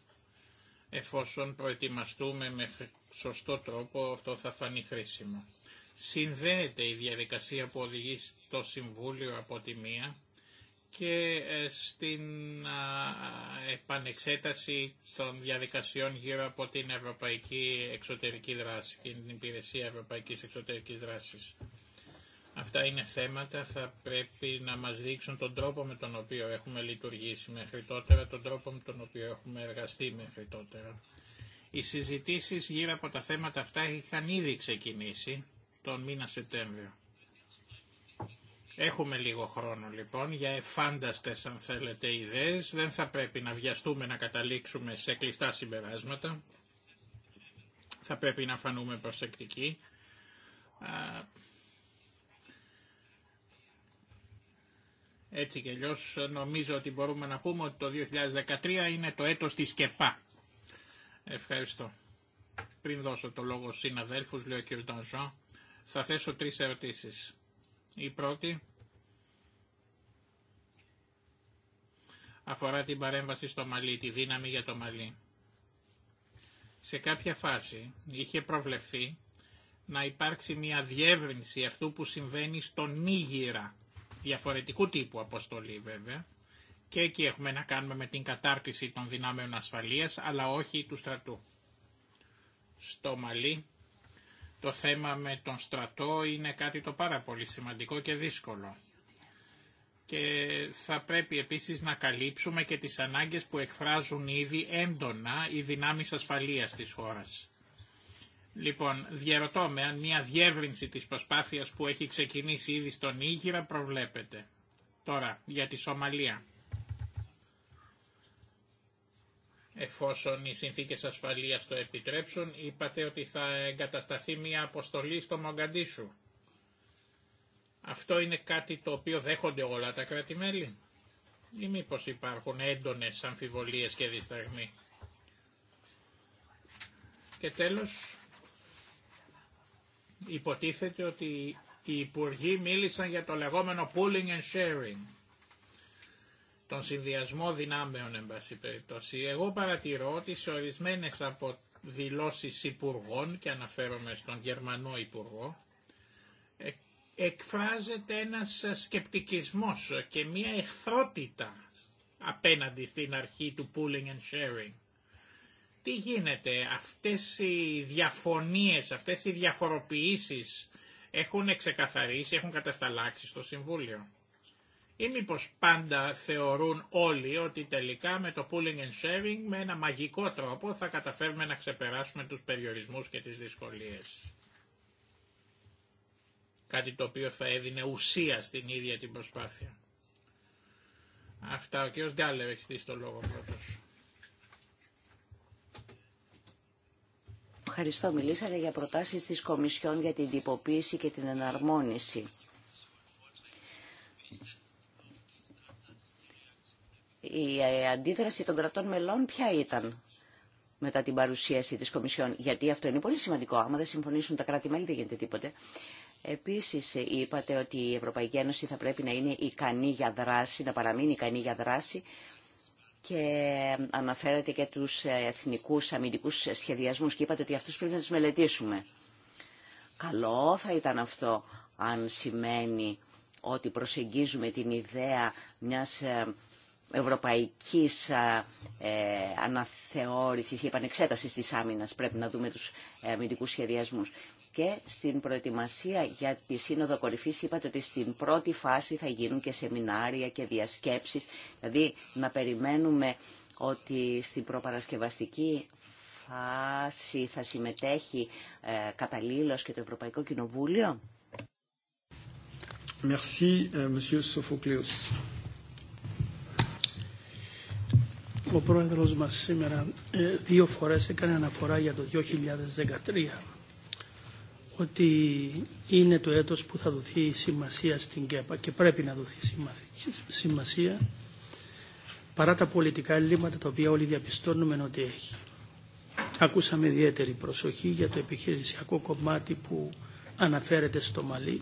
Εφόσον προετοιμαστούμε με σωστό τρόπο αυτό θα φανεί χρήσιμο. Συνδέεται η διαδικασία που οδηγεί στο Συμβούλιο από τη μία και ε, στην επανεξέταση των διαδικασιών γύρω από την Ευρωπαϊκή Εξωτερική Δράση, και την Υπηρεσία Ευρωπαϊκής Εξωτερικής Δράσης. Αυτά είναι θέματα, θα πρέπει να μας δείξουν τον τρόπο με τον οποίο έχουμε λειτουργήσει μέχρι τότερα, τον τρόπο με τον οποίο έχουμε εργαστεί μέχρι τότερα. Οι συζητήσεις γύρω από τα θέματα αυτά είχαν ήδη ξεκινήσει τον μήνα Σεπτέμβριο. Έχουμε λίγο χρόνο λοιπόν για εφάνταστες αν θέλετε ιδέες. Δεν θα πρέπει να βιαστούμε να καταλήξουμε σε κλειστά συμπεράσματα. Θα πρέπει να φανούμε προσεκτικοί. Έτσι και αλλιώ νομίζω ότι μπορούμε να πούμε ότι το 2013 είναι το έτος της ΚΕΠΑ. Ευχαριστώ. Πριν δώσω το λόγο στους συναδέλφους, λέει ο κ. θα θέσω τρεις ερωτήσεις. Η πρώτη αφορά την παρέμβαση στο Μαλί, τη δύναμη για το Μαλί. Σε κάποια φάση είχε προβλεφθεί να υπάρξει μια διεύρυνση αυτού που συμβαίνει στον Νίγηρα, διαφορετικού τύπου αποστολή βέβαια, και εκεί έχουμε να κάνουμε με την κατάρτιση των δυνάμεων ασφαλείας, αλλά όχι του στρατού. Στο Μαλί το θέμα με τον στρατό είναι κάτι το πάρα πολύ σημαντικό και δύσκολο. Και θα πρέπει επίσης να καλύψουμε και τις ανάγκες που εκφράζουν ήδη έντονα οι δυνάμεις ασφαλείας της χώρας. Λοιπόν, διαρωτώ με αν μια διεύρυνση της προσπάθειας που έχει ξεκινήσει ήδη στον Ήγηρα προβλέπεται. Τώρα, για τη Σομαλία. εφόσον οι συνθήκες ασφαλείας το επιτρέψουν, είπατε ότι θα εγκατασταθεί μια αποστολή στο Μογκαντήσου. Αυτό είναι κάτι το οποίο δέχονται όλα τα κράτη-μέλη ή μήπω υπάρχουν έντονες αμφιβολίες και δισταγμοί. Και τέλος, υποτίθεται ότι οι υπουργοί μίλησαν για το λεγόμενο pooling and sharing τον συνδυασμό δυνάμεων εν Εγώ παρατηρώ ότι σε ορισμένες από δηλώσεις υπουργών και αναφέρομαι στον Γερμανό Υπουργό ε, εκφράζεται ένας σκεπτικισμός και μια εχθρότητα απέναντι στην αρχή του pooling and sharing. Τι γίνεται, αυτές οι διαφωνίες, αυτές οι διαφοροποιήσεις έχουν εξεκαθαρίσει, έχουν κατασταλάξει στο Συμβούλιο ή μήπω πάντα θεωρούν όλοι ότι τελικά με το pooling and sharing με ένα μαγικό τρόπο θα καταφέρουμε να ξεπεράσουμε τους περιορισμούς και τις δυσκολίες. Κάτι το οποίο θα έδινε ουσία στην ίδια την προσπάθεια. Αυτά, ο κ. Γκάλερ έχει στήσει το λόγο πρώτος. Ευχαριστώ. Μιλήσατε για προτάσεις της Κομισιόν για την τυποποίηση και την εναρμόνιση. Η ε, αντίδραση των κρατών μελών ποια ήταν μετά την παρουσίαση της Κομισιόν, γιατί αυτό είναι πολύ σημαντικό. Άμα δεν συμφωνήσουν τα κράτη-μέλη δεν γίνεται τίποτε. Επίσης ε, είπατε ότι η Ευρωπαϊκή Ένωση θα πρέπει να είναι ικανή για δράση, να παραμείνει ικανή για δράση και ε, αναφέρατε και τους εθνικούς αμυντικούς σχεδιασμούς και είπατε ότι αυτούς πρέπει να τους μελετήσουμε. Καλό θα ήταν αυτό αν σημαίνει ότι προσεγγίζουμε την ιδέα μιας ευρωπαϊκής ε, αναθεώρησης ή επανεξέτασης της άμυνας. Πρέπει να δούμε τους αμυντικούς σχεδιασμούς. Και στην προετοιμασία για τη Σύνοδο Κορυφής είπατε ότι στην πρώτη φάση θα γίνουν και σεμινάρια και διασκέψεις. Δηλαδή να περιμένουμε ότι στην προπαρασκευαστική φάση θα συμμετέχει ε, καταλήλως και το Ευρωπαϊκό Κοινοβούλιο. Merci, ε, Monsieur ο πρόεδρος μας σήμερα ε, δύο φορές έκανε αναφορά για το 2013 ότι είναι το έτος που θα δοθεί σημασία στην ΚΕΠΑ και πρέπει να δοθεί σημασία παρά τα πολιτικά ελλείμματα τα οποία όλοι διαπιστώνουμε ότι έχει. Ακούσαμε ιδιαίτερη προσοχή για το επιχειρησιακό κομμάτι που αναφέρεται στο Μαλί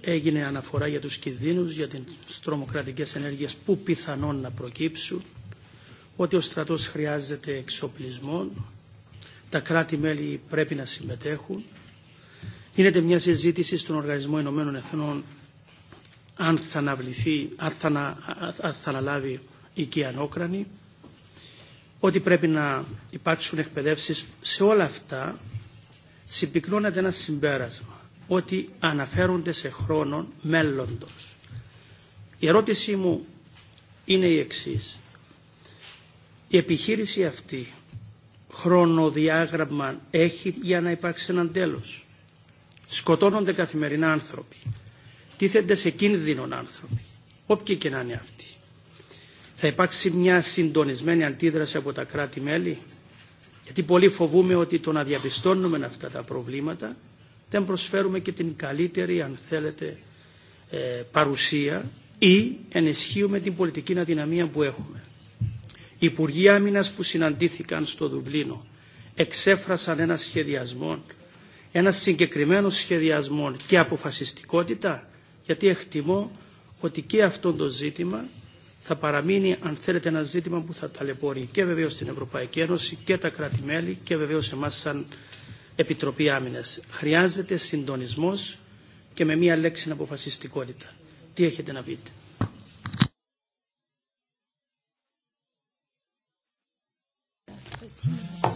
έγινε αναφορά για τους κινδύνους, για τις τρομοκρατικές ενέργειες που πιθανόν να προκύψουν, ότι ο στρατός χρειάζεται εξοπλισμό, τα κράτη-μέλη πρέπει να συμμετέχουν. Γίνεται μια συζήτηση στον Οργανισμό Ηνωμένων Εθνών αν θα αναβληθεί, αν θα, αναλάβει η Κιανόκρανη, ότι πρέπει να υπάρξουν εκπαιδεύσεις σε όλα αυτά συμπυκνώνεται ένα συμπέρασμα ότι αναφέρονται σε χρόνο μέλλοντος. Η ερώτησή μου είναι η εξής. Η επιχείρηση αυτή χρονοδιάγραμμα έχει για να υπάρξει έναν τέλος. Σκοτώνονται καθημερινά άνθρωποι. Τίθενται σε κίνδυνο άνθρωποι. Όποιοι και να είναι αυτοί. Θα υπάρξει μια συντονισμένη αντίδραση από τα κράτη-μέλη. Γιατί πολύ φοβούμε ότι το να διαπιστώνουμε αυτά τα προβλήματα δεν προσφέρουμε και την καλύτερη, αν θέλετε, ε, παρουσία ή ενισχύουμε την πολιτική αδυναμία που έχουμε. Οι Υπουργοί Άμυνας που συναντήθηκαν στο Δουβλίνο εξέφρασαν ένα σχεδιασμό, ένα συγκεκριμένο σχεδιασμό και αποφασιστικότητα, γιατί εκτιμώ ότι και αυτό το ζήτημα θα παραμείνει, αν θέλετε, ένα ζήτημα που θα ταλαιπωρεί και βεβαίως την Ευρωπαϊκή Ένωση και τα κράτη-μέλη και βεβαίως εμάς σαν Επιτροπή Άμυνας. Χρειάζεται συντονισμός και με μία λέξη αποφασιστικότητα. Τι έχετε να πείτε.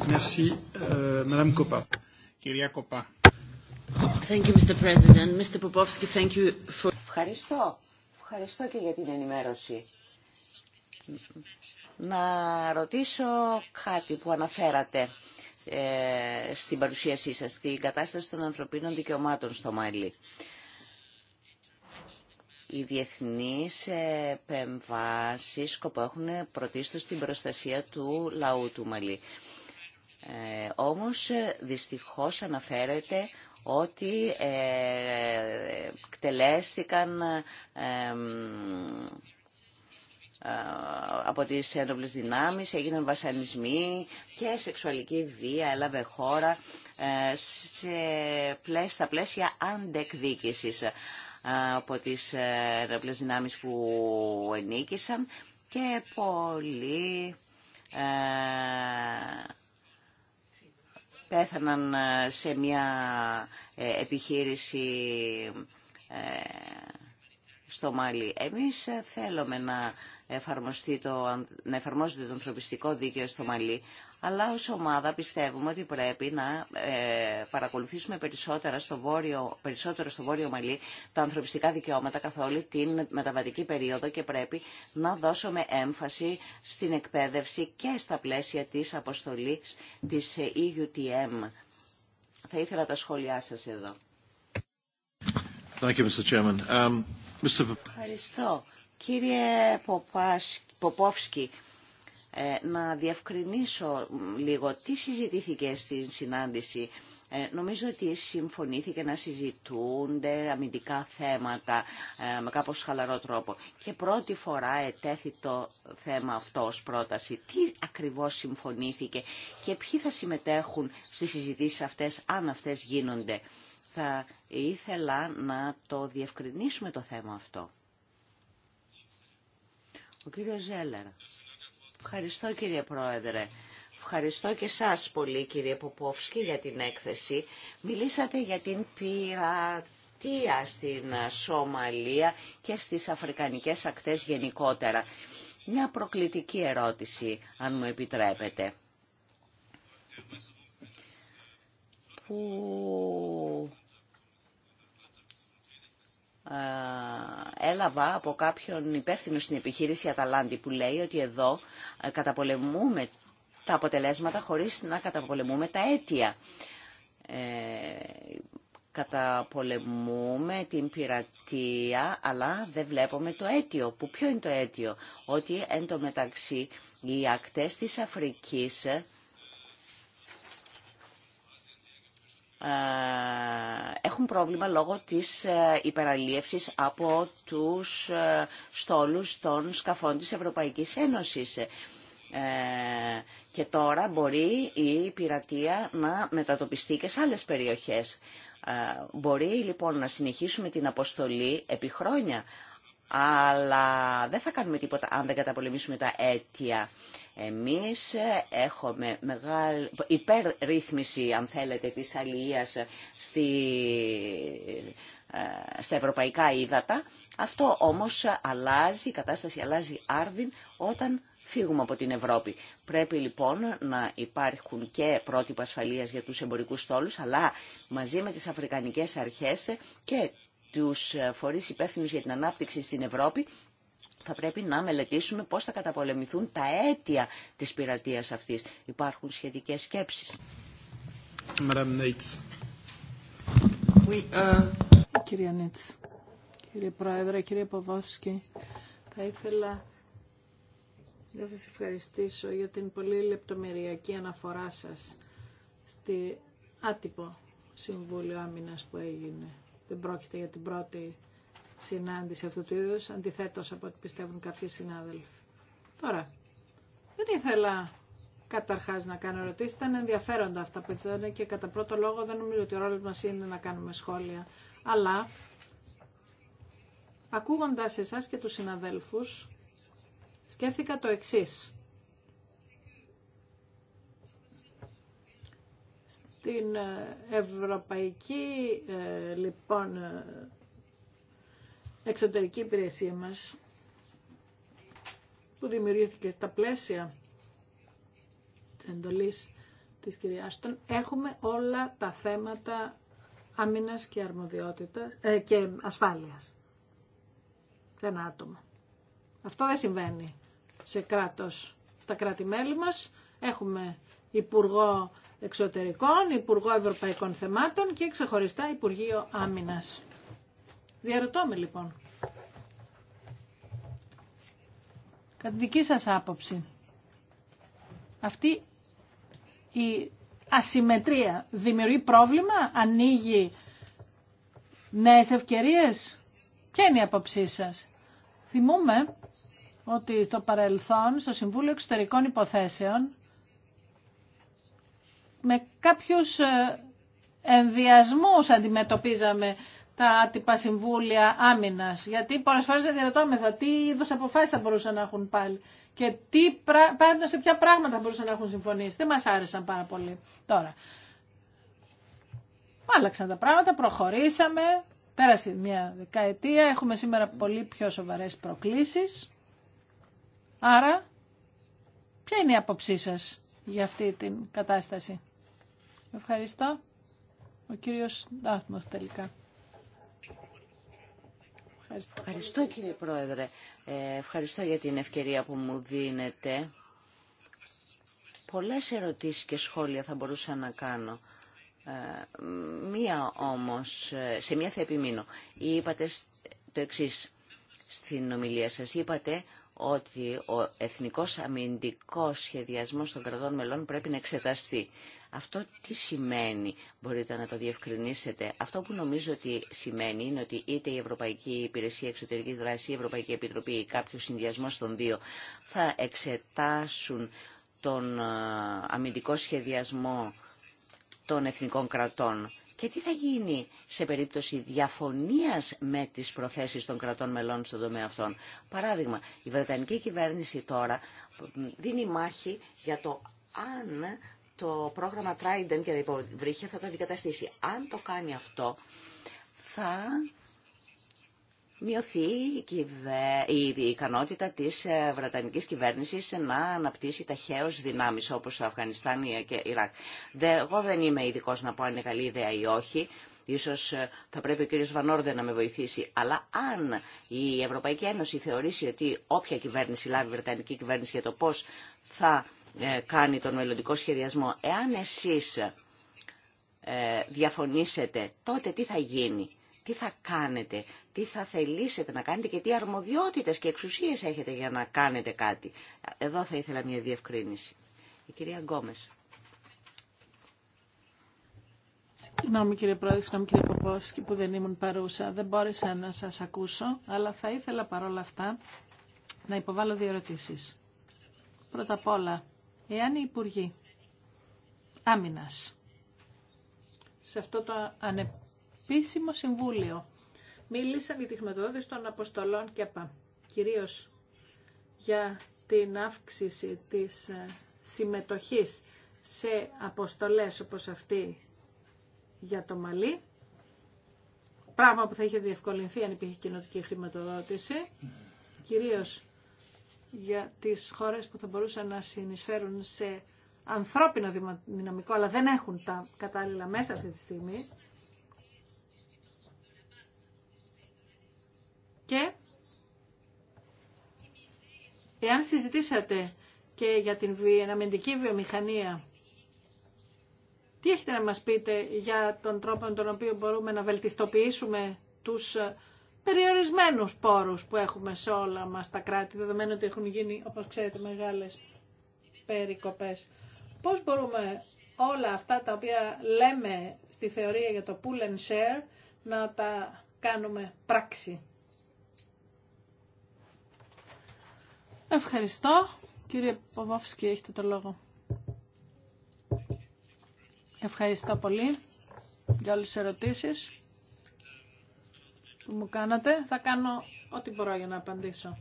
Merci, euh, Madame Thank you, Mr. President. Mr. thank you for... Ευχαριστώ. Ευχαριστώ και για την ενημέρωση. Να ρωτήσω κάτι που αναφέρατε. Ε, στην παρουσίασή σας, στην κατάσταση των ανθρωπίνων δικαιωμάτων στο Μαλί. Οι διεθνείς επεμβάσεις σκοπό έχουν πρωτίστως την προστασία του λαού του Μαλί. Ε, όμως δυστυχώς αναφέρεται ότι ε, εκτελέστηκαν ε, ε, από τις ένοπλες δυνάμεις, έγιναν βασανισμοί και σεξουαλική βία έλαβε χώρα ε, σε πλαίσια, στα πλαίσια αντεκδίκησης ε, από τις ένοπλες δυνάμεις που ενίκησαν και πολλοί πέθαναν σε μια επιχείρηση στο Μάλι. Εμείς θέλουμε να εφαρμοστεί το, να εφαρμόζεται το ανθρωπιστικό δίκαιο στο Μαλί, αλλά ως ομάδα πιστεύουμε ότι πρέπει να ε, παρακολουθήσουμε περισσότερα στο βόρειο, περισσότερο στο Βόρειο Μαλί τα ανθρωπιστικά δικαιώματα καθ' όλη την μεταβατική περίοδο και πρέπει να δώσουμε έμφαση στην εκπαίδευση και στα πλαίσια της αποστολής της ε, EUTM. Θα ήθελα τα σχόλιά σας εδώ. Um, Ευχαριστώ. Κύριε Ποπόφσκι, ε, να διευκρινίσω λίγο τι συζητήθηκε στην συνάντηση. Ε, νομίζω ότι συμφωνήθηκε να συζητούνται αμυντικά θέματα ε, με κάπως χαλαρό τρόπο. Και πρώτη φορά ετέθη το θέμα αυτό ως πρόταση. Τι ακριβώς συμφωνήθηκε και ποιοι θα συμμετέχουν στις συζητήσεις αυτές, αν αυτές γίνονται. Θα ήθελα να το διευκρινίσουμε το θέμα αυτό. Ο κύριος Ζέλερ. Ευχαριστώ κύριε Πρόεδρε. Ευχαριστώ και σας πολύ κύριε Ποπόφσκι για την έκθεση. Μιλήσατε για την πειρατεία στην Σομαλία και στις αφρικανικές ακτές γενικότερα. Μια προκλητική ερώτηση, αν μου επιτρέπετε. Που ε, έλαβα από κάποιον υπεύθυνο στην επιχείρηση Αταλάντη που λέει ότι εδώ ε, καταπολεμούμε τα αποτελέσματα χωρίς να καταπολεμούμε τα αίτια. Ε, καταπολεμούμε την πειρατεία, αλλά δεν βλέπουμε το αίτιο. Που ποιο είναι το αίτιο? Ότι εν τω μεταξύ οι ακτές της Αφρικής Ε, έχουν πρόβλημα λόγω της ε, υπεραλίευσης από τους ε, στόλους των σκαφών της Ευρωπαϊκής Ένωσης. Και τώρα μπορεί η πειρατεία να μετατοπιστεί και σε άλλες περιοχές. Μπορεί λοιπόν να συνεχίσουμε την αποστολή επί χρόνια, αλλά δεν θα κάνουμε τίποτα αν δεν καταπολεμήσουμε τα αίτια. Εμείς έχουμε μεγάλη υπερρύθμιση, αν θέλετε, της αλληλείας στη... Ε, στα ευρωπαϊκά ύδατα. Αυτό όμως αλλάζει, η κατάσταση αλλάζει άρδιν όταν φύγουμε από την Ευρώπη. Πρέπει λοιπόν να υπάρχουν και πρότυπα ασφαλείας για τους εμπορικούς στόλους, αλλά μαζί με τις αφρικανικές αρχές και τους ε, φορείς υπεύθυνους για την ανάπτυξη στην Ευρώπη θα πρέπει να μελετήσουμε πώς θα καταπολεμηθούν τα αίτια της πειρατείας αυτής. Υπάρχουν σχετικές σκέψεις. Euh, Κυρία κύριε Πρόεδρε, κύριε Ποβόφσκι, θα ήθελα να σας ευχαριστήσω για την πολύ λεπτομεριακή αναφορά σας στη άτυπο Συμβούλιο Άμυνας που έγινε. Δεν πρόκειται για την πρώτη συνάντηση αυτού του είδους, αντιθέτως από ό,τι πιστεύουν κάποιοι συνάδελφοι. Τώρα, δεν ήθελα καταρχά να κάνω ερωτήσει, ήταν ενδιαφέροντα αυτά που ήταν και κατά πρώτο λόγο δεν νομίζω ότι ο ρόλο μας είναι να κάνουμε σχόλια, αλλά ακούγοντα εσά και του συναδέλφου σκέφτηκα το εξή. την ε, ευρωπαϊκή ε, λοιπόν ε, εξωτερική υπηρεσία μας που δημιουργήθηκε στα πλαίσια της εντολής της κυρίας έχουμε όλα τα θέματα άμυνας και αρμοδιότητας και ασφάλειας σε ένα άτομο. Αυτό δεν συμβαίνει σε κράτος. Στα κράτη-μέλη μας έχουμε υπουργό Εξωτερικών, Υπουργό Ευρωπαϊκών Θεμάτων και ξεχωριστά Υπουργείο Άμυνας. Διαρωτώ με λοιπόν. Κατά δική σας άποψη, αυτή η ασυμμετρία δημιουργεί πρόβλημα, ανοίγει νέες ευκαιρίες. Ποια είναι η άποψή σας. Θυμούμε ότι στο παρελθόν, στο Συμβούλιο Εξωτερικών Υποθέσεων, με κάποιους ε, ενδιασμούς αντιμετωπίζαμε τα άτυπα συμβούλια άμυνα. Γιατί πολλέ φορέ δεν διαρωτώμεθα τι είδου αποφάσει θα μπορούσαν να έχουν πάλι και τι, σε ποια πράγματα θα μπορούσαν να έχουν συμφωνήσει. Δεν μα άρεσαν πάρα πολύ τώρα. Άλλαξαν τα πράγματα, προχωρήσαμε, πέρασε μια δεκαετία, έχουμε σήμερα πολύ πιο σοβαρές προκλήσεις. Άρα, ποια είναι η άποψή σας για αυτή την κατάσταση. Ευχαριστώ. Ο κύριος Ντάρτμος τελικά. Ευχαριστώ. ευχαριστώ κύριε Πρόεδρε. Ε, ευχαριστώ για την ευκαιρία που μου δίνετε. Πολλές ερωτήσεις και σχόλια θα μπορούσα να κάνω. Ε, μία όμως, ε, σε μία θα επιμείνω. Είπατε το εξής στην ομιλία σας. Είπατε ότι ο εθνικός αμυντικός σχεδιασμός των κρατών μελών πρέπει να εξεταστεί. Αυτό τι σημαίνει, μπορείτε να το διευκρινίσετε. Αυτό που νομίζω ότι σημαίνει είναι ότι είτε η Ευρωπαϊκή Υπηρεσία Εξωτερικής Δράσης, η Ευρωπαϊκή Επιτροπή ή κάποιο συνδυασμό των δύο θα εξετάσουν τον αμυντικό σχεδιασμό των εθνικών κρατών. Και τι θα γίνει σε περίπτωση διαφωνίας με τις προθέσεις των κρατών μελών στον τομέα αυτών. Παράδειγμα, η Βρετανική κυβέρνηση τώρα δίνει μάχη για το αν το πρόγραμμα Trident για τα υποβρύχια θα το αντικαταστήσει. Αν το κάνει αυτό, θα μειωθεί η ικανότητα της ε, Βρετανικής κυβέρνησης να αναπτύσσει ταχαίως δυνάμεις όπως το Αφγανιστάν ε, και Ιράκ. Εγώ δεν είμαι ειδικό να πω αν είναι καλή ιδέα ή όχι. Ίσως ε, θα πρέπει ο κ. Βανόρδε να με βοηθήσει. Αλλά αν η Ευρωπαϊκή Ένωση θεωρήσει ότι όποια κυβέρνηση λάβει η Βρετανική κυβέρνηση για το πώς θα ε, κάνει τον μελλοντικό σχεδιασμό. Εάν εσείς ε, διαφωνήσετε, τότε τι θα γίνει, τι θα κάνετε, τι θα θελήσετε να κάνετε και τι αρμοδιότητες και εξουσίες έχετε για να κάνετε κάτι. Εδώ θα ήθελα μια διευκρίνηση. Η κυρία Γκόμες. Συγγνώμη κύριε Πρόεδρε, συγγνώμη κύριε Ποπόσκη που δεν ήμουν παρούσα. Δεν μπόρεσα να σας ακούσω, αλλά θα ήθελα παρόλα αυτά να υποβάλω δύο ερωτήσεις. Πρώτα απ' όλα, Εάν οι Υπουργοί Άμυνας σε αυτό το ανεπίσημο συμβούλιο μίλησαν για τη χρηματοδότηση των αποστολών και ΑΠΑ, κυρίως για την αύξηση της ε, συμμετοχής σε αποστολές όπως αυτή για το Μαλή πράγμα που θα είχε διευκολυνθεί αν υπήρχε κοινωτική χρηματοδότηση, κυρίως για τις χώρες που θα μπορούσαν να συνεισφέρουν σε ανθρώπινο δυναμικό, αλλά δεν έχουν τα κατάλληλα μέσα αυτή τη στιγμή. Και εάν συζητήσατε και για την αμυντική βιομηχανία, τι έχετε να μας πείτε για τον τρόπο με τον οποίο μπορούμε να βελτιστοποιήσουμε τους περιορισμένους πόρους που έχουμε σε όλα μας τα κράτη, δεδομένου ότι έχουν γίνει, όπως ξέρετε, μεγάλες περικοπές. Πώς μπορούμε όλα αυτά τα οποία λέμε στη θεωρία για το pull and share να τα κάνουμε πράξη. Ευχαριστώ. Κύριε Ποβόφσκι, έχετε το λόγο. Ευχαριστώ πολύ για όλες τις ερωτήσεις που μου κάνατε. Θα κάνω ό,τι μπορώ για να απαντήσω.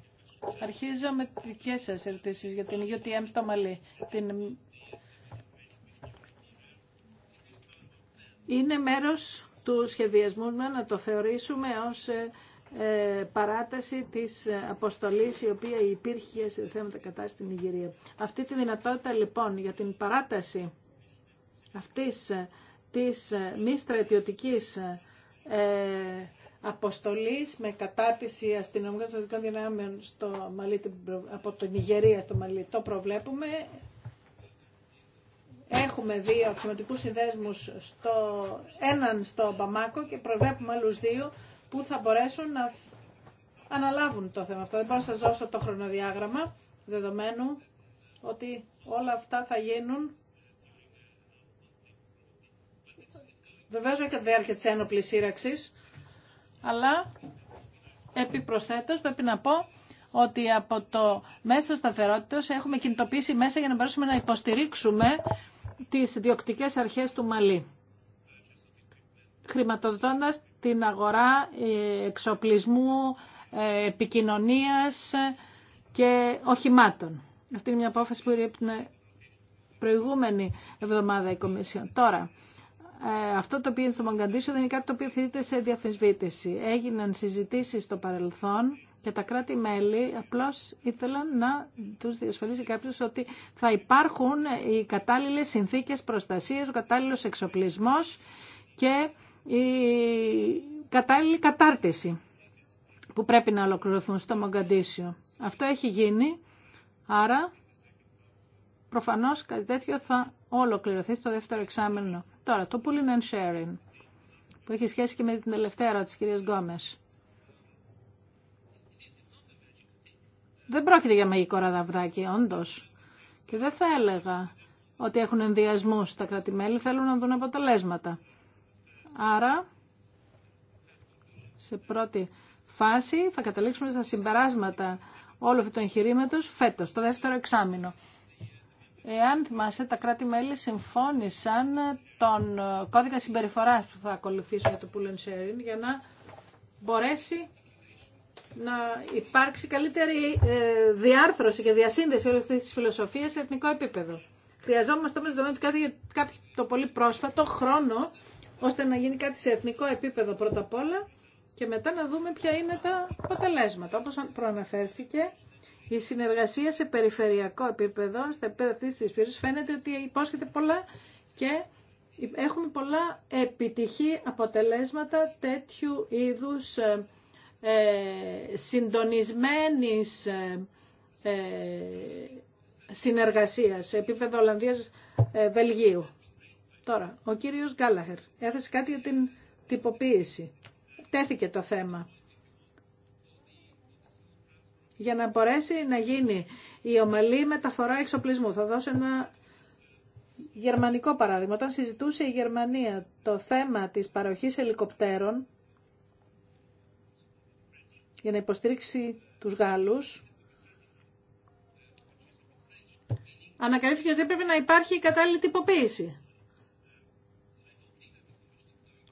Αρχίζω με τις δικές σας ερωτήσεις για την UTM στο Μαλί. Την... Είναι μέρος του σχεδιασμού μας να το θεωρήσουμε ως ε, ε, παράταση της αποστολής η οποία υπήρχε σε θέματα κατά στην Ιγυρία. Αυτή τη δυνατότητα λοιπόν για την παράταση αυτής της μη στρατιωτικής ε, αποστολής με κατάρτιση αστυνομικών στρατιωτικών δυνάμεων στο Μαλί, από την Νιγερία στο Μαλί. Το προβλέπουμε. Έχουμε δύο αξιωματικού συνδέσμους, στο, έναν στο Μπαμάκο και προβλέπουμε άλλου δύο που θα μπορέσουν να αναλάβουν το θέμα αυτό. Δεν μπορώ να δώσω το χρονοδιάγραμμα, δεδομένου ότι όλα αυτά θα γίνουν Βεβαίω όχι κατά τη διάρκεια αλλά επιπροσθέτως πρέπει να πω ότι από το μέσο σταθερότητας έχουμε κινητοποιήσει μέσα για να μπορέσουμε να υποστηρίξουμε τις διοκτικές αρχές του Μαλή χρηματοδοτώντας την αγορά ε, εξοπλισμού, ε, επικοινωνίας και οχημάτων. Αυτή είναι μια απόφαση που είναι προηγούμενη εβδομάδα η Κομισιόν. Τώρα, ε, αυτό το οποίο είναι στο Μαγκαντήσιο δεν είναι κάτι το οποίο θεωρείται σε διαφεσβήτηση. Έγιναν συζητήσεις στο παρελθόν και τα κράτη-μέλη απλώς ήθελαν να τους διασφαλίσει κάποιος ότι θα υπάρχουν οι κατάλληλες συνθήκες προστασίας, ο κατάλληλος εξοπλισμός και η κατάλληλη κατάρτιση που πρέπει να ολοκληρωθούν στο Μαγκαντήσιο. Αυτό έχει γίνει, άρα προφανώς κάτι τέτοιο θα ολοκληρωθεί στο δεύτερο εξάμενο. Τώρα, το pulling and sharing, που έχει σχέση και με την τελευταία της κυρίας Γκόμες. Δεν πρόκειται για μαγικό ραδαβδάκι, όντως. Και δεν θα έλεγα ότι έχουν ενδιασμούς τα κρατημέλη, θέλουν να δουν αποτελέσματα. Άρα, σε πρώτη φάση θα καταλήξουμε στα συμπεράσματα όλου αυτού του εγχειρήματο φέτος, το δεύτερο εξάμεινο. Εάν θυμάσαι, τα κράτη-μέλη συμφώνησαν τον ε, κώδικα συμπεριφοράς που θα ακολουθήσουν για το pull and sharing για να μπορέσει να υπάρξει καλύτερη ε, διάρθρωση και διασύνδεση όλες αυτές τις φιλοσοφίες σε εθνικό επίπεδο. Χρειαζόμαστε όμως το κάποιο το πολύ πρόσφατο χρόνο ώστε να γίνει κάτι σε εθνικό επίπεδο πρώτα απ' όλα και μετά να δούμε ποια είναι τα αποτελέσματα. Όπως προαναφέρθηκε, η συνεργασία σε περιφερειακό επίπεδο, στα επίπεδα αυτή τη φαίνεται ότι υπόσχεται πολλά και έχουμε πολλά επιτυχή αποτελέσματα τέτοιου είδους ε, ε συντονισμένης ε, ε, συνεργασίας σε επίπεδο Ολλανδίας-Βελγίου. Ε, Τώρα, ο κύριος Γκάλαχερ έθεσε κάτι για την τυποποίηση. Τέθηκε το θέμα για να μπορέσει να γίνει η ομαλή μεταφορά εξοπλισμού. Θα δώσω ένα γερμανικό παράδειγμα. Όταν συζητούσε η Γερμανία το θέμα της παροχής ελικοπτέρων για να υποστήριξει τους Γάλλους, ανακαλύφθηκε ότι έπρεπε να υπάρχει η κατάλληλη τυποποίηση.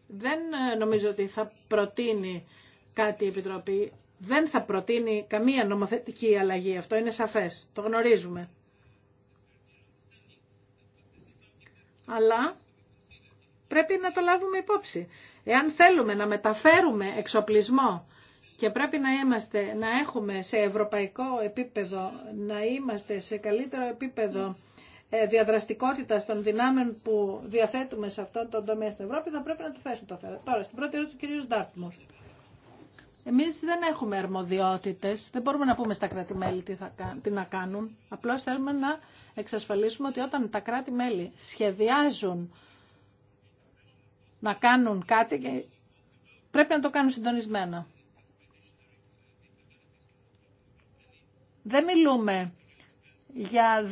Δεν νομίζω ότι θα προτείνει κάτι η Επιτροπή δεν θα προτείνει καμία νομοθετική αλλαγή. Αυτό είναι σαφές. Το γνωρίζουμε. Αλλά πρέπει να το λάβουμε υπόψη. Εάν θέλουμε να μεταφέρουμε εξοπλισμό και πρέπει να, είμαστε, να έχουμε σε ευρωπαϊκό επίπεδο, να είμαστε σε καλύτερο επίπεδο ε, διαδραστικότητα των δυνάμεων που διαθέτουμε σε αυτό τον τομέα στην Ευρώπη, θα πρέπει να το θέσουμε το θέμα. Τώρα, στην πρώτη ερώτηση του κ. Ντάρτμουρ. Εμείς δεν έχουμε αρμοδιότητες, δεν μπορούμε να πούμε στα κράτη-μέλη τι, τι να κάνουν. Απλώς θέλουμε να εξασφαλίσουμε ότι όταν τα κράτη-μέλη σχεδιάζουν να κάνουν κάτι, πρέπει να το κάνουν συντονισμένα. Δεν μιλούμε για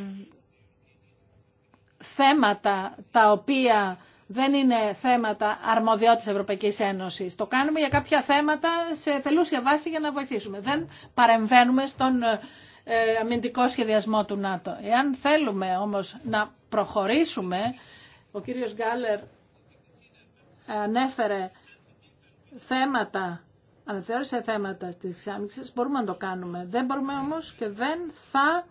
θέματα τα οποία δεν είναι θέματα αρμοδιότητας Ευρωπαϊκής Ένωσης. Το κάνουμε για κάποια θέματα σε θελούσια βάση για να βοηθήσουμε. Δεν παρεμβαίνουμε στον ε, αμυντικό σχεδιασμό του ΝΑΤΟ. Εάν θέλουμε όμως να προχωρήσουμε, ο κύριος Γκάλερ ανέφερε θέματα, αναθεώρησε θέματα στις άμυξες, μπορούμε να το κάνουμε. Δεν μπορούμε όμως και δεν θα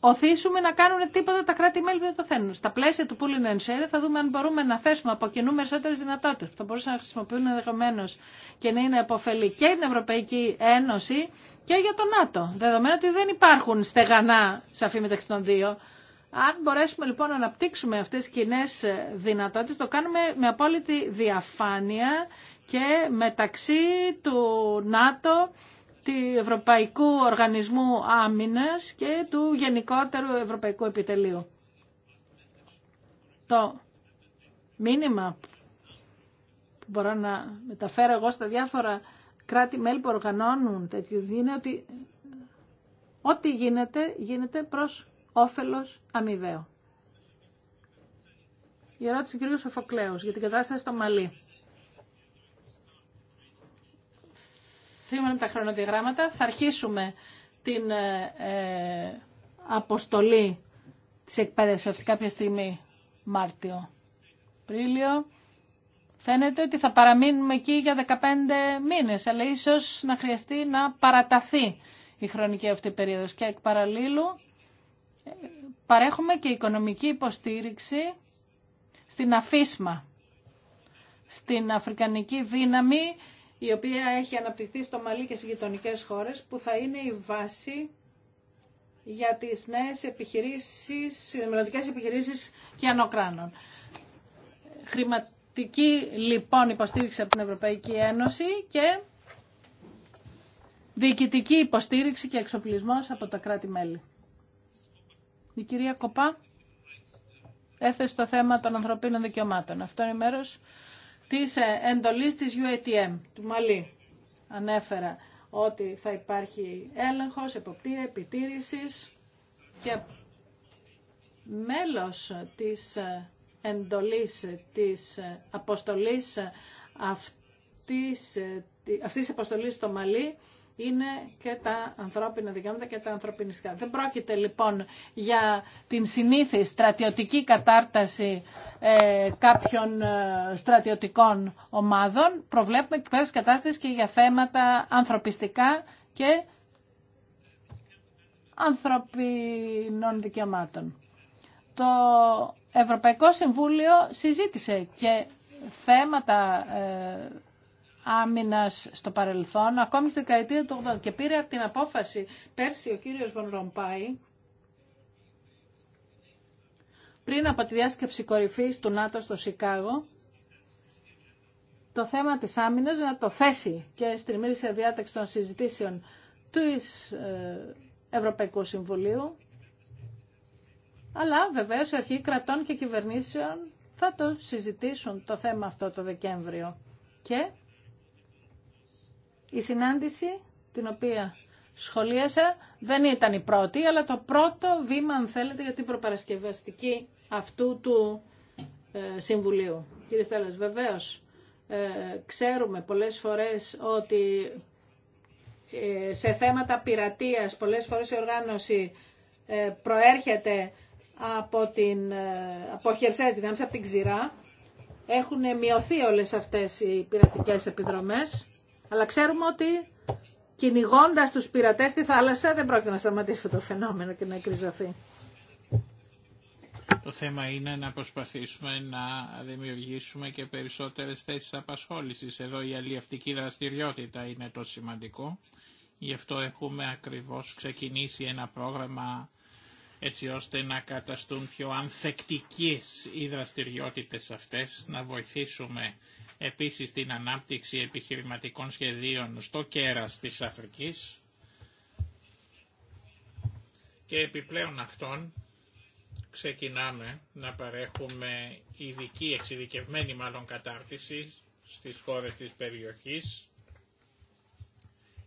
οθήσουμε να κάνουν τίποτα τα κράτη-μέλη που δεν το θέλουν. Στα πλαίσια του pooling and share θα δούμε αν μπορούμε να θέσουμε από κοινού μεσότερε δυνατότητε που θα μπορούσαν να χρησιμοποιούν ενδεχομένω και να είναι αποφελή και την Ευρωπαϊκή Ένωση και για το ΝΑΤΟ. Δεδομένου ότι δεν υπάρχουν στεγανά σαφή μεταξύ των δύο. Αν μπορέσουμε λοιπόν να αναπτύξουμε αυτέ τι κοινέ δυνατότητε, το κάνουμε με απόλυτη διαφάνεια και μεταξύ του ΝΑΤΟ του Ευρωπαϊκού Οργανισμού Άμυνας και του Γενικότερου Ευρωπαϊκού Επιτελείου. Το μήνυμα που μπορώ να μεταφέρω εγώ στα διάφορα κράτη-μέλη που οργανώνουν τέτοιου είναι ότι ό,τι γίνεται, γίνεται προς όφελος αμοιβαίο. Η ερώτηση του κ. Σοφοκλέους για την κατάσταση στο Μαλί. Σήμερα τα χρονοδιαγράμματα θα αρχίσουμε την ε, ε, αποστολή της εκπαίδευσης αυτή κάποια στιγμή Μάρτιο. Πρίλιο. Φαίνεται ότι θα παραμείνουμε εκεί για 15 μήνες, αλλά ίσως να χρειαστεί να παραταθεί η χρονική αυτή περίοδος. Και εκ παραλλήλου παρέχουμε και οικονομική υποστήριξη στην αφίσμα, στην Αφρικανική δύναμη η οποία έχει αναπτυχθεί στο Μαλί και στις γειτονικές χώρες, που θα είναι η βάση για τις νέες επιχειρήσεις, μελλοντικές επιχειρήσεις και ανοκράνων. Χρηματική λοιπόν υποστήριξη από την Ευρωπαϊκή Ένωση και διοικητική υποστήριξη και εξοπλισμός από τα κράτη-μέλη. Η κυρία Κοπά έθεσε το θέμα των ανθρωπίνων δικαιωμάτων. Αυτό είναι μέρος της ε, εντολής της UATM, του Μαλή. Ανέφερα ότι θα υπάρχει έλεγχος, εποπτεία, επιτήρησης και μέλος της ε, εντολής της ε, αποστολής αυτής, αυτής της αποστολής στο Μαλή είναι και τα ανθρώπινα δικαιώματα και τα ανθρωπινιστικά. Δεν πρόκειται λοιπόν για την συνήθη στρατιωτική κατάρταση ε, κάποιων ε, στρατιωτικών ομάδων. Προβλέπουμε εκπαίδευση κατάρτιση και για θέματα ανθρωπιστικά και ανθρωπινών δικαιωμάτων. Το Ευρωπαϊκό Συμβούλιο συζήτησε και θέματα ε, Άμυνα στο παρελθόν, ακόμη στη δεκαετία του 80 και πήρε από την απόφαση πέρσι ο κύριος Βον Ρομπάι πριν από τη διάσκεψη κορυφής του ΝΑΤΟ στο Σικάγο το θέμα της άμυνας να το θέσει και στην μίληση διάταξη των συζητήσεων του ε, Ευρωπαϊκού Συμβουλίου αλλά βεβαίως οι αρχή κρατών και κυβερνήσεων θα το συζητήσουν το θέμα αυτό το Δεκέμβριο και η συνάντηση την οποία σχολίασα δεν ήταν η πρώτη, αλλά το πρώτο βήμα, αν θέλετε, για την προπαρασκευαστική αυτού του ε, Συμβουλίου. Κύριε Στέλλας, βεβαίως ε, ξέρουμε πολλές φορές ότι ε, σε θέματα πειρατείας πολλές φορές η οργάνωση προέρχεται από, την, από δυνάμεις, από την ξηρά. Έχουν μειωθεί όλες αυτές οι πειρατικές επιδρομές. Αλλά ξέρουμε ότι κυνηγώντα τους πειρατές στη θάλασσα δεν πρόκειται να σταματήσει αυτό το φαινόμενο και να εκκριζωθεί. Το θέμα είναι να προσπαθήσουμε να δημιουργήσουμε και περισσότερες θέσεις απασχόλησης. Εδώ η αλλιευτική δραστηριότητα είναι το σημαντικό. Γι' αυτό έχουμε ακριβώς ξεκινήσει ένα πρόγραμμα έτσι ώστε να καταστούν πιο ανθεκτικές οι δραστηριότητες αυτές, να βοηθήσουμε επίσης την ανάπτυξη επιχειρηματικών σχεδίων στο κέρας της Αφρικής και επιπλέον αυτών ξεκινάμε να παρέχουμε ειδική, εξειδικευμένη μάλλον κατάρτιση στις χώρες της περιοχής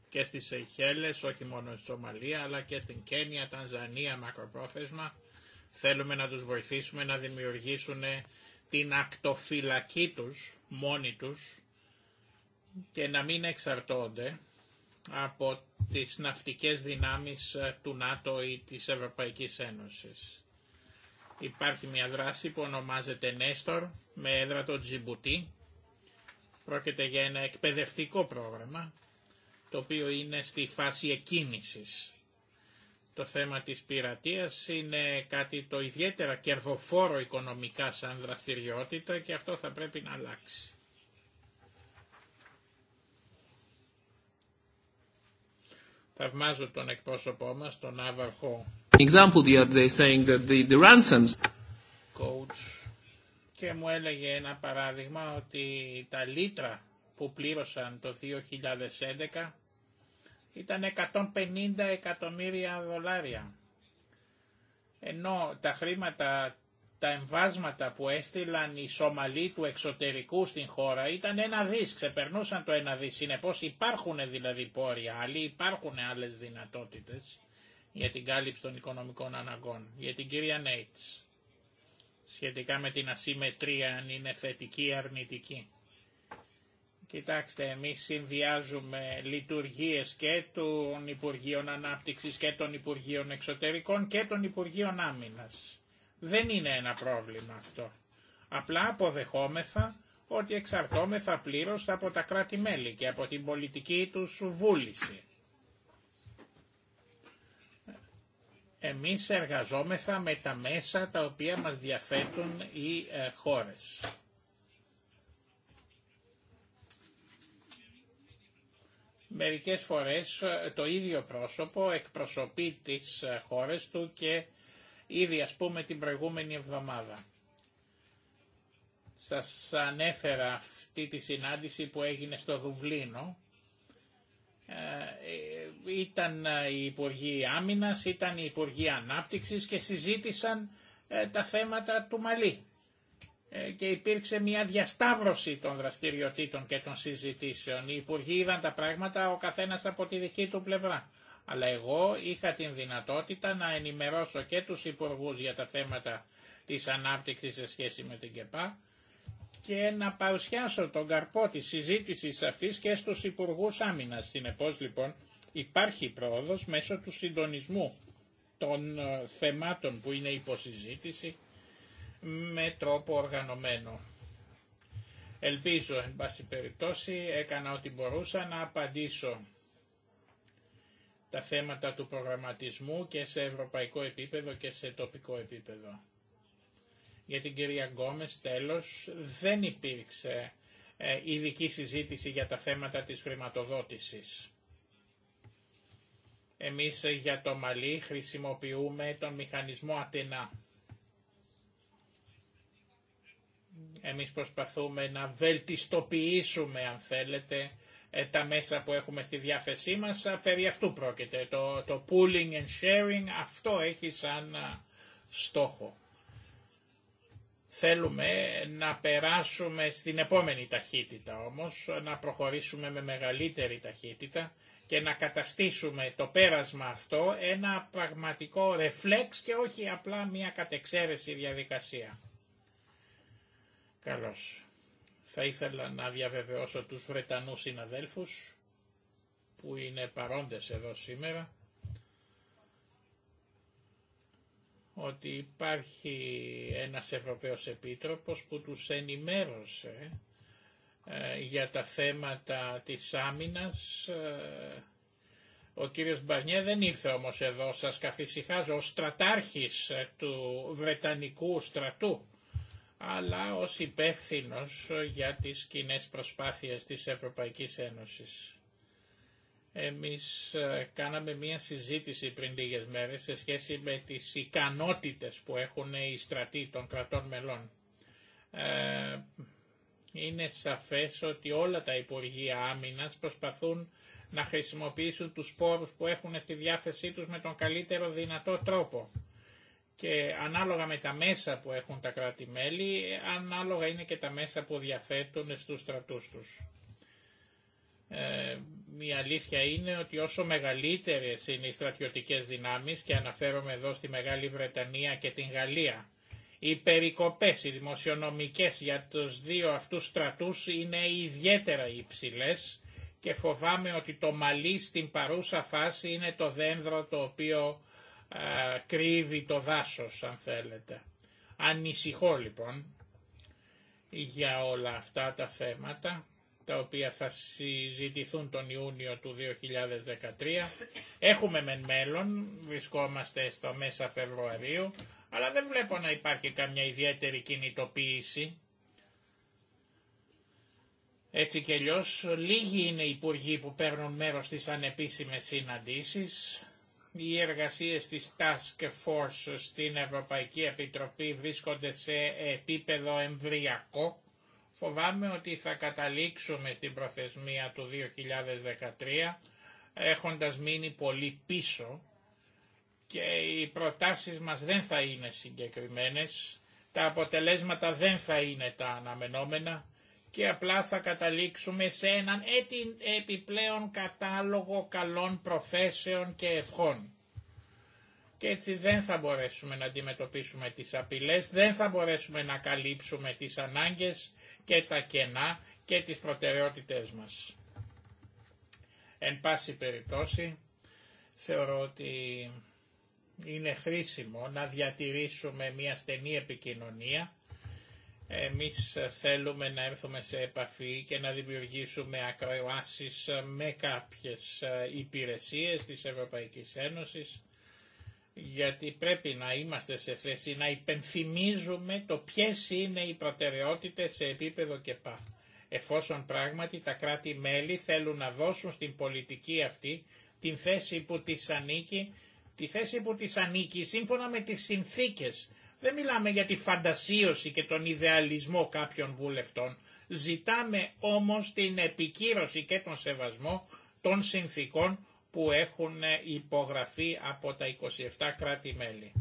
και στις Σεϊχέλες, όχι μόνο στη Σομαλία, αλλά και στην Κένια, Τανζανία, μακροπρόθεσμα. Θέλουμε να τους βοηθήσουμε να δημιουργήσουν την ακτοφυλακή τους μόνοι τους και να μην εξαρτώνται από τις ναυτικές δυνάμεις ε, του ΝΑΤΟ ή της Ευρωπαϊκής Ένωσης. Υπάρχει μια δράση που ονομάζεται Νέστορ με έδρα το Τζιμπουτί. Πρόκειται για ένα εκπαιδευτικό πρόγραμμα το οποίο είναι στη φάση εκκίνησης. Το θέμα της πειρατείας είναι κάτι το ιδιαίτερα κερδοφόρο οικονομικά σαν δραστηριότητα και αυτό θα πρέπει να αλλάξει. Θαυμάζω τον εκπρόσωπό μας, τον Άβαρχο. Example the other saying that the, ransoms... Coach. Και μου έλεγε ένα παράδειγμα ότι τα λίτρα που πλήρωσαν το 2011 ήταν 150 εκατομμύρια δολάρια. Ενώ τα χρήματα, τα εμβάσματα που έστειλαν οι Σομαλοί του εξωτερικού στην χώρα ήταν ένα δις, ξεπερνούσαν το ένα δις. Συνεπώς υπάρχουν δηλαδή πόρια, άλλοι υπάρχουν άλλες δυνατότητες για την κάλυψη των οικονομικών αναγκών. Για την κυρία Νέιτς, σχετικά με την ασύμετρία αν είναι θετική ή αρνητική. Κοιτάξτε, εμείς συνδυάζουμε λειτουργίες και των Υπουργείων Ανάπτυξης και των Υπουργείων Εξωτερικών και των Υπουργείων Άμυνας. Δεν είναι ένα πρόβλημα αυτό. Απλά αποδεχόμεθα ότι εξαρτώμεθα πλήρως από τα κράτη-μέλη και από την πολιτική τους βούληση. Εμείς εργαζόμεθα με τα μέσα τα οποία μας διαθέτουν οι ε, χώρες. Μερικές φορές ε, το ίδιο πρόσωπο εκπροσωπεί τις ε, χώρες του και ήδη ας πούμε την προηγούμενη εβδομάδα. Σας ανέφερα αυτή τη συνάντηση που έγινε στο Δουβλίνο. Ε, ήταν η Υπουργοί Άμυνας, ήταν η Υπουργοί Ανάπτυξης και συζήτησαν τα θέματα του Μαλή. Ε, και υπήρξε μια διασταύρωση των δραστηριοτήτων και των συζητήσεων. Οι υπουργοί είδαν τα πράγματα ο καθένας από τη δική του πλευρά. Αλλά εγώ είχα την δυνατότητα να ενημερώσω και τους υπουργούς για τα θέματα της ανάπτυξης σε σχέση με την ΚΕΠΑ και να παρουσιάσω τον καρπό της συζήτησης αυτής και στους υπουργούς άμυνας. Συνεπώς λοιπόν υπάρχει πρόοδος μέσω του συντονισμού των ε, θεμάτων που είναι υποσυζήτηση με τρόπο οργανωμένο. Ελπίζω, εν πάση περιπτώσει, έκανα ό,τι μπορούσα να απαντήσω τα θέματα του προγραμματισμού και σε ευρωπαϊκό επίπεδο και σε τοπικό επίπεδο. Για την κυρία Γκόμες, τέλος, δεν υπήρξε ε, ειδική συζήτηση για τα θέματα της χρηματοδότησης. Εμείς ε, για το Μαλί χρησιμοποιούμε τον μηχανισμό Ατενά Εμείς προσπαθούμε να βελτιστοποιήσουμε, αν θέλετε, ε, τα μέσα που έχουμε στη διάθεσή μας. Περί αυτού πρόκειται. Το, το pooling and sharing αυτό έχει σαν στόχο. Θέλουμε να περάσουμε στην επόμενη ταχύτητα όμως, να προχωρήσουμε με μεγαλύτερη ταχύτητα και να καταστήσουμε το πέρασμα αυτό ένα πραγματικό ρεφλέξ και όχι απλά μια κατεξαίρεση διαδικασία. Καλώς. Θα ήθελα να διαβεβαιώσω τους Βρετανούς συναδέλφους που είναι παρόντες εδώ σήμερα ότι υπάρχει ένας Ευρωπαίος Επίτροπος που τους ενημέρωσε ε, για τα θέματα της άμυνας. Ε, ο κύριος Μπαρνιέ δεν ήρθε όμως εδώ, σας καθησυχάζω, ο στρατάρχης ε, του Βρετανικού στρατού αλλά ως υπεύθυνο για τις κοινέ προσπάθειες της Ευρωπαϊκής Ένωσης. Εμείς ε, κάναμε μία συζήτηση πριν λίγες μέρες σε σχέση με τις ικανότητες που έχουν οι στρατοί των κρατών μελών. Ε, είναι σαφές ότι όλα τα Υπουργεία Άμυνας προσπαθούν να χρησιμοποιήσουν τους πόρους που έχουν στη διάθεσή τους με τον καλύτερο δυνατό τρόπο και ανάλογα με τα μέσα που έχουν τα κράτη-μέλη, ανάλογα είναι και τα μέσα που διαθέτουν στους στρατούς τους. Ε, η αλήθεια είναι ότι όσο μεγαλύτερες είναι οι στρατιωτικές δυνάμεις, και αναφέρομαι εδώ στη Μεγάλη Βρετανία και την Γαλλία, οι περικοπές, οι δημοσιονομικές για τους δύο αυτούς στρατούς είναι ιδιαίτερα υψηλές και φοβάμαι ότι το μαλλί στην παρούσα φάση είναι το δένδρο το οποίο ε, κρύβει το δάσος αν θέλετε. Ανησυχώ λοιπόν για όλα αυτά τα θέματα τα οποία θα συζητηθούν τον Ιούνιο του 2013. Έχουμε μεν μέλλον, βρισκόμαστε στο μέσα Φεβρουαρίου, αλλά δεν βλέπω να υπάρχει καμιά ιδιαίτερη κινητοποίηση. Έτσι και αλλιώ, λίγοι είναι οι υπουργοί που παίρνουν μέρος στις ανεπίσημες συναντήσεις. Οι εργασίες της Task Force στην Ευρωπαϊκή Επιτροπή βρίσκονται σε επίπεδο εμβριακό. Φοβάμαι ότι θα καταλήξουμε στην προθεσμία του 2013 έχοντας μείνει πολύ πίσω και οι προτάσεις μας δεν θα είναι συγκεκριμένες, τα αποτελέσματα δεν θα είναι τα αναμενόμενα και απλά θα καταλήξουμε σε έναν επιπλέον κατάλογο καλών προθέσεων και ευχών. Και έτσι δεν θα μπορέσουμε να αντιμετωπίσουμε τις απειλές, δεν θα μπορέσουμε να καλύψουμε τις ανάγκες και τα κενά και τις προτεραιότητες μας. Εν πάση περιπτώσει, θεωρώ ότι είναι χρήσιμο να διατηρήσουμε μια στενή επικοινωνία εμείς θέλουμε να έρθουμε σε επαφή και να δημιουργήσουμε ακροάσεις με κάποιες υπηρεσίες της Ευρωπαϊκής Ένωσης γιατί πρέπει να είμαστε σε θέση να υπενθυμίζουμε το ποιες είναι οι προτεραιότητες σε επίπεδο και πά. Εφόσον πράγματι τα κράτη-μέλη θέλουν να δώσουν στην πολιτική αυτή την θέση που της ανήκει, τη θέση που της ανήκει σύμφωνα με τις συνθήκες δεν μιλάμε για τη φαντασίωση και τον ιδεαλισμό κάποιων βουλευτών. Ζητάμε όμως την επικύρωση και τον σεβασμό των συνθήκων που έχουν ε, υπογραφεί από τα 27 κράτη-μέλη.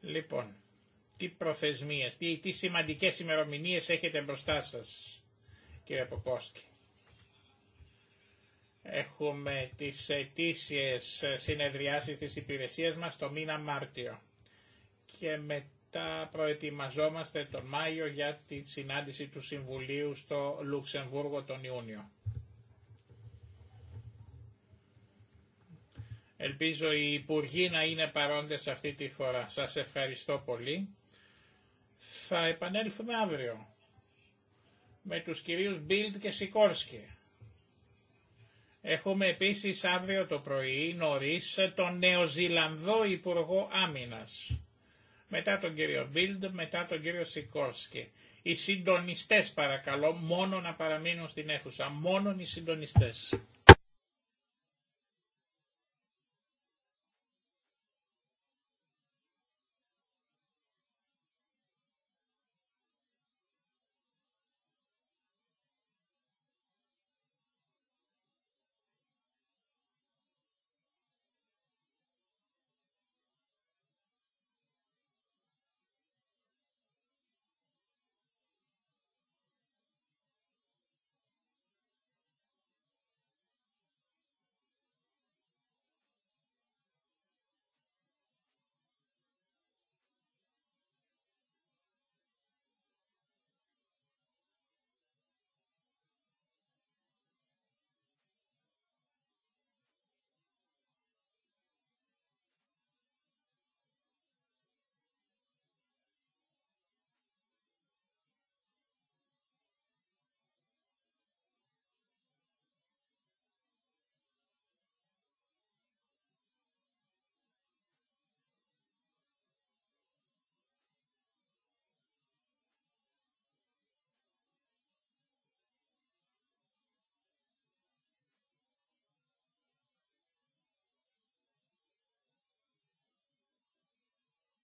Λοιπόν, τι προθεσμίες, τι, τι σημαντικές ημερομηνίες έχετε μπροστά σας, κύριε Ποπόσκη. Έχουμε τις ετήσιες συνεδριάσεις της υπηρεσίας μας το μήνα Μάρτιο και μετά προετοιμαζόμαστε τον Μάιο για τη συνάντηση του Συμβουλίου στο Λουξεμβούργο τον Ιούνιο. Ελπίζω οι Υπουργοί να είναι παρόντες αυτή τη φορά. Σας ευχαριστώ πολύ. Θα επανέλθουμε αύριο με τους κυρίους Μπίλτ και Σικόρσκι. Έχουμε επίσης αύριο το πρωί νωρίς τον Νεοζηλανδό Υπουργό Άμυνας μετά τον κύριο Μπίλντ, μετά τον κύριο Σικόρσκι. Οι συντονιστές παρακαλώ μόνο να παραμείνουν στην αίθουσα, Μόνο οι συντονιστές.